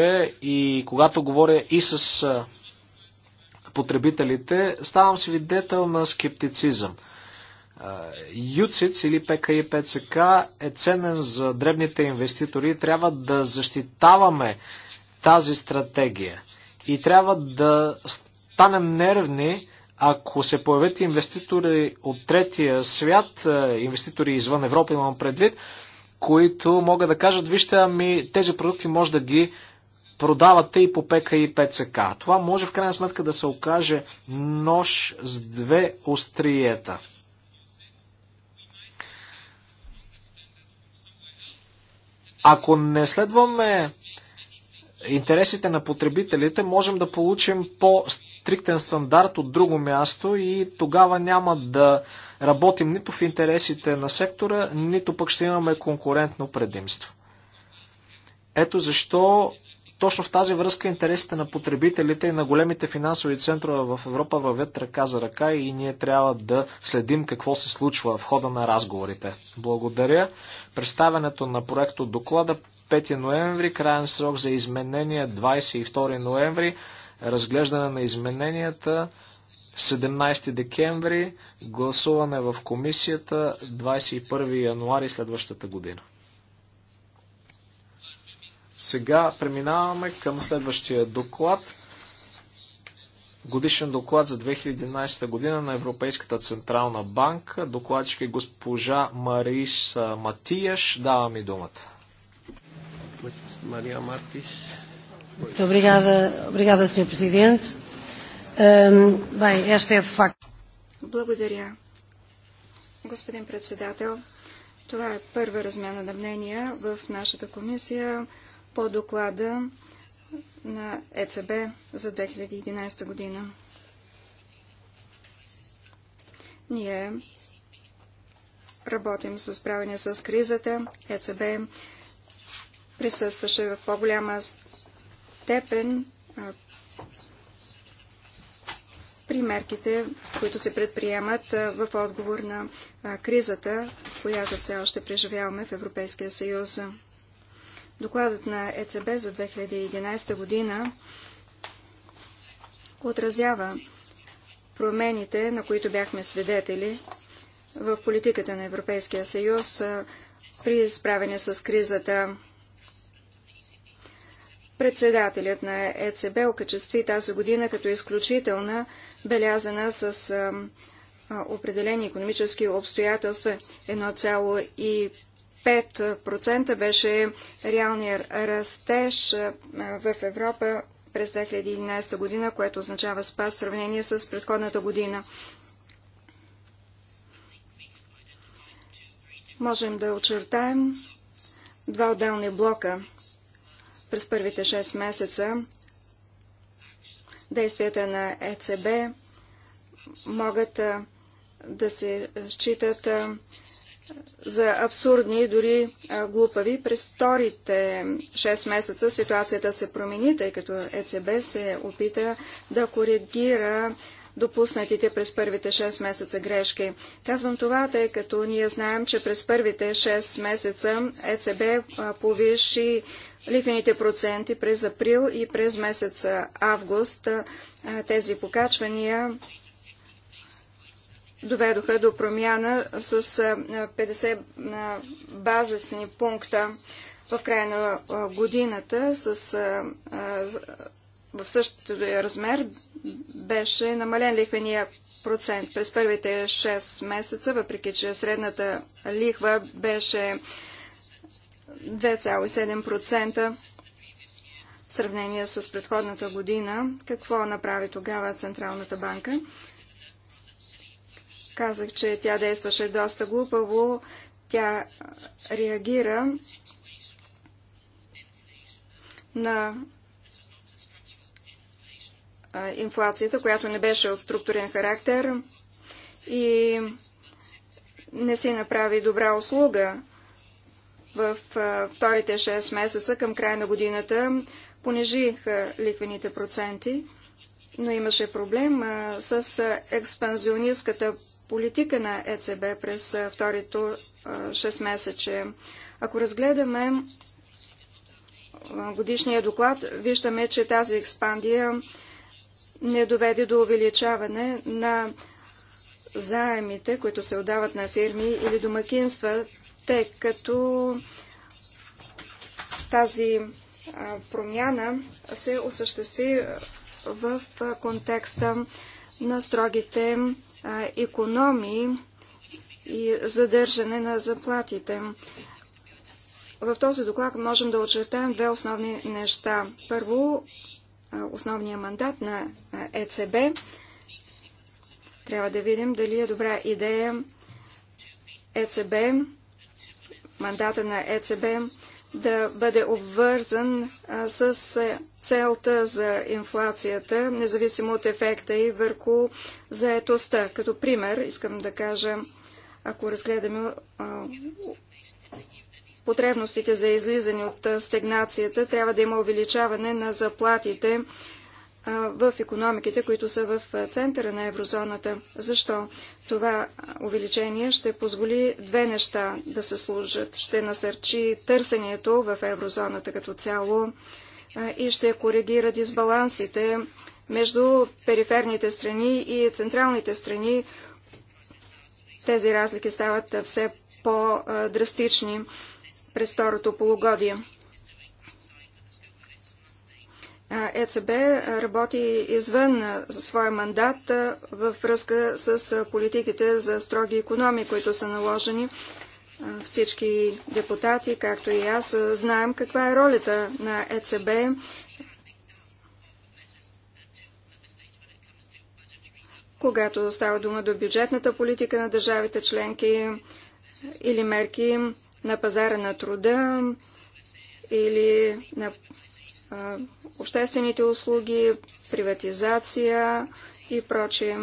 и когато говоря и с потребителите, ставам свидетел на скептицизъм. ЮЦИЦ или ПКИ ПЦК е ценен за дребните инвеститори. Трябва да защитаваме тази стратегия. И трябва да станем нервни, ако се появят инвеститори от третия свят, е, инвеститори извън Европа имам предвид, които могат да кажат, вижте, ами тези продукти може да ги продавате и по ПК и ПЦК. Това може в крайна сметка да се окаже нож с две остриета. Ако не следваме интересите на потребителите, можем да получим по-стриктен стандарт от друго място и тогава няма да работим нито в интересите на сектора, нито пък ще имаме конкурентно предимство. Ето защо точно в тази връзка интересите на потребителите и на големите финансови центрове в Европа вървят ръка за ръка и ние трябва да следим какво се случва в хода на разговорите. Благодаря. Представянето на проекто доклада 5 ноември, крайен срок за изменения 22 ноември, разглеждане на измененията 17 декември, гласуване в комисията 21 януари следващата година. Сега преминаваме към следващия доклад. Годишен доклад за 2011 година на Европейската Централна банка. Докладчик е госпожа Мариса Матияш. Давам и думата. Maria Martins. Muito obrigada, obrigada Sr. Presidente. Um, bem, esta é de facto. Благодаря. Господин председател, това е първа размяна на мнения в нашата комисия по доклада на ЕЦБ за 2011 година. Ние работим с справяне с кризата. ЕЦБ присъстваше в по-голяма степен при мерките, които се предприемат в отговор на кризата, която все още преживяваме в Европейския съюз. Докладът на ЕЦБ за 2011 година отразява промените, на които бяхме свидетели в политиката на Европейския съюз при справяне с кризата Председателят на ЕЦБ окачестви тази година като изключителна, белязана с а, а, определени економически обстоятелства. 1,5% беше реалният растеж в Европа през 2011 година, което означава спад в сравнение с предходната година. Можем да очертаем два отделни блока – през първите 6 месеца действията на ЕЦБ могат да се считат за абсурдни, дори глупави. През вторите 6 месеца ситуацията се промени, тъй като ЕЦБ се опита да коригира допуснатите през първите 6 месеца грешки. Казвам това, тъй като ние знаем, че през първите 6 месеца ЕЦБ повиши лихвените проценти през април и през месец август. Тези покачвания доведоха до промяна с 50 базисни пункта в края на годината с в същия размер беше намален лихвения процент през първите 6 месеца, въпреки че средната лихва беше 2,7% в сравнение с предходната година. Какво направи тогава Централната банка? Казах, че тя действаше доста глупаво. Тя реагира на инфлацията, която не беше от структурен характер и не си направи добра услуга в вторите 6 месеца към края на годината понижиха ликвените проценти, но имаше проблем с експанзионистката политика на ЕЦБ през второто 6 месече. Ако разгледаме годишния доклад, виждаме, че тази експандия не доведе до увеличаване на заемите, които се отдават на фирми или домакинства, тъй като тази промяна се осъществи в контекста на строгите економии и задържане на заплатите. В този доклад можем да очертаем две основни неща. Първо, основния мандат на ЕЦБ. Трябва да видим дали е добра идея ЕЦБ мандата на ЕЦБ да бъде обвързан с целта за инфлацията, независимо от ефекта и върху заетостта. Като пример, искам да кажа, ако разгледаме потребностите за излизане от стегнацията, трябва да има увеличаване на заплатите в економиките, които са в центъра на еврозоната. Защо? Това увеличение ще позволи две неща да се служат. Ще насърчи търсенето в еврозоната като цяло и ще коригира дисбалансите между периферните страни и централните страни. Тези разлики стават все по-драстични през второто полугодие. ЕЦБ работи извън своя мандат във връзка с политиките за строги економи, които са наложени. Всички депутати, както и аз, знаем каква е ролята на ЕЦБ. Когато става дума до бюджетната политика на държавите членки или мерки на пазара на труда или на обществените услуги, приватизация и прочие.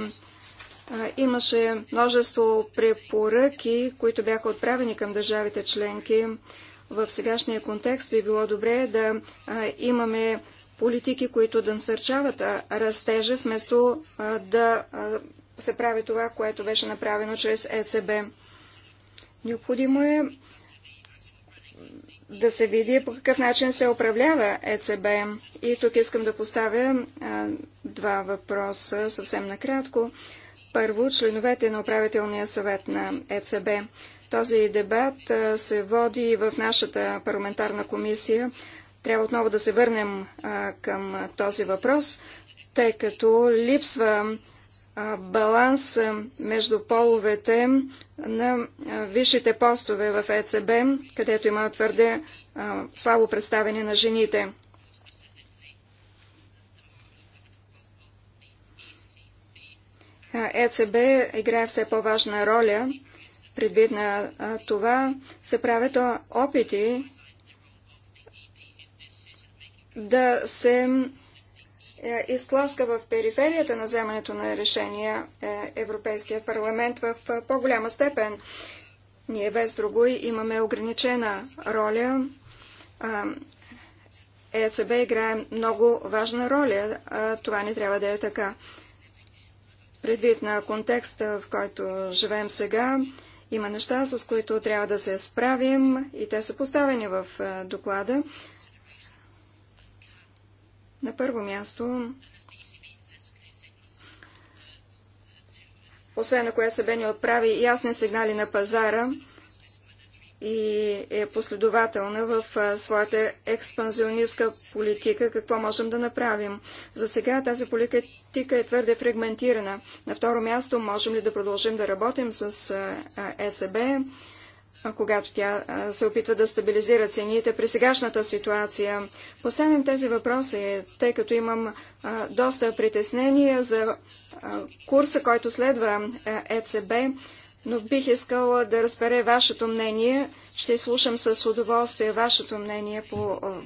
Имаше множество препоръки, които бяха отправени към държавите членки. В сегашния контекст би било добре да имаме политики, които да насърчават растежа, вместо да се прави това, което беше направено чрез ЕЦБ. Необходимо е да се види по какъв начин се управлява ЕЦБ. И тук искам да поставя два въпроса съвсем накратко. Първо, членовете на управителния съвет на ЕЦБ. Този дебат се води и в нашата парламентарна комисия. Трябва отново да се върнем към този въпрос, тъй като липсва баланс между половете на висшите постове в ЕЦБ, където има твърде слабо представяне на жените. ЕЦБ играе все по-важна роля. Предвид на това се правят опити да се е, изтласка в периферията на вземането на решения е, Европейският парламент в е, по-голяма степен. Ние без друго имаме ограничена роля. ЕЦБ играе много важна роля. А това не трябва да е така. Предвид на контекста, в който живеем сега, има неща, с които трябва да се справим и те са поставени в доклада. На първо място, освен на която себе ни отправи ясни сигнали на пазара и е последователна в своята експанзионистка политика, какво можем да направим. За сега тази политика е твърде фрагментирана. На второ място, можем ли да продължим да работим с ЕЦБ? когато тя се опитва да стабилизира цените при сегашната ситуация. Поставям тези въпроси, тъй като имам доста притеснения за курса, който следва ЕЦБ, но бих искала да разбере вашето мнение. Ще слушам с удоволствие вашето мнение по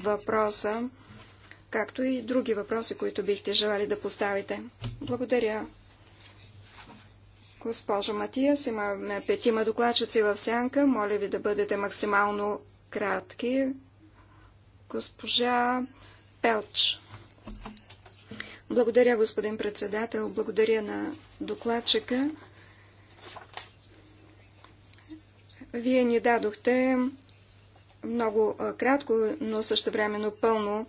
въпроса, както и други въпроси, които бихте желали да поставите. Благодаря. Госпожо Матиас, имаме петима докладчици в сянка. Моля ви да бъдете максимално кратки. Госпожа Пелч. Благодаря, господин председател. Благодаря на докладчика. Вие ни дадохте много кратко, но също времено пълно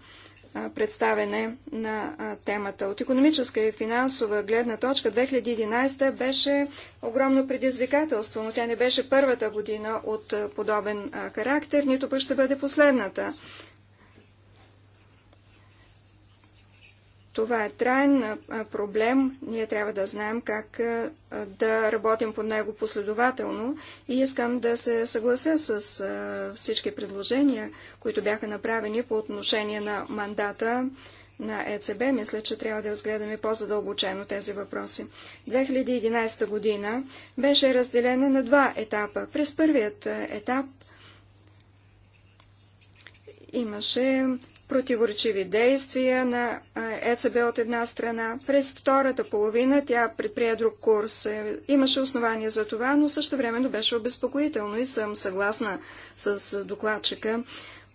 представене на темата. От економическа и финансова гледна точка 2011 беше огромно предизвикателство, но тя не беше първата година от подобен характер, нито пък ще бъде последната. Това е траен проблем. Ние трябва да знаем как да работим по него последователно и искам да се съглася с всички предложения, които бяха направени по отношение на мандата на ЕЦБ. Мисля, че трябва да разгледаме по-задълбочено тези въпроси. 2011 година беше разделена на два етапа. През първият етап имаше противоречиви действия на ЕЦБ от една страна. През втората половина тя предприе друг курс. Е, имаше основания за това, но също времено беше обезпокоително и съм съгласна с докладчика.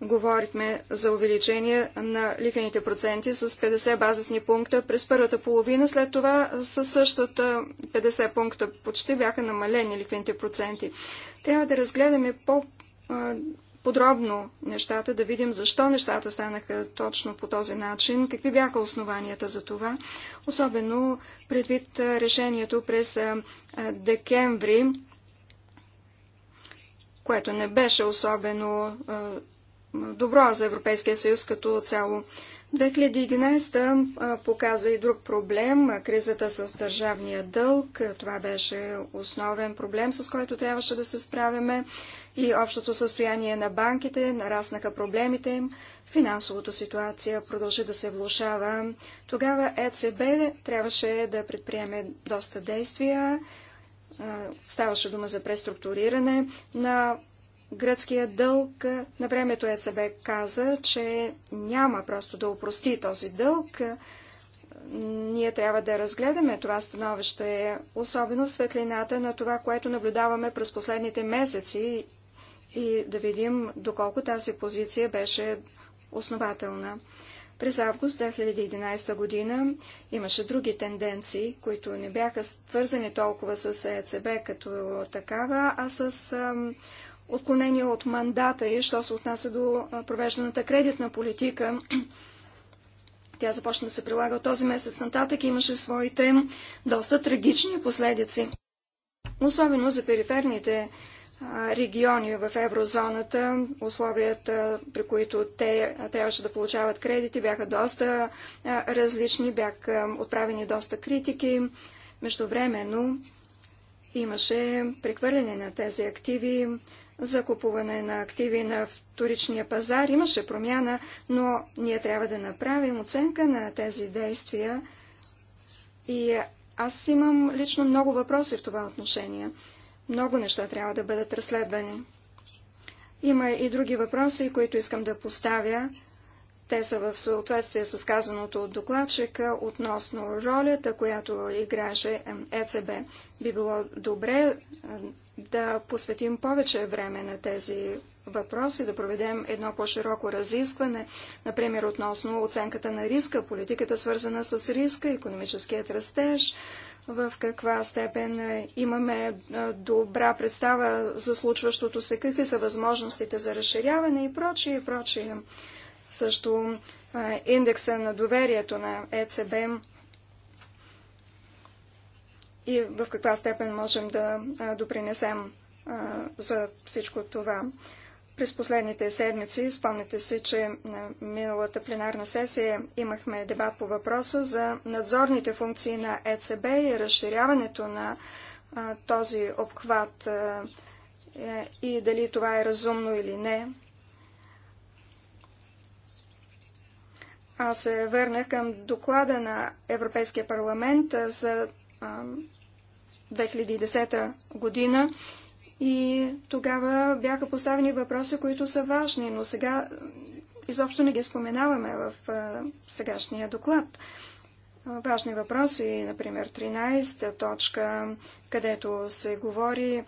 Говорихме за увеличение на лихвените проценти с 50 базисни пункта през първата половина, след това със същата 50 пункта почти бяха намалени лихвените проценти. Трябва да разгледаме по подробно нещата, да видим защо нещата станаха точно по този начин, какви бяха основанията за това, особено предвид решението през декември, което не беше особено добро за Европейския съюз като цяло. 2011 показа и друг проблем – кризата с държавния дълг. Това беше основен проблем, с който трябваше да се справяме и общото състояние на банките, нараснаха проблемите им, финансовото ситуация продължи да се влушава. Тогава ЕЦБ трябваше да предприеме доста действия. Ставаше дума за преструктуриране на гръцкия дълг. На времето ЕЦБ каза, че няма просто да упрости този дълг. Ние трябва да разгледаме това становище, особено в светлината на това, което наблюдаваме през последните месеци и да видим доколко тази позиция беше основателна. През август 2011 година имаше други тенденции, които не бяха свързани толкова с ЕЦБ като такава, а с отклонение от мандата и що се отнася до провежданата кредитна политика. [clears throat] Тя започна да се прилага от този месец нататък и имаше своите доста трагични последици. Особено за периферните региони в еврозоната, условията, при които те трябваше да получават кредити, бяха доста различни, бяха отправени доста критики. Междувременно имаше прехвърляне на тези активи, закупуване на активи на вторичния пазар. Имаше промяна, но ние трябва да направим оценка на тези действия. И аз имам лично много въпроси в това отношение. Много неща трябва да бъдат разследвани. Има и други въпроси, които искам да поставя. Те са в съответствие с казаното от докладчика относно ролята, която играше ЕЦБ. Би било добре да посветим повече време на тези въпроси, да проведем едно по-широко разискване, например относно оценката на риска, политиката свързана с риска, економическият растеж, в каква степен е, имаме е, добра представа за случващото се, какви са възможностите за разширяване и прочие, и прочие. Също е, индекса на доверието на ЕЦБ и в каква степен можем да допринесем за всичко това. През последните седмици, спомняте си, че на миналата пленарна сесия имахме дебат по въпроса за надзорните функции на ЕЦБ и разширяването на а, този обхват а, е, и дали това е разумно или не. Аз се върнах към доклада на Европейския парламент за а, 2010 година и тогава бяха поставени въпроси, които са важни, но сега изобщо не ги споменаваме в сегашния доклад. Важни въпроси, например 13-та точка, където се говори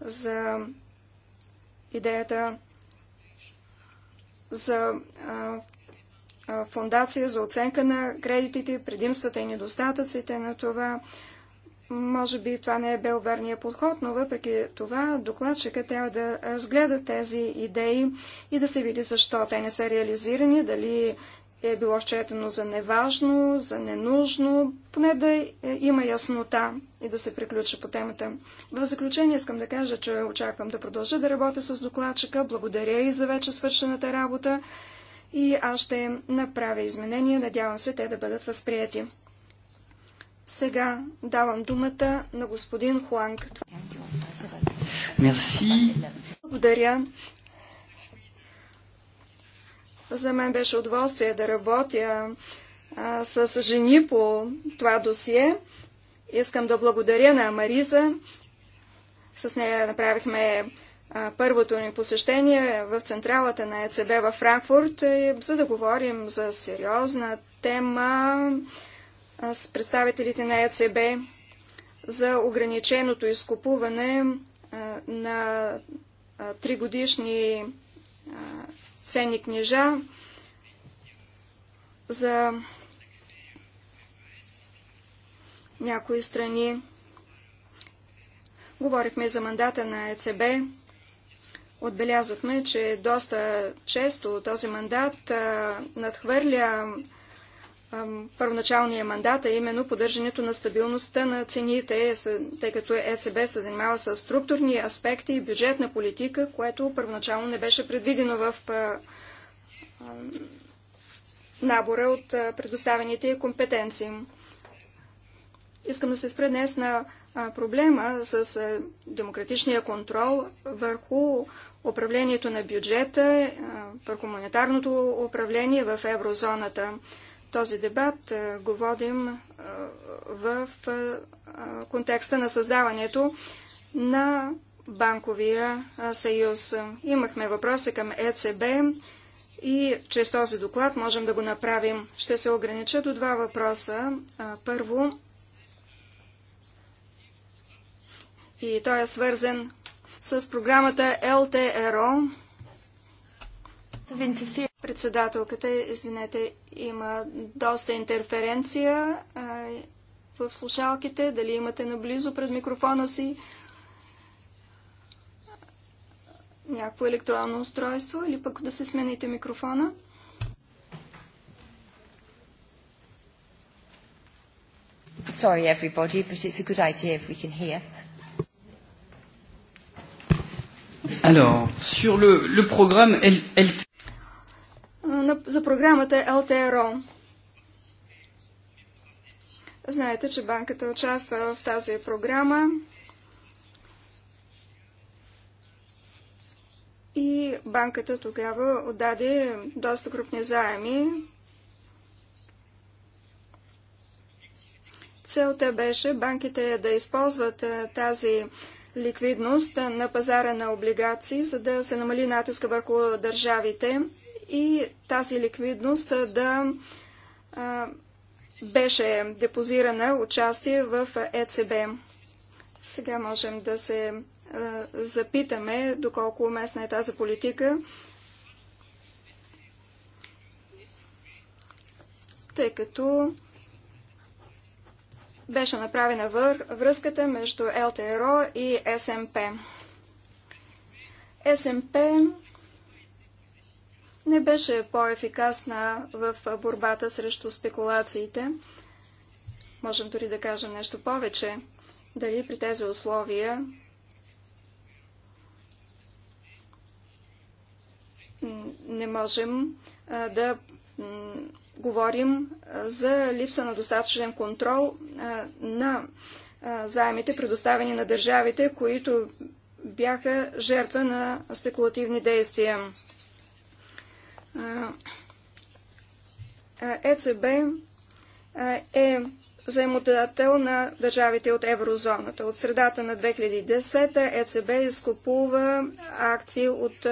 за идеята за фундация за оценка на кредитите, предимствата и недостатъците на това, може би това не е бил верния подход, но въпреки това докладчика трябва да разгледа тези идеи и да се види защо те не са реализирани, дали е било счетено за неважно, за ненужно, поне да има яснота и да се приключи по темата. В заключение искам да кажа, че очаквам да продължа да работя с докладчика. Благодаря и за вече свършената работа и аз ще направя изменения. Надявам се те да бъдат възприяти. Сега давам думата на господин Хуанг. Мерси. Благодаря. За мен беше удоволствие да работя а, с жени по това досие. Искам да благодаря на Мариза. С нея направихме а, първото ни посещение в централата на ЕЦБ във Франкфурт, и, е, за да говорим за сериозна тема с представителите на ЕЦБ за ограниченото изкупуване на тригодишни ценни книжа за някои страни. Говорихме за мандата на ЕЦБ. Отбелязахме, че доста често този мандат надхвърля първоначалния мандат, а именно поддържането на стабилността на цените, е тъй като ЕЦБ се занимава с структурни аспекти и бюджетна политика, което първоначално не беше предвидено в набора от предоставените компетенции. Искам да се спра днес на проблема с демократичния контрол върху управлението на бюджета, върху монетарното управление в еврозоната. Този дебат е, го водим е, в е, контекста на създаването на банковия съюз. Имахме въпроси към ЕЦБ и чрез този доклад можем да го направим. Ще се огранича до два въпроса. Първо, и той е свързан с програмата ЛТРО. Председателката, извинете, има доста интерференция а, в слушалките. Дали имате наблизо пред микрофона си някакво електронно устройство или пък да се смените микрофона? Sorry, everybody, but it's a good idea if we can hear. Alors, sur le, le programme, elle, elle за програмата ЛТРО. Знаете, че банката участва в тази програма и банката тогава отдаде доста крупни заеми. Целта беше банките да използват тази ликвидност на пазара на облигации, за да се намали натиска върху държавите и тази ликвидност да а, беше депозирана участие в ЕЦБ. Сега можем да се а, запитаме доколко уместна е тази политика, тъй като беше направена вър... връзката между ЛТРО и СМП. СМП не беше по-ефикасна в борбата срещу спекулациите. Можем дори да кажем нещо повече. Дали при тези условия не можем да говорим за липса на достатъчен контрол на заемите, предоставени на държавите, които бяха жертва на спекулативни действия. ЕЦБ е заемодател на държавите от еврозоната. От средата на 2010 ЕЦБ изкупува акции от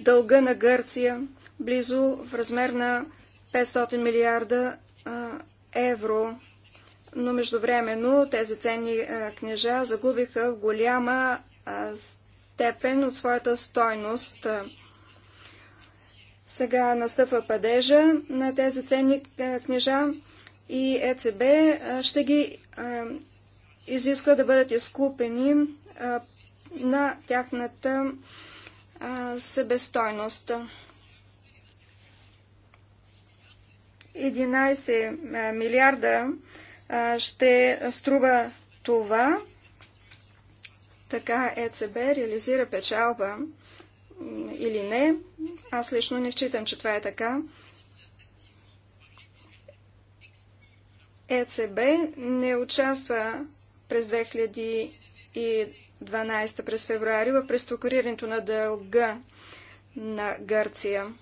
дълга на Гърция близо в размер на 500 милиарда евро. Но междувременно тези ценни книжа загубиха в голяма степен от своята стойност. Сега настъпва падежа на тези ценни е, книжа и ЕЦБ е, ще ги е, изисква да бъдат изкупени на тяхната себестойност. 11 милиарда ще струва това. Така ЕЦБ реализира печалба или не. Аз лично не считам, че това е така. ЕЦБ не участва през 2012 през февруари в преструктурирането на дълга на Гърция.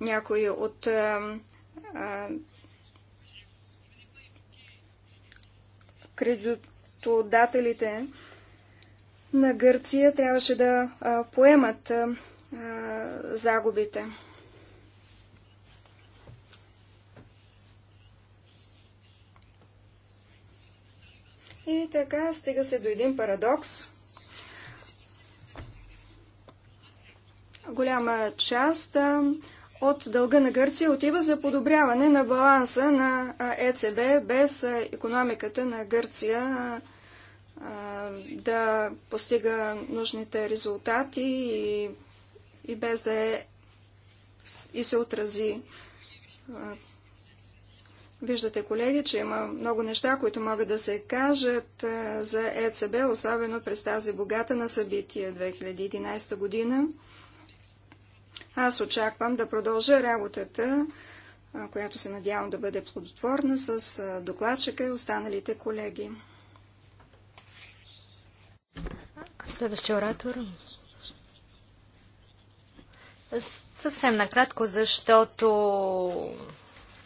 Някои от а, а, кредитодателите на Гърция трябваше да поемат загубите. И така стига се до един парадокс. Голяма част от дълга на Гърция отива за подобряване на баланса на ЕЦБ без економиката на Гърция да постига нужните резултати и, и без да е и се отрази. Виждате, колеги, че има много неща, които могат да се кажат за ЕЦБ, особено през тази богата на събития 2011 година. Аз очаквам да продължа работата, която се надявам да бъде плодотворна с докладчика и останалите колеги. Следващия оратор. Съвсем накратко, защото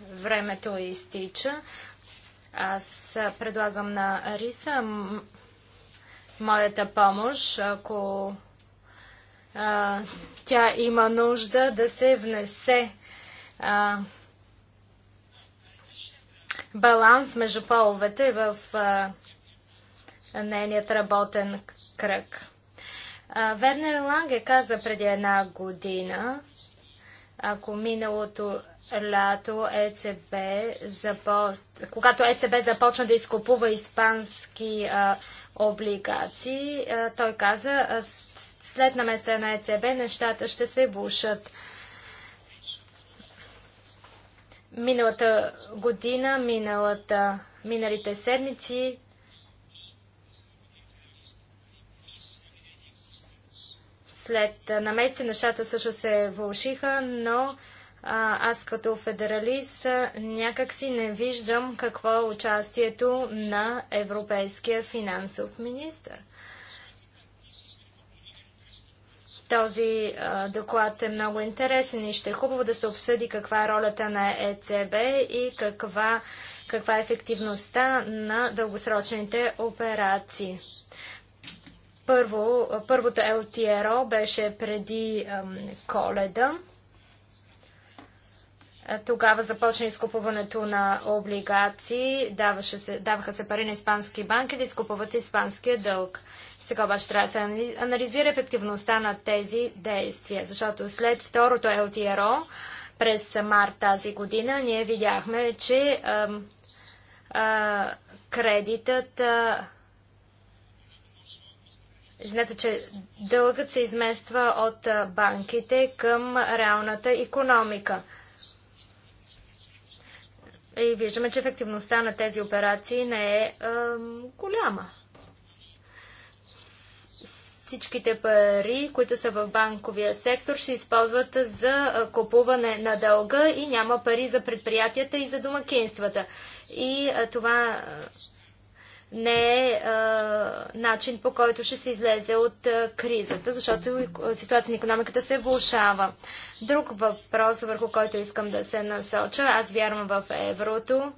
времето изтича. Аз предлагам на Ариса моята помощ, ако а, тя има нужда да се внесе а, баланс между половете в а, нейният работен кръг. Вернер Ланге каза преди една година, ако миналото лято ЕЦБ започ... когато ЕЦБ започна да изкупува испански а, облигации, а, той каза, а след наместа на ЕЦБ нещата ще се бушат. Миналата година, миналата, миналите седмици след наместе нещата също се вълшиха, но аз като федералист някакси не виждам какво е участието на европейския финансов министр. Този доклад е много интересен и ще е хубаво да се обсъди каква е ролята на ЕЦБ и каква, каква е ефективността на дългосрочните операции. Първо, първото LTRO беше преди ам, коледа. Тогава започна изкупуването на облигации, Даваше се, даваха се пари на испански банки да изкупуват испанския дълг. Сега обаче трябва да се анализира ефективността на тези действия, защото след второто LTRO през март тази година ние видяхме, че а, а, кредитът а, Знаете, че дългът се измества от банките към реалната економика. И виждаме, че ефективността на тези операции не е, е голяма. Всичките пари, които са в банковия сектор, ще използват за купуване на дълга и няма пари за предприятията и за домакинствата. И това не е начин по който ще се излезе от кризата, защото ситуация на економиката се влушава. Друг въпрос, върху който искам да се насоча, аз вярвам в еврото.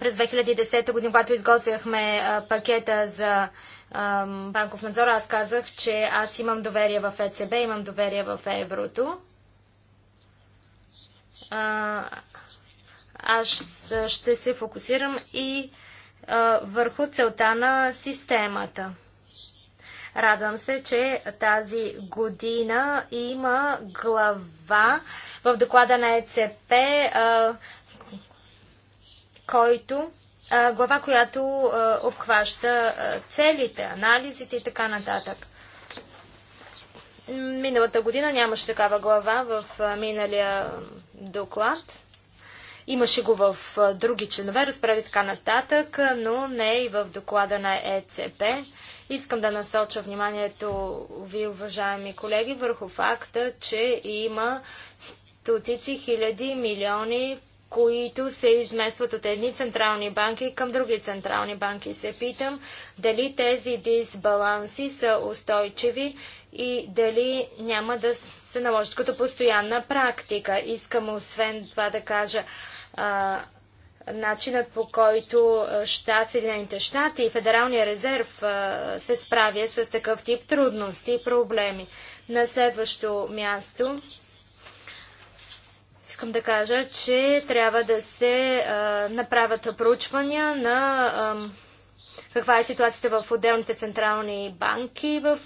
През 2010 година, когато изготвяхме пакета за банков надзор, аз казах, че аз имам доверие в ЕЦБ, имам доверие в еврото. Аз ще се фокусирам и върху целта на системата. Радвам се, че тази година има глава в доклада на ЕЦП, който, глава, която обхваща целите, анализите и така нататък. Миналата година нямаше такава глава в миналия доклад. Имаше го в други членове, разправи така нататък, но не и в доклада на ЕЦП. Искам да насоча вниманието ви, уважаеми колеги, върху факта, че има стотици хиляди милиони които се изместват от едни централни банки към други централни банки. Се питам дали тези дисбаланси са устойчиви и дали няма да се наложат като постоянна практика. Искам освен това да кажа а, начинът по който щат, Съединените щати и Федералния резерв а, се справя с такъв тип трудности и проблеми. На следващо място искам да кажа, че трябва да се а, направят проучвания на каква е ситуацията в отделните централни банки в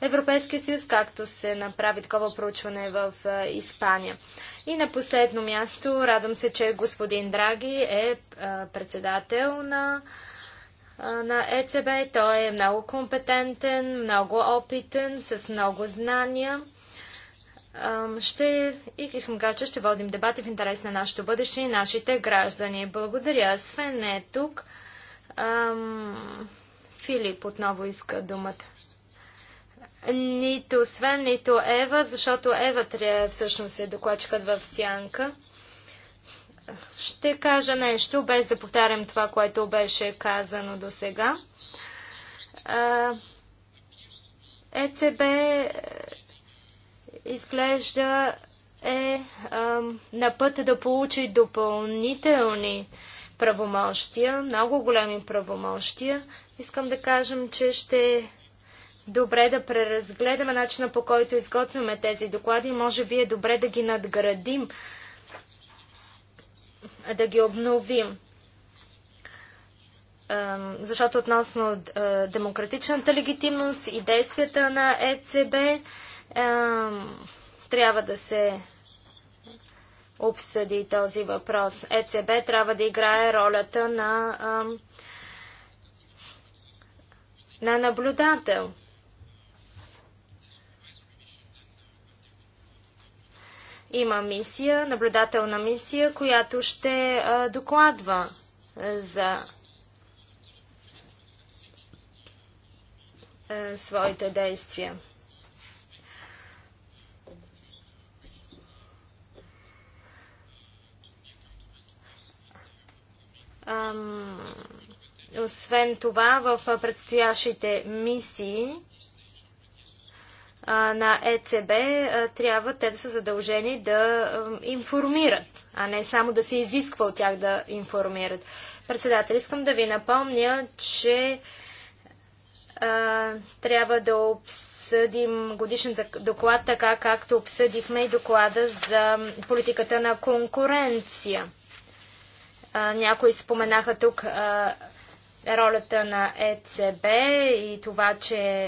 Европейския съюз, както се направи такова проучване в Испания. И на последно място, радвам се, че господин Драги е председател на на ЕЦБ. Той е много компетентен, много опитен, с много знания. Ще, и искам кажа, че ще водим дебати в интерес на нашето бъдеще и нашите граждани. Благодаря. Свен е тук. Ам... Филип отново иска думата. Нито Свен, нито Ева, защото Ева трябва всъщност е докладчикът в сянка. Ще кажа нещо, без да повтарям това, което беше казано до сега. ЕЦБ е, изглежда е на път да получи допълнителни а, правомощия, много големи правомощия. Искам да кажем, че ще е добре да преразгледаме начина по който изготвяме тези доклади може би е добре да ги надградим, да ги обновим. Защото относно демократичната легитимност и действията на ЕЦБ трябва да се обсъди този въпрос. ЕЦБ трябва да играе ролята на, на наблюдател. Има мисия, наблюдателна мисия, която ще докладва за своите действия. Ам, освен това, в предстоящите мисии а, на ЕЦБ а, трябва те да са задължени да информират, а не само да се изисква от тях да информират. Председател, искам да ви напомня, че трябва да обсъдим годишен доклад така, както обсъдихме и доклада за политиката на конкуренция. Някои споменаха тук ролята на ЕЦБ и това, че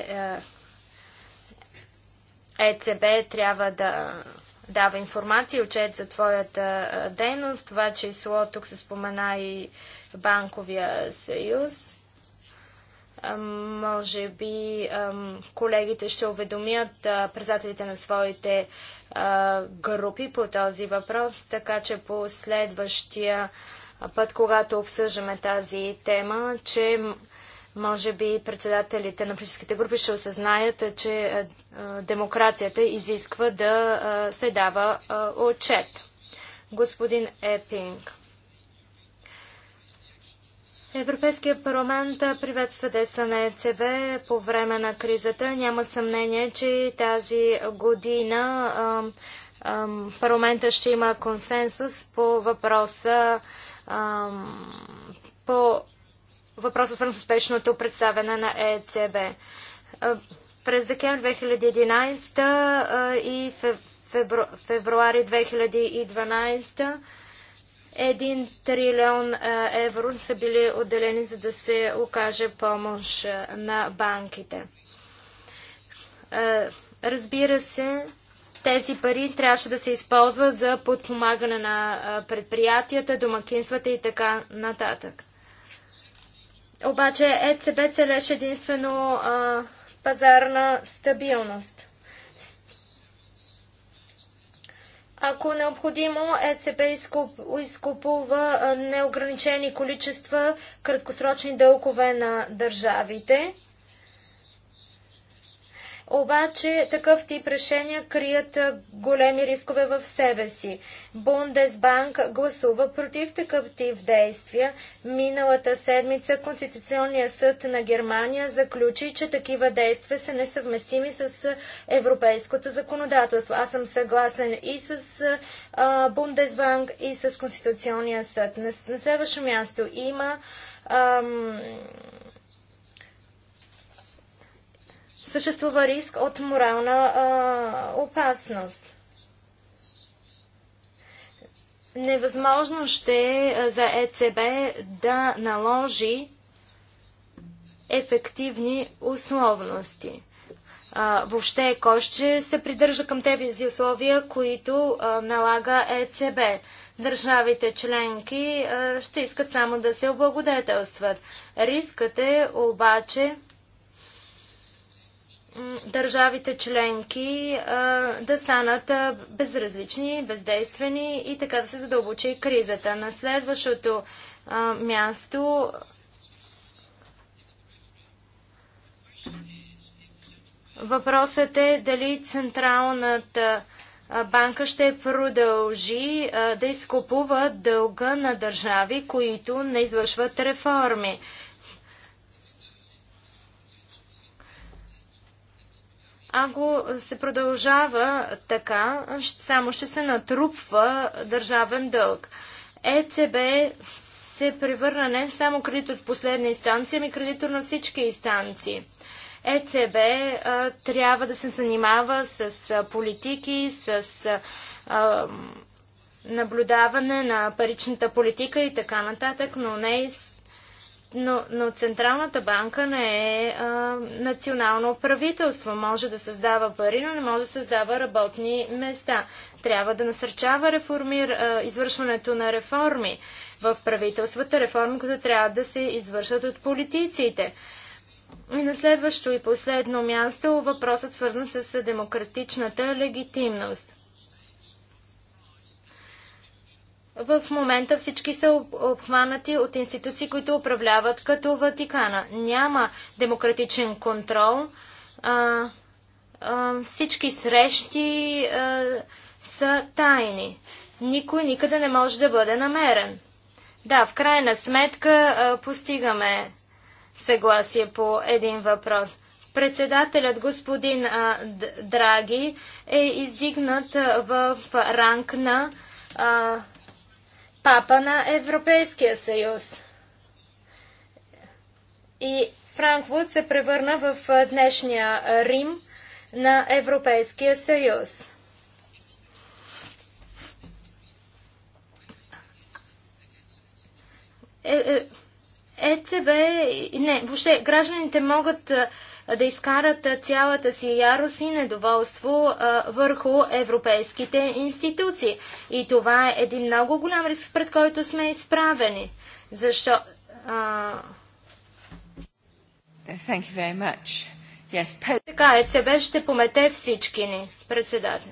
ЕЦБ трябва да дава информация, отчет за твоята дейност. Това число тук се спомена и Банковия съюз. Може би колегите ще уведомят председателите на своите групи по този въпрос, така че по следващия път, когато обсъждаме тази тема, че може би председателите на политическите групи ще осъзнаят, че е, е, демокрацията изисква да е, се дава отчет. Господин Епинг. Европейския парламент приветства деса на ЕЦБ по време на кризата. Няма съмнение, че тази година парламента ще има консенсус по въпроса ам, по въпроса свързан с успешното представяне на ЕЦБ. А, през декември 2011 а, и февру, февруари 2012 1 трилион евро са били отделени, за да се окаже помощ на банките. Разбира се, тези пари трябваше да се използват за подпомагане на предприятията, домакинствата и така нататък. Обаче ЕЦБ целеше единствено а, пазарна стабилност. Ако необходимо, ЕЦБ изкуп, изкупува неограничени количества краткосрочни дългове на държавите. Обаче такъв тип решения крият големи рискове в себе си. Бундесбанк гласува против такъв тип действия. Миналата седмица Конституционният съд на Германия заключи, че такива действия са несъвместими с европейското законодателство. Аз съм съгласен и с а, Бундесбанк, и с Конституционния съд. На, на следващо място има ам, съществува риск от морална а, опасност. Невъзможно ще за ЕЦБ да наложи ефективни условности. А, въобще, кой ще се придържа към тези условия, които а, налага ЕЦБ? Държавите членки а, ще искат само да се облагодетелстват. Рискът е обаче държавите членки да станат безразлични, бездействени и така да се задълбочи кризата. На следващото място въпросът е дали Централната банка ще продължи да изкупува дълга на държави, които не извършват реформи. Ако се продължава така, само ще се натрупва държавен дълг. ЕЦБ се превърна не само кредит от последна инстанция, ами кредитор на всички инстанции. ЕЦБ а, трябва да се занимава с а, политики, с а, наблюдаване на паричната политика и така нататък, но не и с но, но Централната банка не е а, национално правителство. Може да създава пари, но не може да създава работни места. Трябва да насърчава реформир, а, извършването на реформи в правителствата, реформи, които трябва да се извършат от политиците. И на следващо и последно място въпросът свързан с демократичната легитимност. В момента всички са обхванати от институции, които управляват като Ватикана. Няма демократичен контрол. А, а, всички срещи а, са тайни. Никой никъде не може да бъде намерен. Да, в крайна сметка а, постигаме съгласие по един въпрос. Председателят господин а, Драги е издигнат в ранг на а, папа на Европейския съюз. И Франкфурт се превърна в днешния Рим на Европейския съюз. ЕЦБ, е, е не, въобще гражданите могат да изкарат цялата си ярост и недоволство а, върху европейските институции. И това е един много голям риск, пред който сме изправени. Защо... А... Thank you very much. Yes, така, ЕЦБ ще помете всички ни, председател.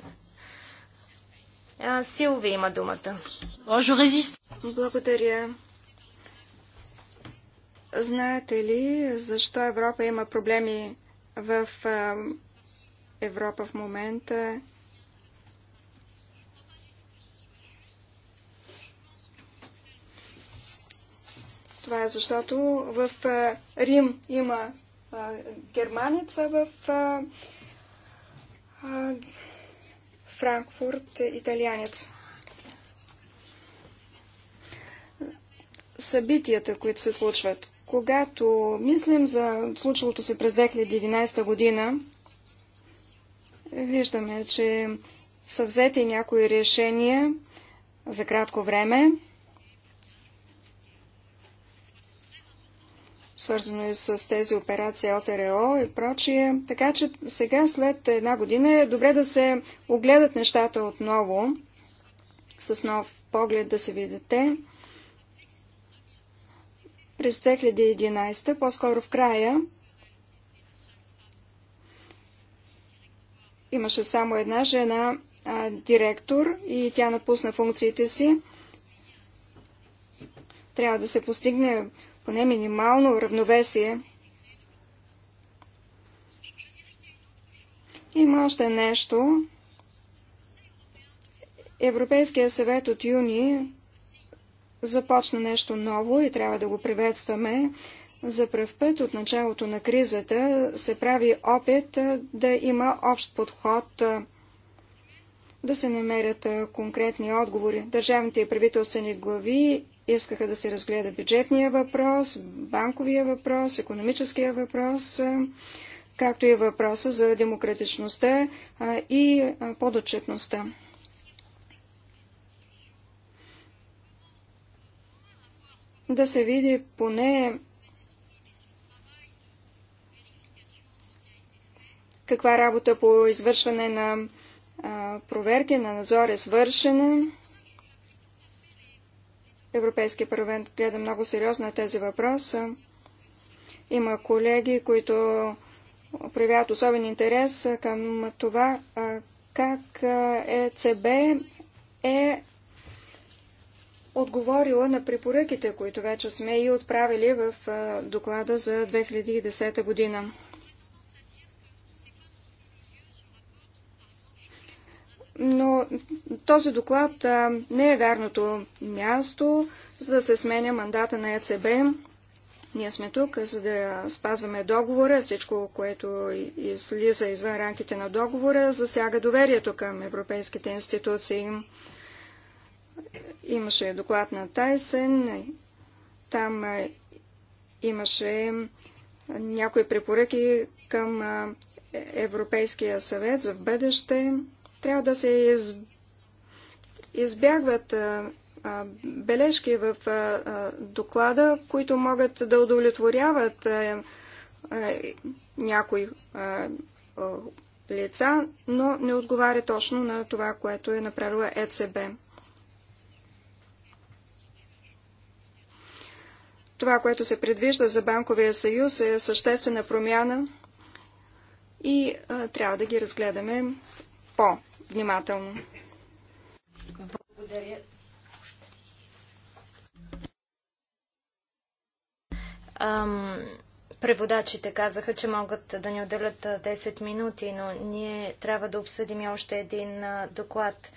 Силви има думата. Благодаря. Знаете ли защо Европа има проблеми в Европа в момента? Това е защото в Рим има германица, в Франкфурт италианец. събитията, които се случват. Когато мислим за случилото се през 2011 година, виждаме, че са взети някои решения за кратко време, свързано и с тези операции ЛТРО и прочие. Така че сега, след една година, е добре да се огледат нещата отново, с нов поглед да се видите. През 2011, по-скоро в края, имаше само една жена а, директор и тя напусна функциите си. Трябва да се постигне поне минимално равновесие. Има още нещо. Европейския съвет от юни започна нещо ново и трябва да го приветстваме. За пръв път от началото на кризата се прави опит да има общ подход, да се намерят конкретни отговори. Държавните и правителствени глави искаха да се разгледа бюджетния въпрос, банковия въпрос, економическия въпрос, както и въпроса за демократичността и подотчетността. да се види поне каква работа по извършване на а, проверки на назор е свършена. Европейския парламент гледа много сериозно на тези въпроса. Има колеги, които проявяват особен интерес към това как ЕЦБ е отговорила на препоръките, които вече сме и отправили в доклада за 2010 година. но този доклад а, не е вярното място, за да се сменя мандата на ЕЦБ. Ние сме тук, за да спазваме договора. Всичко, което излиза извън рамките на договора, засяга доверието към европейските институции. Имаше доклад на Тайсен, там имаше някои препоръки към Европейския съвет за в бъдеще. Трябва да се избягват бележки в доклада, които могат да удовлетворяват някои лица, но не отговаря точно на това, което е направила ЕЦБ. Това, което се предвижда за Банковия съюз е съществена промяна и а, трябва да ги разгледаме по-внимателно. Благодаря. Ам, преводачите казаха, че могат да ни отделят 10 минути, но ние трябва да обсъдим още един доклад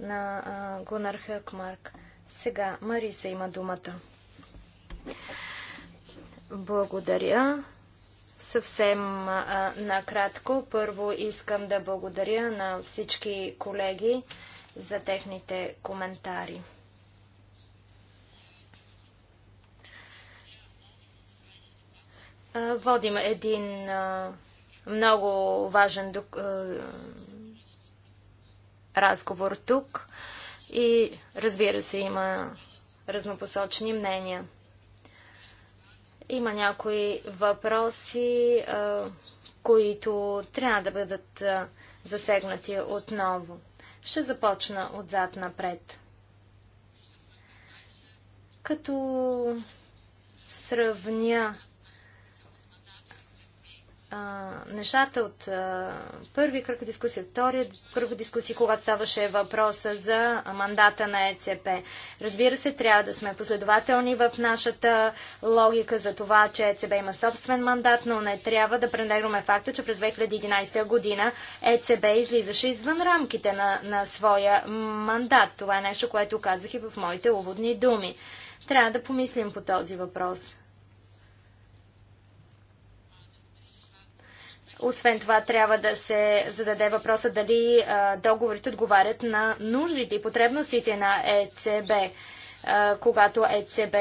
на Гунар Хъкмарк. Сега Мариса има думата. Благодаря. Съвсем а, накратко. Първо искам да благодаря на всички колеги за техните коментари. А, водим един а, много важен док, разговор тук и разбира се има разнопосочни мнения. Има някои въпроси, които трябва да бъдат засегнати отново. Ще започна отзад напред. Като сравня а, нещата от а, първи кръг дискусия, втория кръг дискусия, когато ставаше въпроса за мандата на ЕЦП. Разбира се, трябва да сме последователни в нашата логика за това, че ЕЦБ има собствен мандат, но не трябва да пренегваме факта, че през 2011 година ЕЦБ излизаше извън рамките на, на своя мандат. Това е нещо, което казах и в моите уводни думи. Трябва да помислим по този въпрос. Освен това, трябва да се зададе въпроса дали договорите отговарят на нуждите и потребностите на ЕЦБ, когато ЕЦБ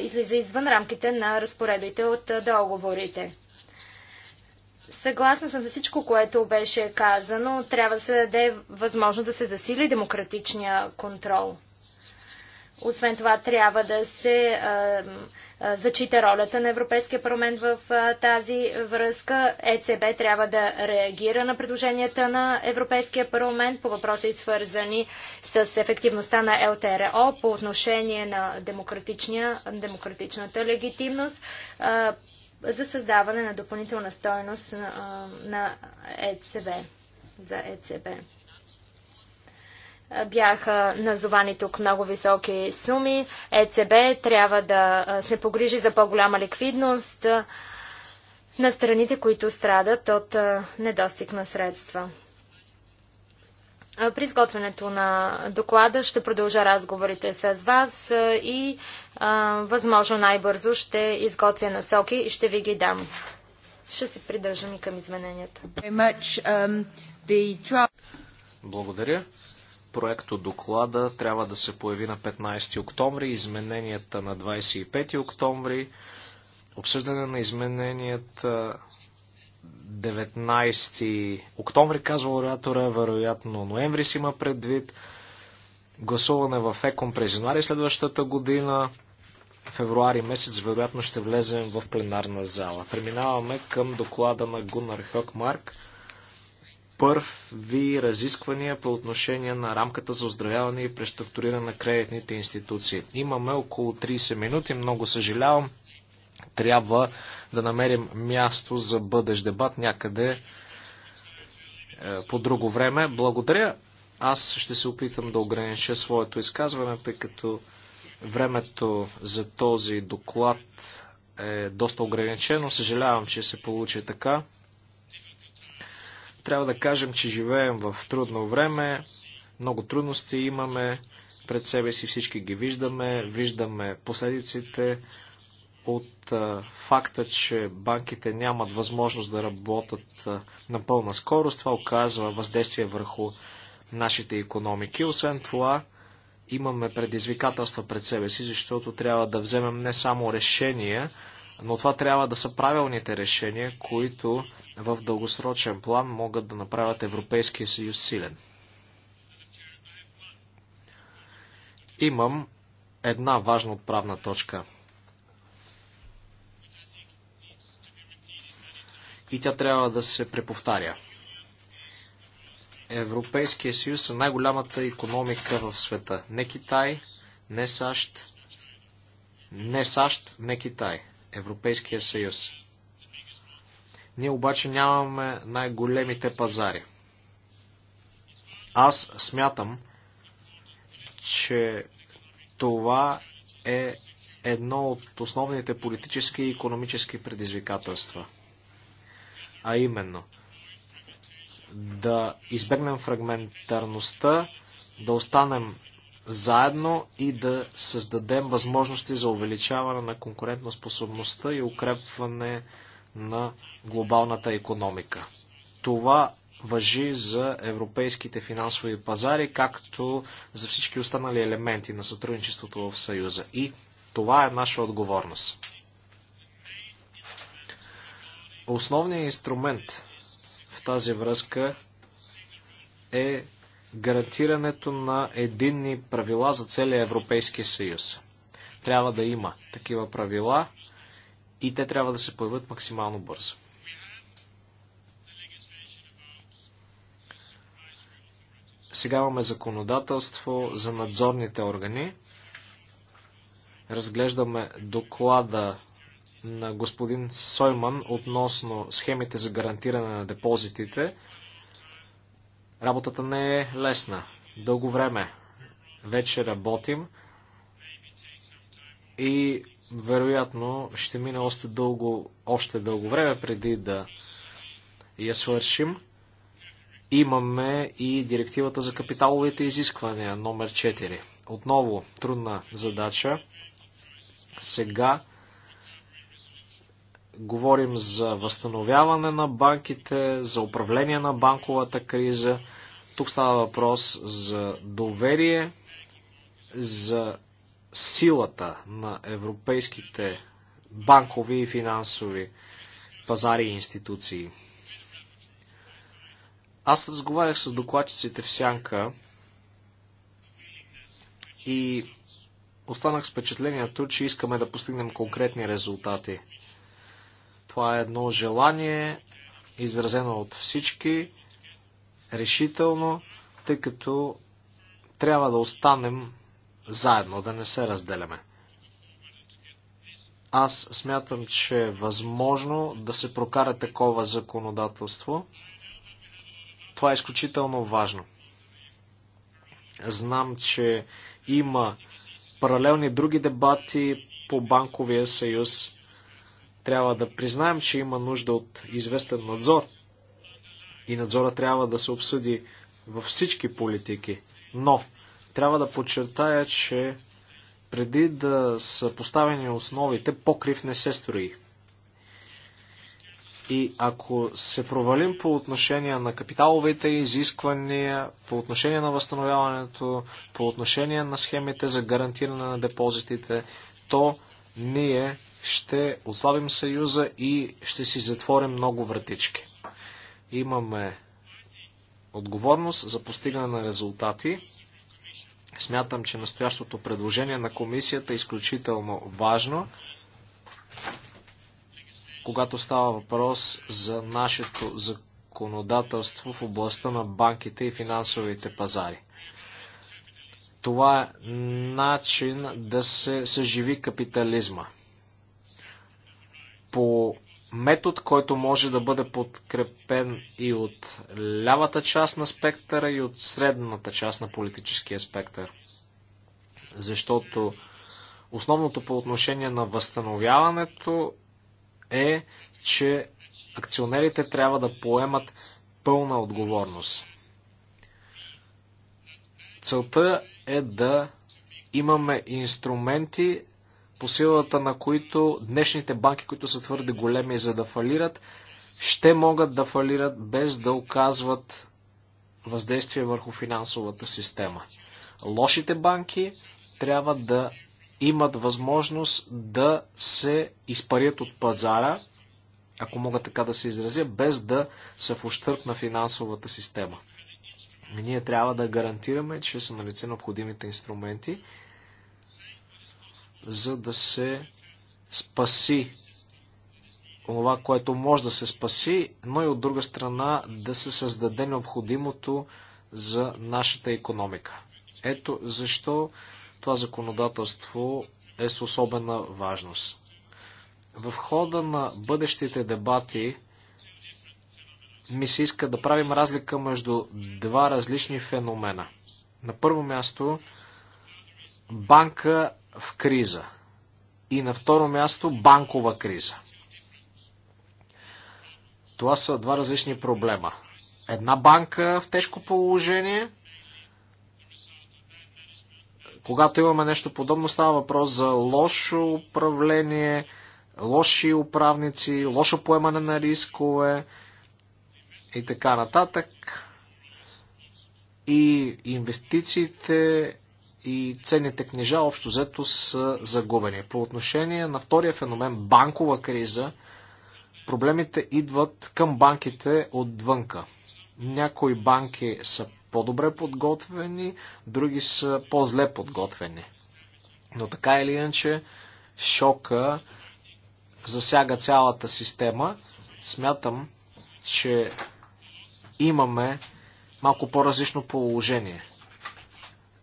излиза извън рамките на разпоредите от договорите. Съгласна съм за всичко, което беше казано. Трябва да се даде възможност да се засили демократичния контрол. Освен това, трябва да се а, а, зачита ролята на Европейския парламент в а, тази връзка. ЕЦБ трябва да реагира на предложенията на Европейския парламент по въпроси свързани с ефективността на ЛТРО по отношение на демократичната легитимност за създаване на допълнителна стойност на, на ЕЦБ, за ЕЦБ. Бяха назовани тук много високи суми. ЕЦБ трябва да се погрижи за по-голяма ликвидност на страните, които страдат от недостиг на средства. При изготвянето на доклада ще продължа разговорите с вас и възможно най-бързо ще изготвя насоки и ще ви ги дам. Ще се придържам и към измененията. Um, Благодаря. Проекто доклада трябва да се появи на 15 октомври, измененията на 25 октомври, обсъждане на измененията 19 октомври, казва оратора, вероятно ноември си има предвид. Гласуване в ЕКОМ през януари следващата година. Февруари месец вероятно ще влезем в пленарна зала. Преминаваме към доклада на Гунар Хокмарк първи разисквания по отношение на рамката за оздравяване и преструктуриране на кредитните институции. Имаме около 30 минути, много съжалявам. Трябва да намерим място за бъдещ дебат някъде е, по друго време. Благодаря. Аз ще се опитам да огранича своето изказване, тъй като времето за този доклад е доста ограничено. Съжалявам, че се получи така. Трябва да кажем, че живеем в трудно време, много трудности имаме, пред себе си всички ги виждаме, виждаме последиците от а, факта, че банките нямат възможност да работят а, на пълна скорост. Това оказва въздействие върху нашите економики. Освен това, имаме предизвикателства пред себе си, защото трябва да вземем не само решения, но това трябва да са правилните решения, които в дългосрочен план могат да направят Европейския съюз силен. Имам една важна отправна точка. И тя трябва да се преповтаря. Европейския съюз е най-голямата економика в света. Не Китай, не САЩ, не САЩ, не Китай. Европейския съюз. Ние обаче нямаме най-големите пазари. Аз смятам, че това е едно от основните политически и економически предизвикателства. А именно, да избегнем фрагментарността, да останем заедно и да създадем възможности за увеличаване на конкурентоспособността и укрепване на глобалната економика. Това въжи за европейските финансови пазари, както за всички останали елементи на сътрудничеството в Съюза. И това е наша отговорност. Основният инструмент в тази връзка е гарантирането на единни правила за целия Европейски съюз. Трябва да има такива правила и те трябва да се появят максимално бързо. Сега имаме законодателство за надзорните органи. Разглеждаме доклада на господин Сойман относно схемите за гарантиране на депозитите. Работата не е лесна. Дълго време вече работим и вероятно ще мине още дълго, още дълго време преди да я свършим. Имаме и директивата за капиталовите изисквания, номер 4. Отново трудна задача. Сега Говорим за възстановяване на банките, за управление на банковата криза. Тук става въпрос за доверие, за силата на европейските банкови и финансови пазари и институции. Аз разговарях с докладчиците в Сянка и останах с впечатлението, че искаме да постигнем конкретни резултати – това е едно желание, изразено от всички, решително, тъй като трябва да останем заедно, да не се разделяме. Аз смятам, че е възможно да се прокара такова законодателство. Това е изключително важно. Знам, че има паралелни други дебати по банковия съюз. Трябва да признаем, че има нужда от известен надзор. И надзора трябва да се обсъди във всички политики. Но трябва да подчертая, че преди да са поставени основите, покрив не се строи. И ако се провалим по отношение на капиталовите изисквания, по отношение на възстановяването, по отношение на схемите за гарантиране на депозитите, то ние ще ослабим Съюза и ще си затворим много вратички. Имаме отговорност за постигане на резултати. Смятам, че настоящото предложение на комисията е изключително важно, когато става въпрос за нашето законодателство в областта на банките и финансовите пазари. Това е начин да се съживи капитализма по метод, който може да бъде подкрепен и от лявата част на спектъра, и от средната част на политическия спектър. Защото основното по отношение на възстановяването е, че акционерите трябва да поемат пълна отговорност. Целта е да имаме инструменти по силата на които днешните банки, които са твърде големи за да фалират, ще могат да фалират без да оказват въздействие върху финансовата система. Лошите банки трябва да имат възможност да се изпарят от пазара, ако мога така да се изразя, без да са в ущърп на финансовата система. Ние трябва да гарантираме, че са налице необходимите инструменти, за да се спаси това, което може да се спаси, но и от друга страна да се създаде необходимото за нашата економика. Ето защо това законодателство е с особена важност. В хода на бъдещите дебати ми се иска да правим разлика между два различни феномена. На първо място, банка в криза. И на второ място банкова криза. Това са два различни проблема. Една банка в тежко положение. Когато имаме нещо подобно, става въпрос за лошо управление, лоши управници, лошо поемане на рискове и така нататък. И инвестициите и ценните книжа общо взето са загубени. По отношение на втория феномен банкова криза, проблемите идват към банките отвънка. Някои банки са по-добре подготвени, други са по-зле подготвени. Но така или иначе, шока засяга цялата система. Смятам, че имаме малко по-различно положение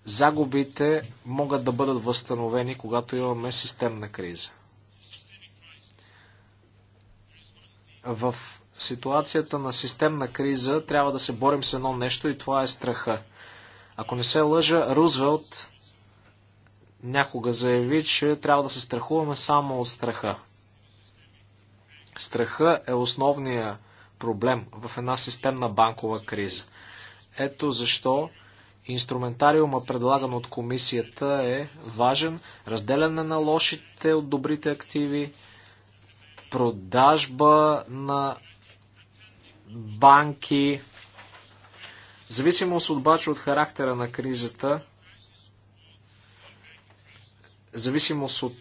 загубите могат да бъдат възстановени, когато имаме системна криза. В ситуацията на системна криза трябва да се борим с едно нещо и това е страха. Ако не се лъжа, Рузвелт някога заяви, че трябва да се страхуваме само от страха. Страха е основният проблем в една системна банкова криза. Ето защо инструментариума, предлаган от комисията, е важен. Разделяне на лошите от добрите активи, продажба на банки. В зависимост обаче от характера на кризата, в зависимост от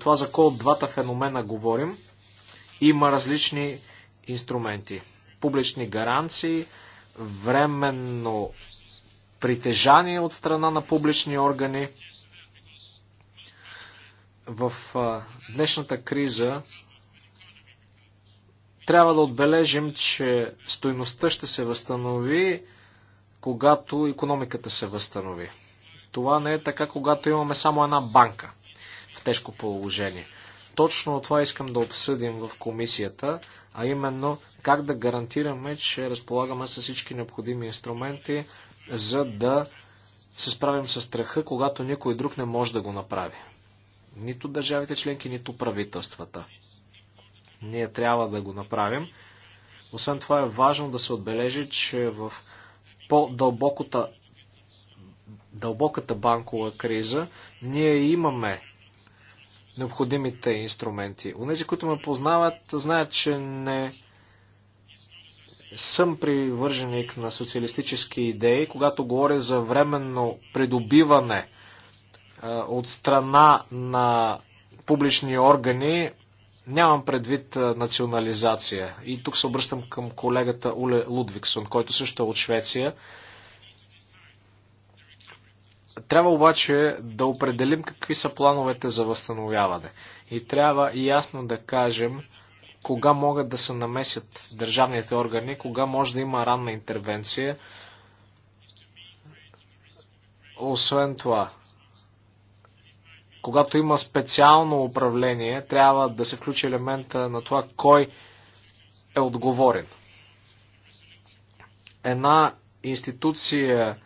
това за кой от двата феномена говорим, има различни инструменти. Публични гаранции, временно притежание от страна на публични органи. В днешната криза трябва да отбележим, че стойността ще се възстанови, когато економиката се възстанови. Това не е така, когато имаме само една банка в тежко положение. Точно това искам да обсъдим в комисията, а именно как да гарантираме, че разполагаме с всички необходими инструменти, за да се справим с страха, когато никой друг не може да го направи. Нито държавите членки, нито правителствата. Ние трябва да го направим. Освен това е важно да се отбележи, че в по-дълбоката дълбоката банкова криза ние имаме необходимите инструменти. Онези, които ме познават, знаят, че не съм привърженик на социалистически идеи, когато говоря за временно придобиване от страна на публични органи, нямам предвид национализация. И тук се обръщам към колегата Уле Лудвиксон, който също е от Швеция. Трябва обаче да определим какви са плановете за възстановяване. И трябва ясно да кажем, кога могат да се намесят държавните органи, кога може да има ранна интервенция. Освен това, когато има специално управление, трябва да се включи елемента на това кой е отговорен. Една институция,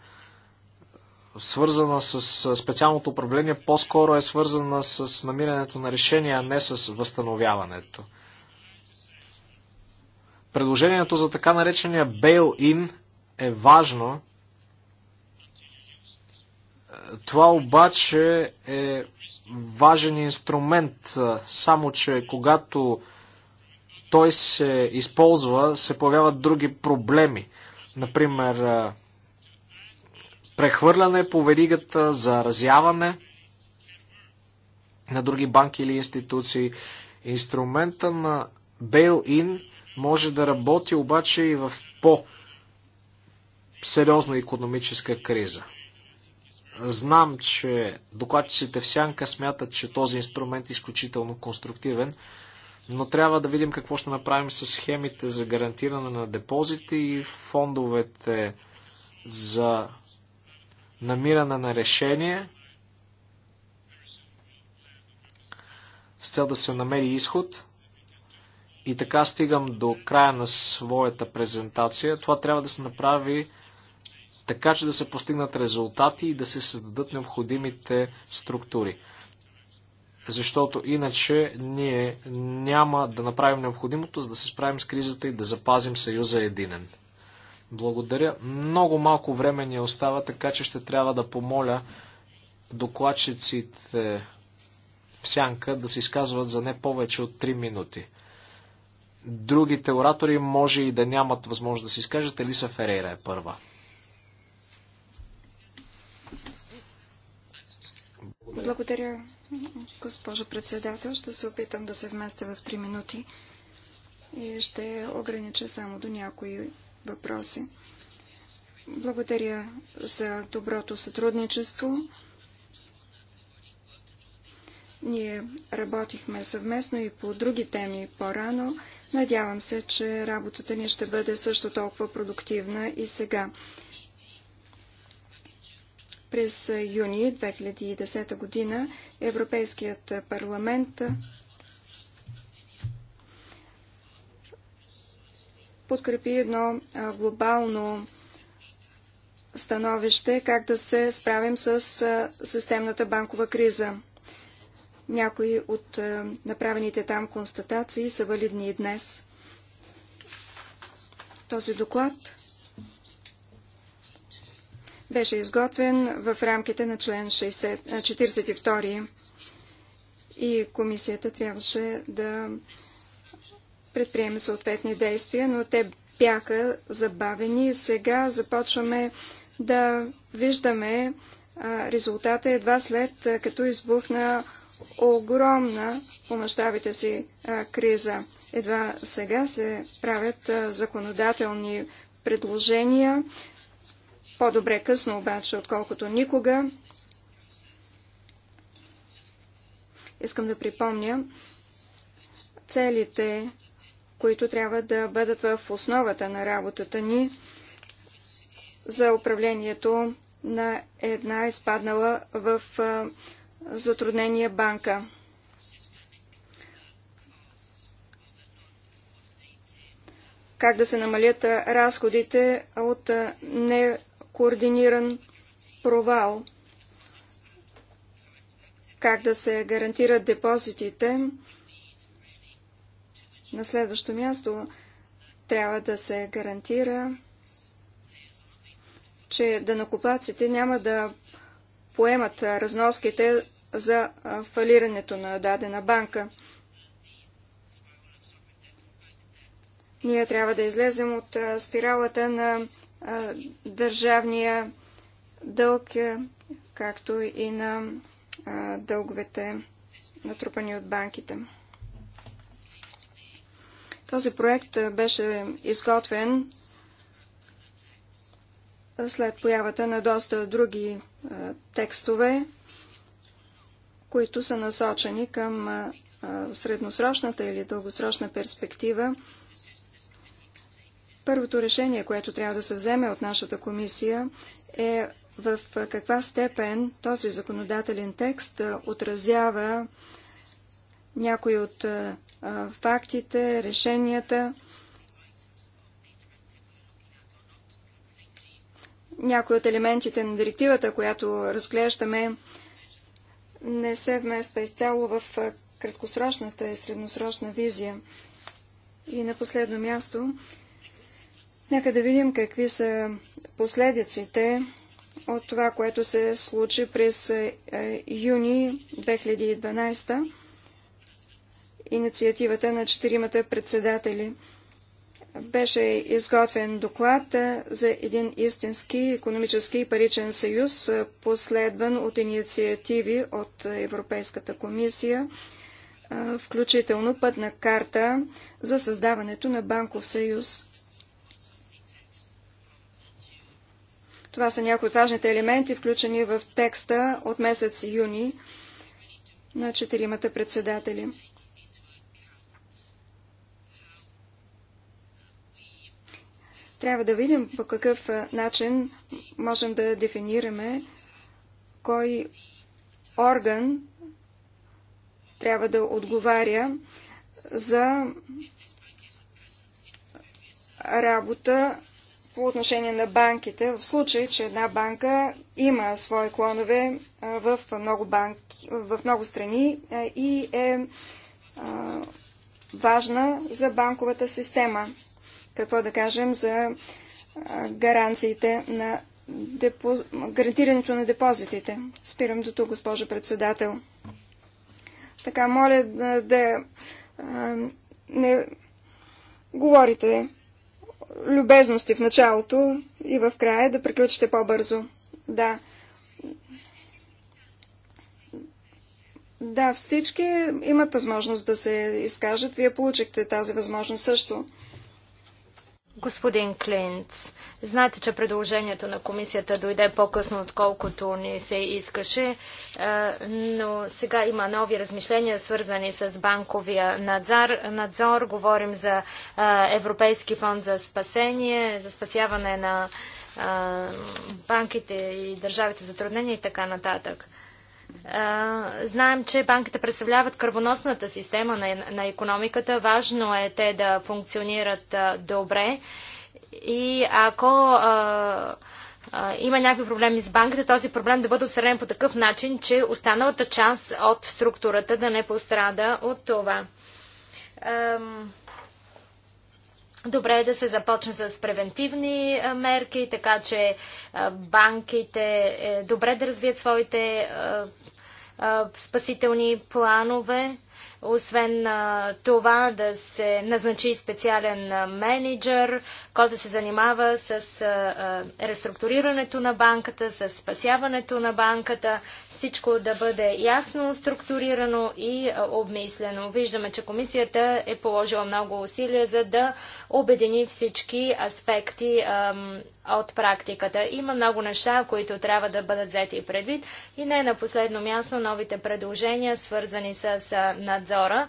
свързана с специалното управление, по-скоро е свързана с намирането на решения, а не с възстановяването. Предложението за така наречения bail-in е важно. Това обаче е важен инструмент, само че когато той се използва, се появяват други проблеми. Например, прехвърляне по веригата, заразяване на други банки или институции. Инструмента на bail-in може да работи обаче и в по-сериозна економическа криза. Знам, че докладчиците в Сянка смятат, че този инструмент е изключително конструктивен, но трябва да видим какво ще направим с схемите за гарантиране на депозити и фондовете за намиране на решение с цел да се намери изход – и така стигам до края на своята презентация. Това трябва да се направи така, че да се постигнат резултати и да се създадат необходимите структури. Защото иначе ние няма да направим необходимото, за да се справим с кризата и да запазим съюза единен. Благодаря. Много малко време ни остава, така че ще трябва да помоля докладчиците в сянка да се изказват за не повече от 3 минути. Другите оратори може и да нямат възможност да се изкажат. Елиса Ферейра е първа. Благодаря, госпожо председател. Ще се опитам да се вместя в три минути и ще огранича само до някои въпроси. Благодаря за доброто сътрудничество. Ние работихме съвместно и по други теми по-рано. Надявам се, че работата ни ще бъде също толкова продуктивна и сега. През юни 2010 година Европейският парламент подкрепи едно глобално становище как да се справим с системната банкова криза. Някои от е, направените там констатации са валидни и днес. Този доклад беше изготвен в рамките на член 60, 42 е, и комисията трябваше да предприеме съответни действия, но те бяха забавени. Сега започваме да виждаме резултата едва след като избухна огромна по мащабите си а, криза. Едва сега се правят а, законодателни предложения, по-добре късно обаче, отколкото никога. Искам да припомня целите, които трябва да бъдат в основата на работата ни за управлението на една изпаднала в а, Затруднения банка. Как да се намалят разходите от некоординиран провал? Как да се гарантират депозитите? На следващо място трябва да се гарантира, че данакопаците няма да поемат разноските за фалирането на дадена банка. Ние трябва да излезем от спиралата на държавния дълг, както и на дълговете, натрупани от банките. Този проект беше изготвен след появата на доста други е, текстове, които са насочени към е, е, средносрочната или дългосрочна перспектива. Първото решение, което трябва да се вземе от нашата комисия е в каква степен този законодателен текст отразява някои от фактите, решенията, някои от елементите на директивата, която разглеждаме, не се вмества изцяло в краткосрочната и средносрочна визия. И на последно място, нека да видим какви са последиците от това, което се случи през юни 2012 инициативата на четиримата председатели – беше изготвен доклад за един истински економически и паричен съюз, последван от инициативи от Европейската комисия, включително пътна карта за създаването на банков съюз. Това са някои от важните елементи, включени в текста от месец юни на четиримата председатели. Трябва да видим по какъв начин можем да дефинираме кой орган трябва да отговаря за работа по отношение на банките, в случай, че една банка има свои клонове в много, банки, в много страни и е важна за банковата система какво да кажем за гаранциите на депо... гарантирането на депозитите. Спирам до тук, госпожо председател. Така, моля да, да не говорите любезности в началото и в края, да приключите по-бързо. Да. Да, всички имат възможност да се изкажат. Вие получихте тази възможност също. Господин Клинц, знаете, че предложението на комисията дойде по-късно, отколкото ни се искаше, е, но сега има нови размишления, свързани с банковия надзор. надзор. Говорим за е, Европейски фонд за спасение, за спасяване на е, банките и държавите затруднения и така нататък. Знаем, че банките представляват кръвоносната система на, на економиката. Важно е те да функционират добре. И ако а, а, има някакви проблеми с банката, този проблем да бъде отстранен по такъв начин, че останалата част от структурата да не пострада от това. Добре е да се започне с превентивни мерки, така че банките е добре да развият своите спасителни планове. Освен а, това да се назначи специален а, менеджер, който се занимава с а, реструктурирането на банката, с спасяването на банката, всичко да бъде ясно, структурирано и обмислено. Виждаме, че комисията е положила много усилия за да обедини всички аспекти от практиката. Има много неща, които трябва да бъдат взети предвид и не на последно място новите предложения, свързани с надзора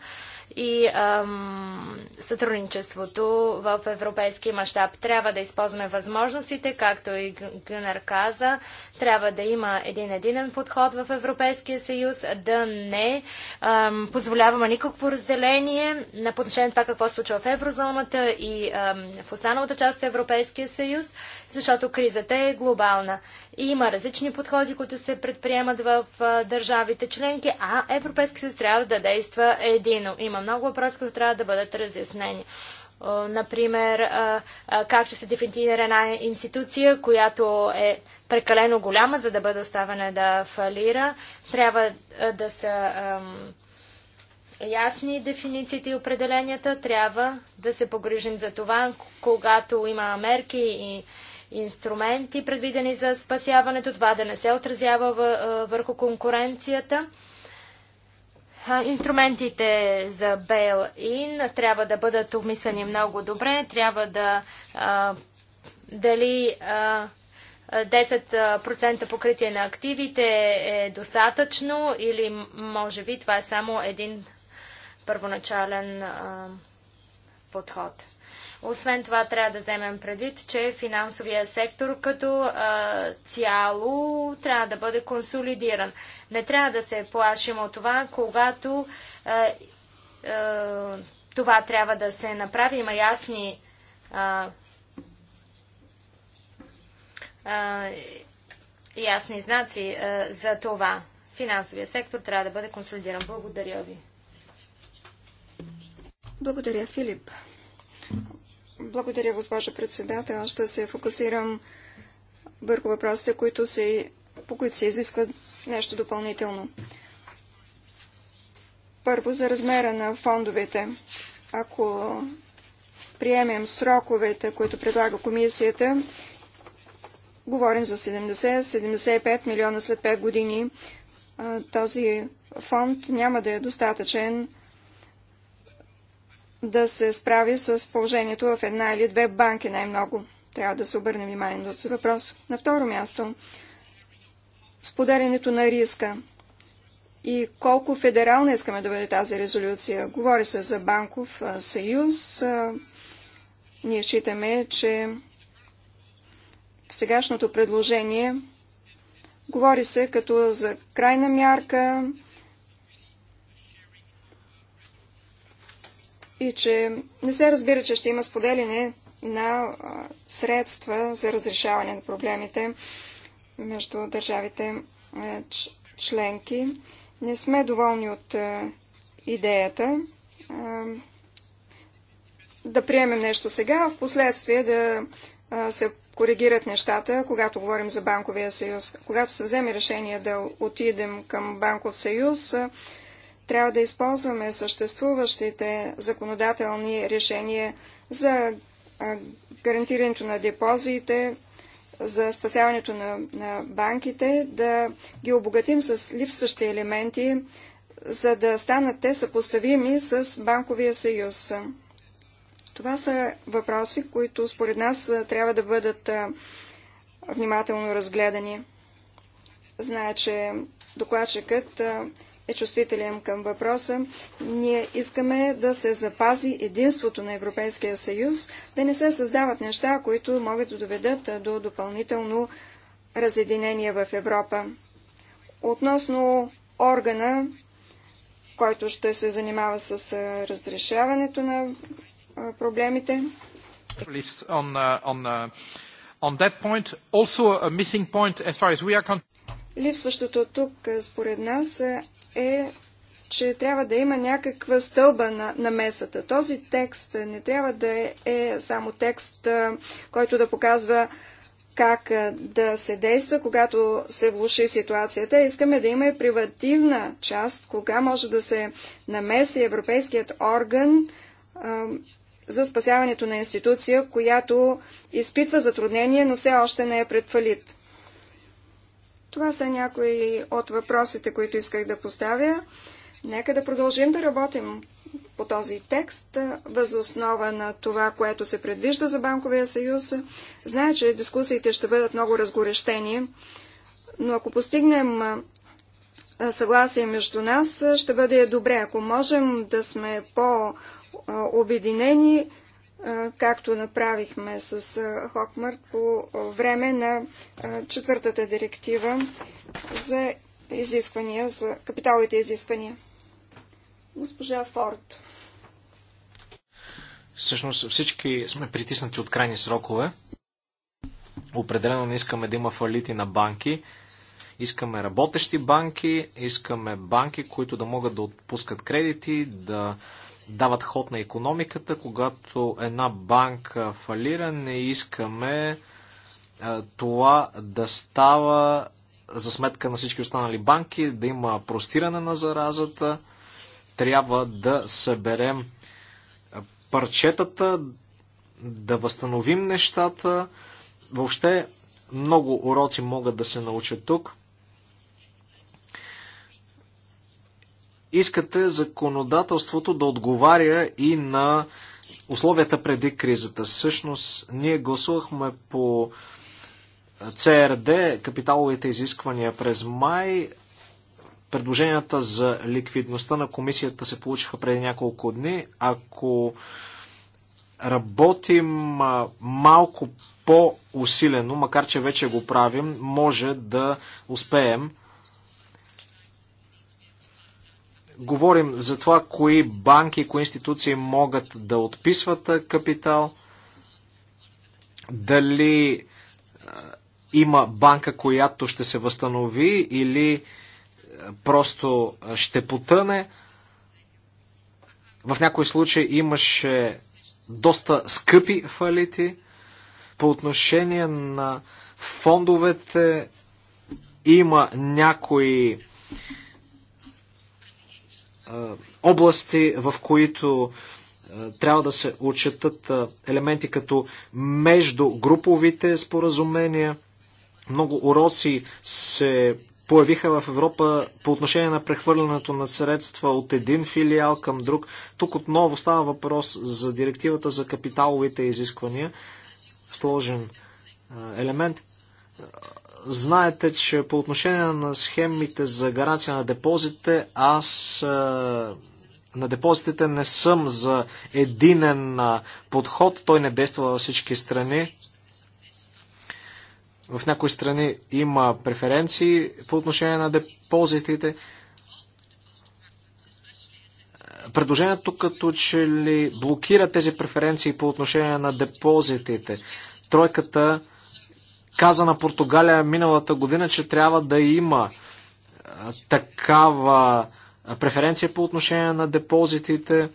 и ам, сътрудничеството в европейски мащаб. Трябва да използваме възможностите, както и Гюнер каза, трябва да има един единен подход в в Европейския съюз, да не ам, позволяваме никакво разделение на подношение на това какво се случва в еврозоната и ам, в останалата част от Европейския съюз, защото кризата е глобална. И има различни подходи, които се предприемат в а, държавите членки, а Европейския съюз трябва да действа едино. Има много въпроси, които трябва да бъдат разяснени например, как ще се дефинира една институция, която е прекалено голяма, за да бъде оставена да фалира. Трябва да са ясни дефинициите и определенията. Трябва да се погрижим за това, когато има мерки и инструменти, предвидени за спасяването, това да не се отразява върху конкуренцията. Инструментите за бейл-ин трябва да бъдат обмислени много добре. Трябва да а, дали а, 10% покритие на активите е достатъчно или може би това е само един първоначален а, подход. Освен това, трябва да вземем предвид, че финансовия сектор като а, цяло трябва да бъде консолидиран. Не трябва да се плашим от това, когато а, а, това трябва да се направи. Има ясни а, а, ясни знаци а, за това. Финансовия сектор трябва да бъде консолидиран. Благодаря ви. Благодаря, Филип. Благодаря, госпожа председател. Ще се фокусирам върху въпросите, които се, по които се изисква нещо допълнително. Първо, за размера на фондовете. Ако приемем сроковете, които предлага комисията, говорим за 70-75 милиона след 5 години, този фонд няма да е достатъчен да се справи с положението в една или две банки най-много. Трябва да се обърне внимание на този въпрос. На второ място, споделянето на риска. И колко федерална искаме да бъде тази резолюция? Говори се за банков съюз. Ние считаме, че в сегашното предложение говори се като за крайна мярка, и че не се разбира, че ще има споделяне на средства за разрешаване на проблемите между държавите членки. Не сме доволни от идеята да приемем нещо сега, а в последствие да се коригират нещата, когато говорим за банковия съюз. Когато се вземе решение да отидем към банков съюз, трябва да използваме съществуващите законодателни решения за гарантирането на депозиите, за спасяването на, на банките, да ги обогатим с липсващи елементи, за да станат те съпоставими с банковия съюз. Това са въпроси, които според нас трябва да бъдат внимателно разгледани. Зная, че докладчикът е чувствителен към въпроса. Ние искаме да се запази единството на Европейския съюз, да не се създават неща, които могат да доведат до допълнително разединение в Европа. Относно органа, който ще се занимава с разрешаването на проблемите. Липсващото тук, според нас, е, че трябва да има някаква стълба на, на месата. Този текст не трябва да е, е само текст, който да показва как да се действа, когато се влуши ситуацията. Искаме да има и привативна част, кога може да се намеси Европейският орган за спасяването на институция, която изпитва затруднение, но все още не е предфалит. Това са някои от въпросите, които исках да поставя. Нека да продължим да работим по този текст, възоснова на това, което се предвижда за Банковия съюз. Зная, че дискусиите ще бъдат много разгорещени, но ако постигнем съгласие между нас, ще бъде добре. Ако можем да сме по-обединени, както направихме с Хокмарт по време на четвъртата директива за изисквания, за капиталовите изисквания. Госпожа Форд. Всъщност всички сме притиснати от крайни срокове. Определено не искаме да има фалити на банки. Искаме работещи банки, искаме банки, които да могат да отпускат кредити, да дават ход на економиката. Когато една банка фалира, не искаме е, това да става за сметка на всички останали банки, да има простиране на заразата. Трябва да съберем е, парчетата, да възстановим нещата. Въобще много уроци могат да се научат тук. искате законодателството да отговаря и на условията преди кризата. Същност, ние гласувахме по ЦРД, капиталовите изисквания през май. Предложенията за ликвидността на комисията се получиха преди няколко дни. Ако работим малко по-усилено, макар че вече го правим, може да успеем Говорим за това, кои банки, кои институции могат да отписват капитал, дали има банка, която ще се възстанови или просто ще потъне. В някои случаи имаше доста скъпи фалити. По отношение на фондовете има някои области, в които трябва да се отчетат елементи като междугруповите споразумения. Много уроци се появиха в Европа по отношение на прехвърлянето на средства от един филиал към друг. Тук отново става въпрос за директивата за капиталовите изисквания. Сложен елемент. Знаете, че по отношение на схемите за гаранция на депозите, аз е, на депозитите не съм за единен е, подход. Той не действа във всички страни. В някои страни има преференции по отношение на депозитите. Предложението като че ли блокира тези преференции по отношение на депозитите. Тройката каза на Португалия миналата година, че трябва да има такава преференция по отношение на депозитите.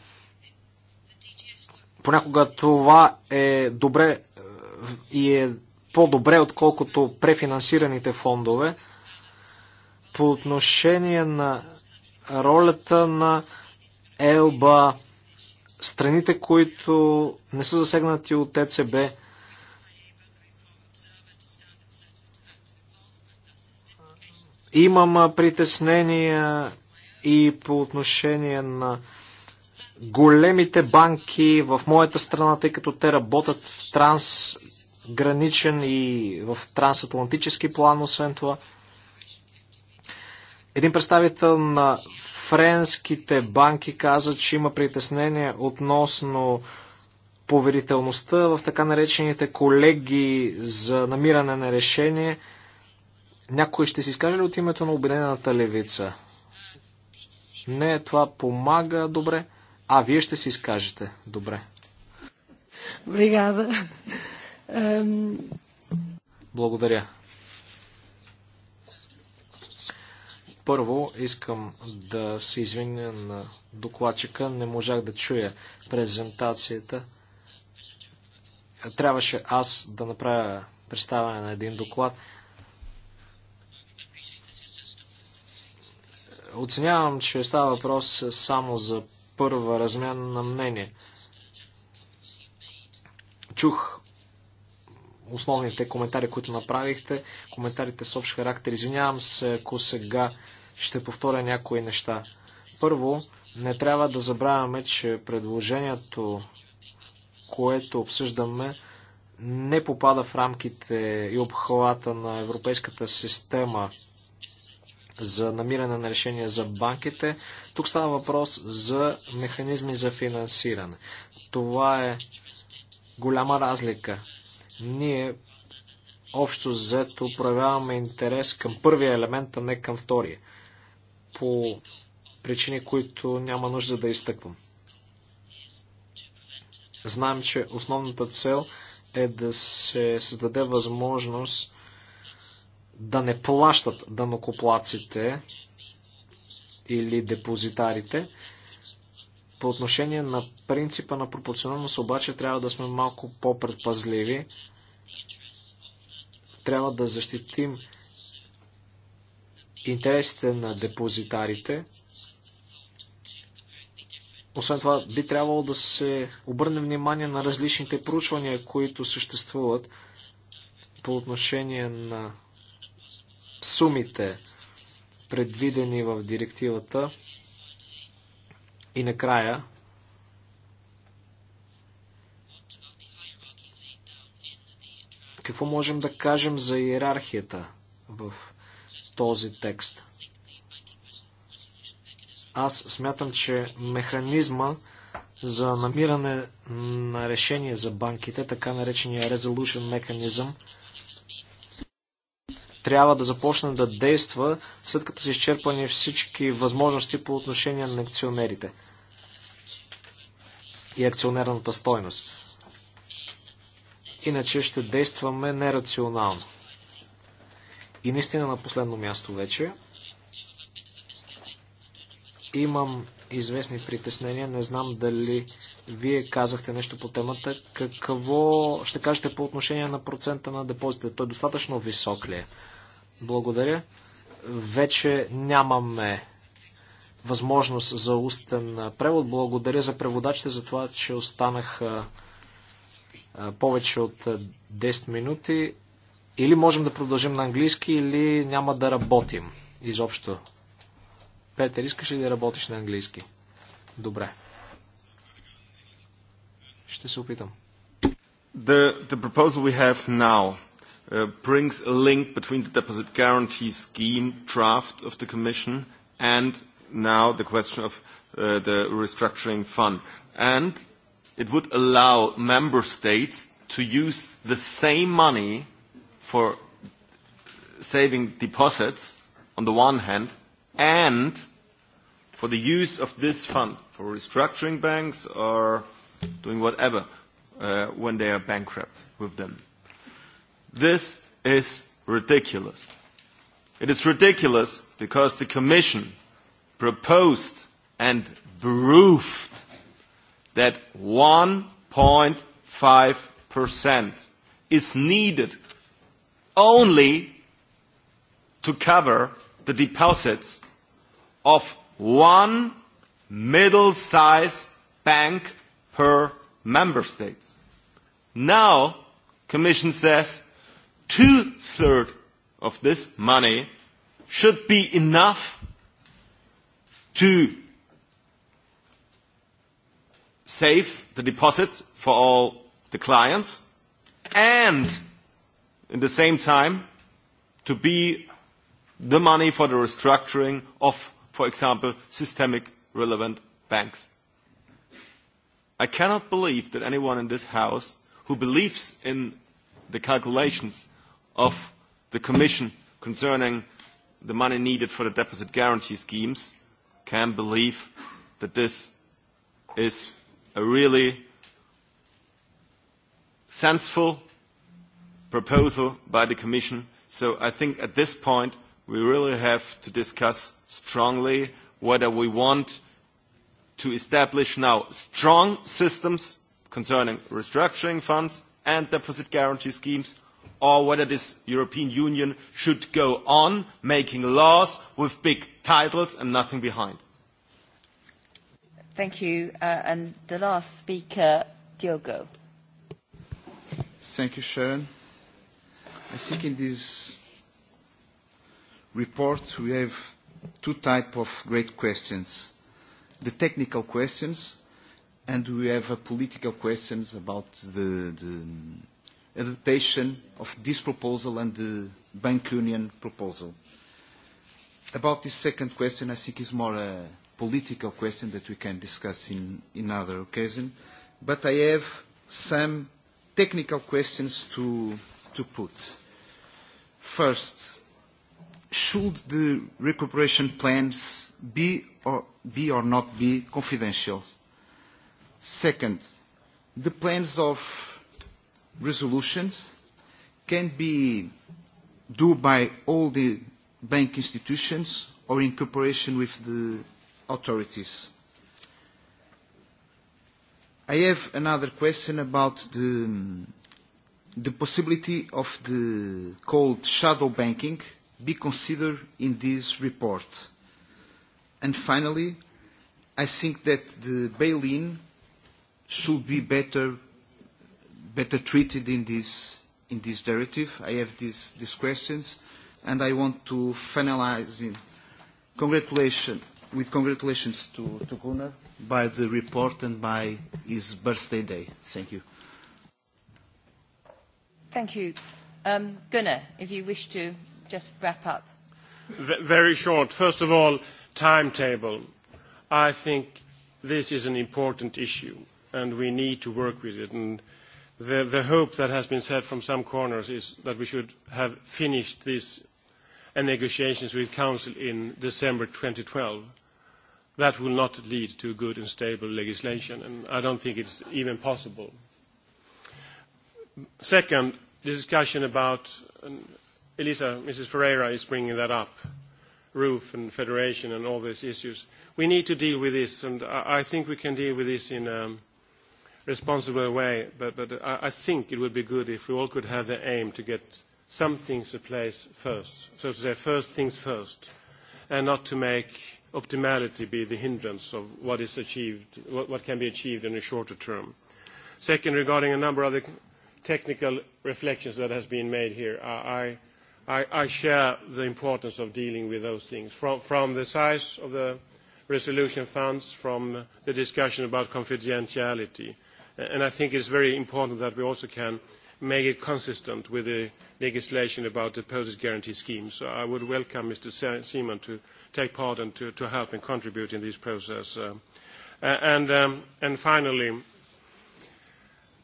Понякога това е добре и е по-добре, отколкото префинансираните фондове. По отношение на ролята на Елба, страните, които не са засегнати от ЕЦБ, Имам притеснения и по отношение на големите банки в моята страна, тъй като те работят в трансграничен и в трансатлантически план, освен това. Един представител на френските банки каза, че има притеснение относно поверителността в така наречените колеги за намиране на решение – някой ще си изкаже ли от името на Обединената левица? Не, това помага добре. А, вие ще си изкажете. Добре. Бригада. Благодаря. Първо искам да се извиня на докладчика. Не можах да чуя презентацията. Трябваше аз да направя представяне на един доклад. Оценявам, че става въпрос само за първа размяна на мнение. Чух основните коментари, които направихте, коментарите с общ характер. Извинявам се, ако сега ще повторя някои неща. Първо, не трябва да забравяме, че предложението, което обсъждаме, не попада в рамките и обхвата на европейската система за намиране на решения за банките. Тук става въпрос за механизми за финансиране. Това е голяма разлика. Ние общо взето проявяваме интерес към първия елемент, а не към втория. По причини, които няма нужда да изтъквам. Знаем, че основната цел е да се създаде възможност да не плащат данокоплаците или депозитарите. По отношение на принципа на пропорционалност обаче трябва да сме малко по-предпазливи. Трябва да защитим интересите на депозитарите. Освен това, би трябвало да се обърне внимание на различните проучвания, които съществуват по отношение на сумите, предвидени в директивата. И накрая, какво можем да кажем за иерархията в този текст? Аз смятам, че механизма за намиране на решение за банките, така наречения resolution механизъм, трябва да започне да действа, след като са изчерпани всички възможности по отношение на акционерите и акционерната стойност. Иначе ще действаме нерационално. И наистина на последно място вече имам известни притеснения. Не знам дали вие казахте нещо по темата. Какво ще кажете по отношение на процента на депозитите? Той е достатъчно висок ли е? Благодаря. Вече нямаме възможност за устен превод. Благодаря за преводачите за това, че останах повече от 10 минути. Или можем да продължим на английски, или няма да работим изобщо. Петър, искаш ли да работиш на английски? Добре. Ще се опитам. The, the proposal we have now brings a link between the deposit guarantee scheme draft of the Commission and now the question of the restructuring fund. And it would allow member states to use the same money for saving deposits on the one hand and for the use of this fund for restructuring banks or doing whatever uh, when they are bankrupt with them. This is ridiculous. It is ridiculous because the Commission proposed and proved that 1.5% is needed only to cover the deposits of one middle-sized bank per member state. Now, Commission says two-thirds of this money should be enough to save the deposits for all the clients and at the same time to be the money for the restructuring of, for example, systemic relevant banks. I cannot believe that anyone in this House who believes in the calculations of the Commission concerning the money needed for the deposit guarantee schemes can believe that this is a really sensible proposal by the Commission. So I think at this point we really have to discuss strongly whether we want to establish now strong systems concerning restructuring funds and deposit guarantee schemes or whether this European Union should go on making laws with big titles and nothing behind. Thank you. Uh, and the last speaker, Diogo. Thank you, Sharon. I think in this report we have two types of great questions. The technical questions and we have a political questions about the, the adaptation of this proposal and the bank union proposal. About this second question, I think is more a political question that we can discuss in, another occasion, but I have some technical questions to, to put. First, should the recuperation plans be or, be or not be confidential? Second, the plans of resolutions can be do by all the bank institutions or in cooperation with the authorities. I have another question about the, the possibility of the called shadow banking be considered in this report. And finally, I think that the bail-in should be better better treated in this, in this directive. I have these, these questions, and I want to finalize in congratulations, with congratulations to, to Gunnar by the report and by his birthday day. Thank you. Thank you. Um, Gunnar, if you wish to just wrap up. V- very short. First of all, timetable. I think this is an important issue, and we need to work with it. And the, the hope that has been said from some corners is that we should have finished these negotiations with Council in December 2012. That will not lead to good and stable legislation, and I don't think it's even possible. Second, the discussion about, and Elisa, Mrs. Ferreira is bringing that up, roof and federation and all these issues. We need to deal with this, and I think we can deal with this in... Um, responsible way, but, but I, I think it would be good if we all could have the aim to get some things in place first, so to say, first things first, and not to make optimality be the hindrance of what is achieved, what, can be achieved in the shorter term. Second, regarding a number of the technical reflections that has been made here, I, I, I share the importance of dealing with those things, from, from the size of the resolution funds, from the discussion about confidentiality, and I think it is very important that we also can make it consistent with the legislation about deposit guarantee schemes. So I would welcome Mr. Seaman to take part and to, to help and contribute in this process. and, um, and finally,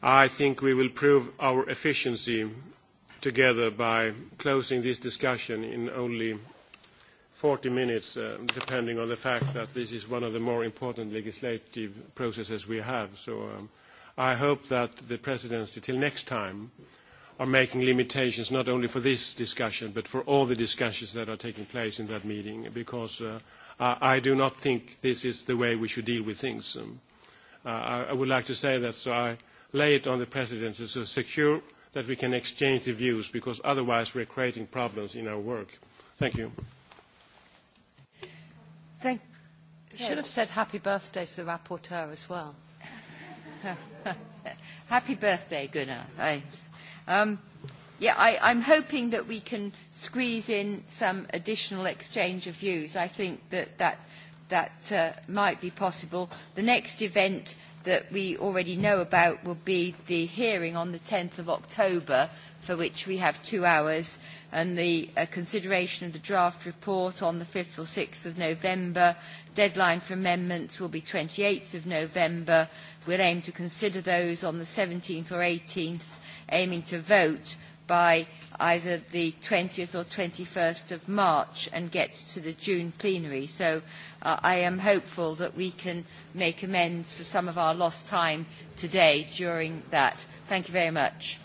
I think we will prove our efficiency together by closing this discussion in only 40 minutes, depending on the fact that this is one of the more important legislative processes we have. So I hope that the presidency, till next time, are making limitations not only for this discussion, but for all the discussions that are taking place in that meeting, because I I do not think this is the way we should deal with things. I I would like to say that, so I lay it on the presidency to secure that we can exchange the views, because otherwise we're creating problems in our work. Thank you. Thank should have said happy birthday to the rapporteur as well. Happy birthday, Gunnar. Thanks. Um, yeah, I, I'm hoping that we can squeeze in some additional exchange of views. I think that that, that uh, might be possible. The next event that we already know about will be the hearing on the 10th of October, for which we have two hours, and the uh, consideration of the draft report on the 5th or 6th of November. Deadline for amendments will be 28th of November we'll aim to consider those on the 17th or 18th, aiming to vote by either the 20th or 21st of March and get to the June plenary. So uh, I am hopeful that we can make amends for some of our lost time today during that. Thank you very much.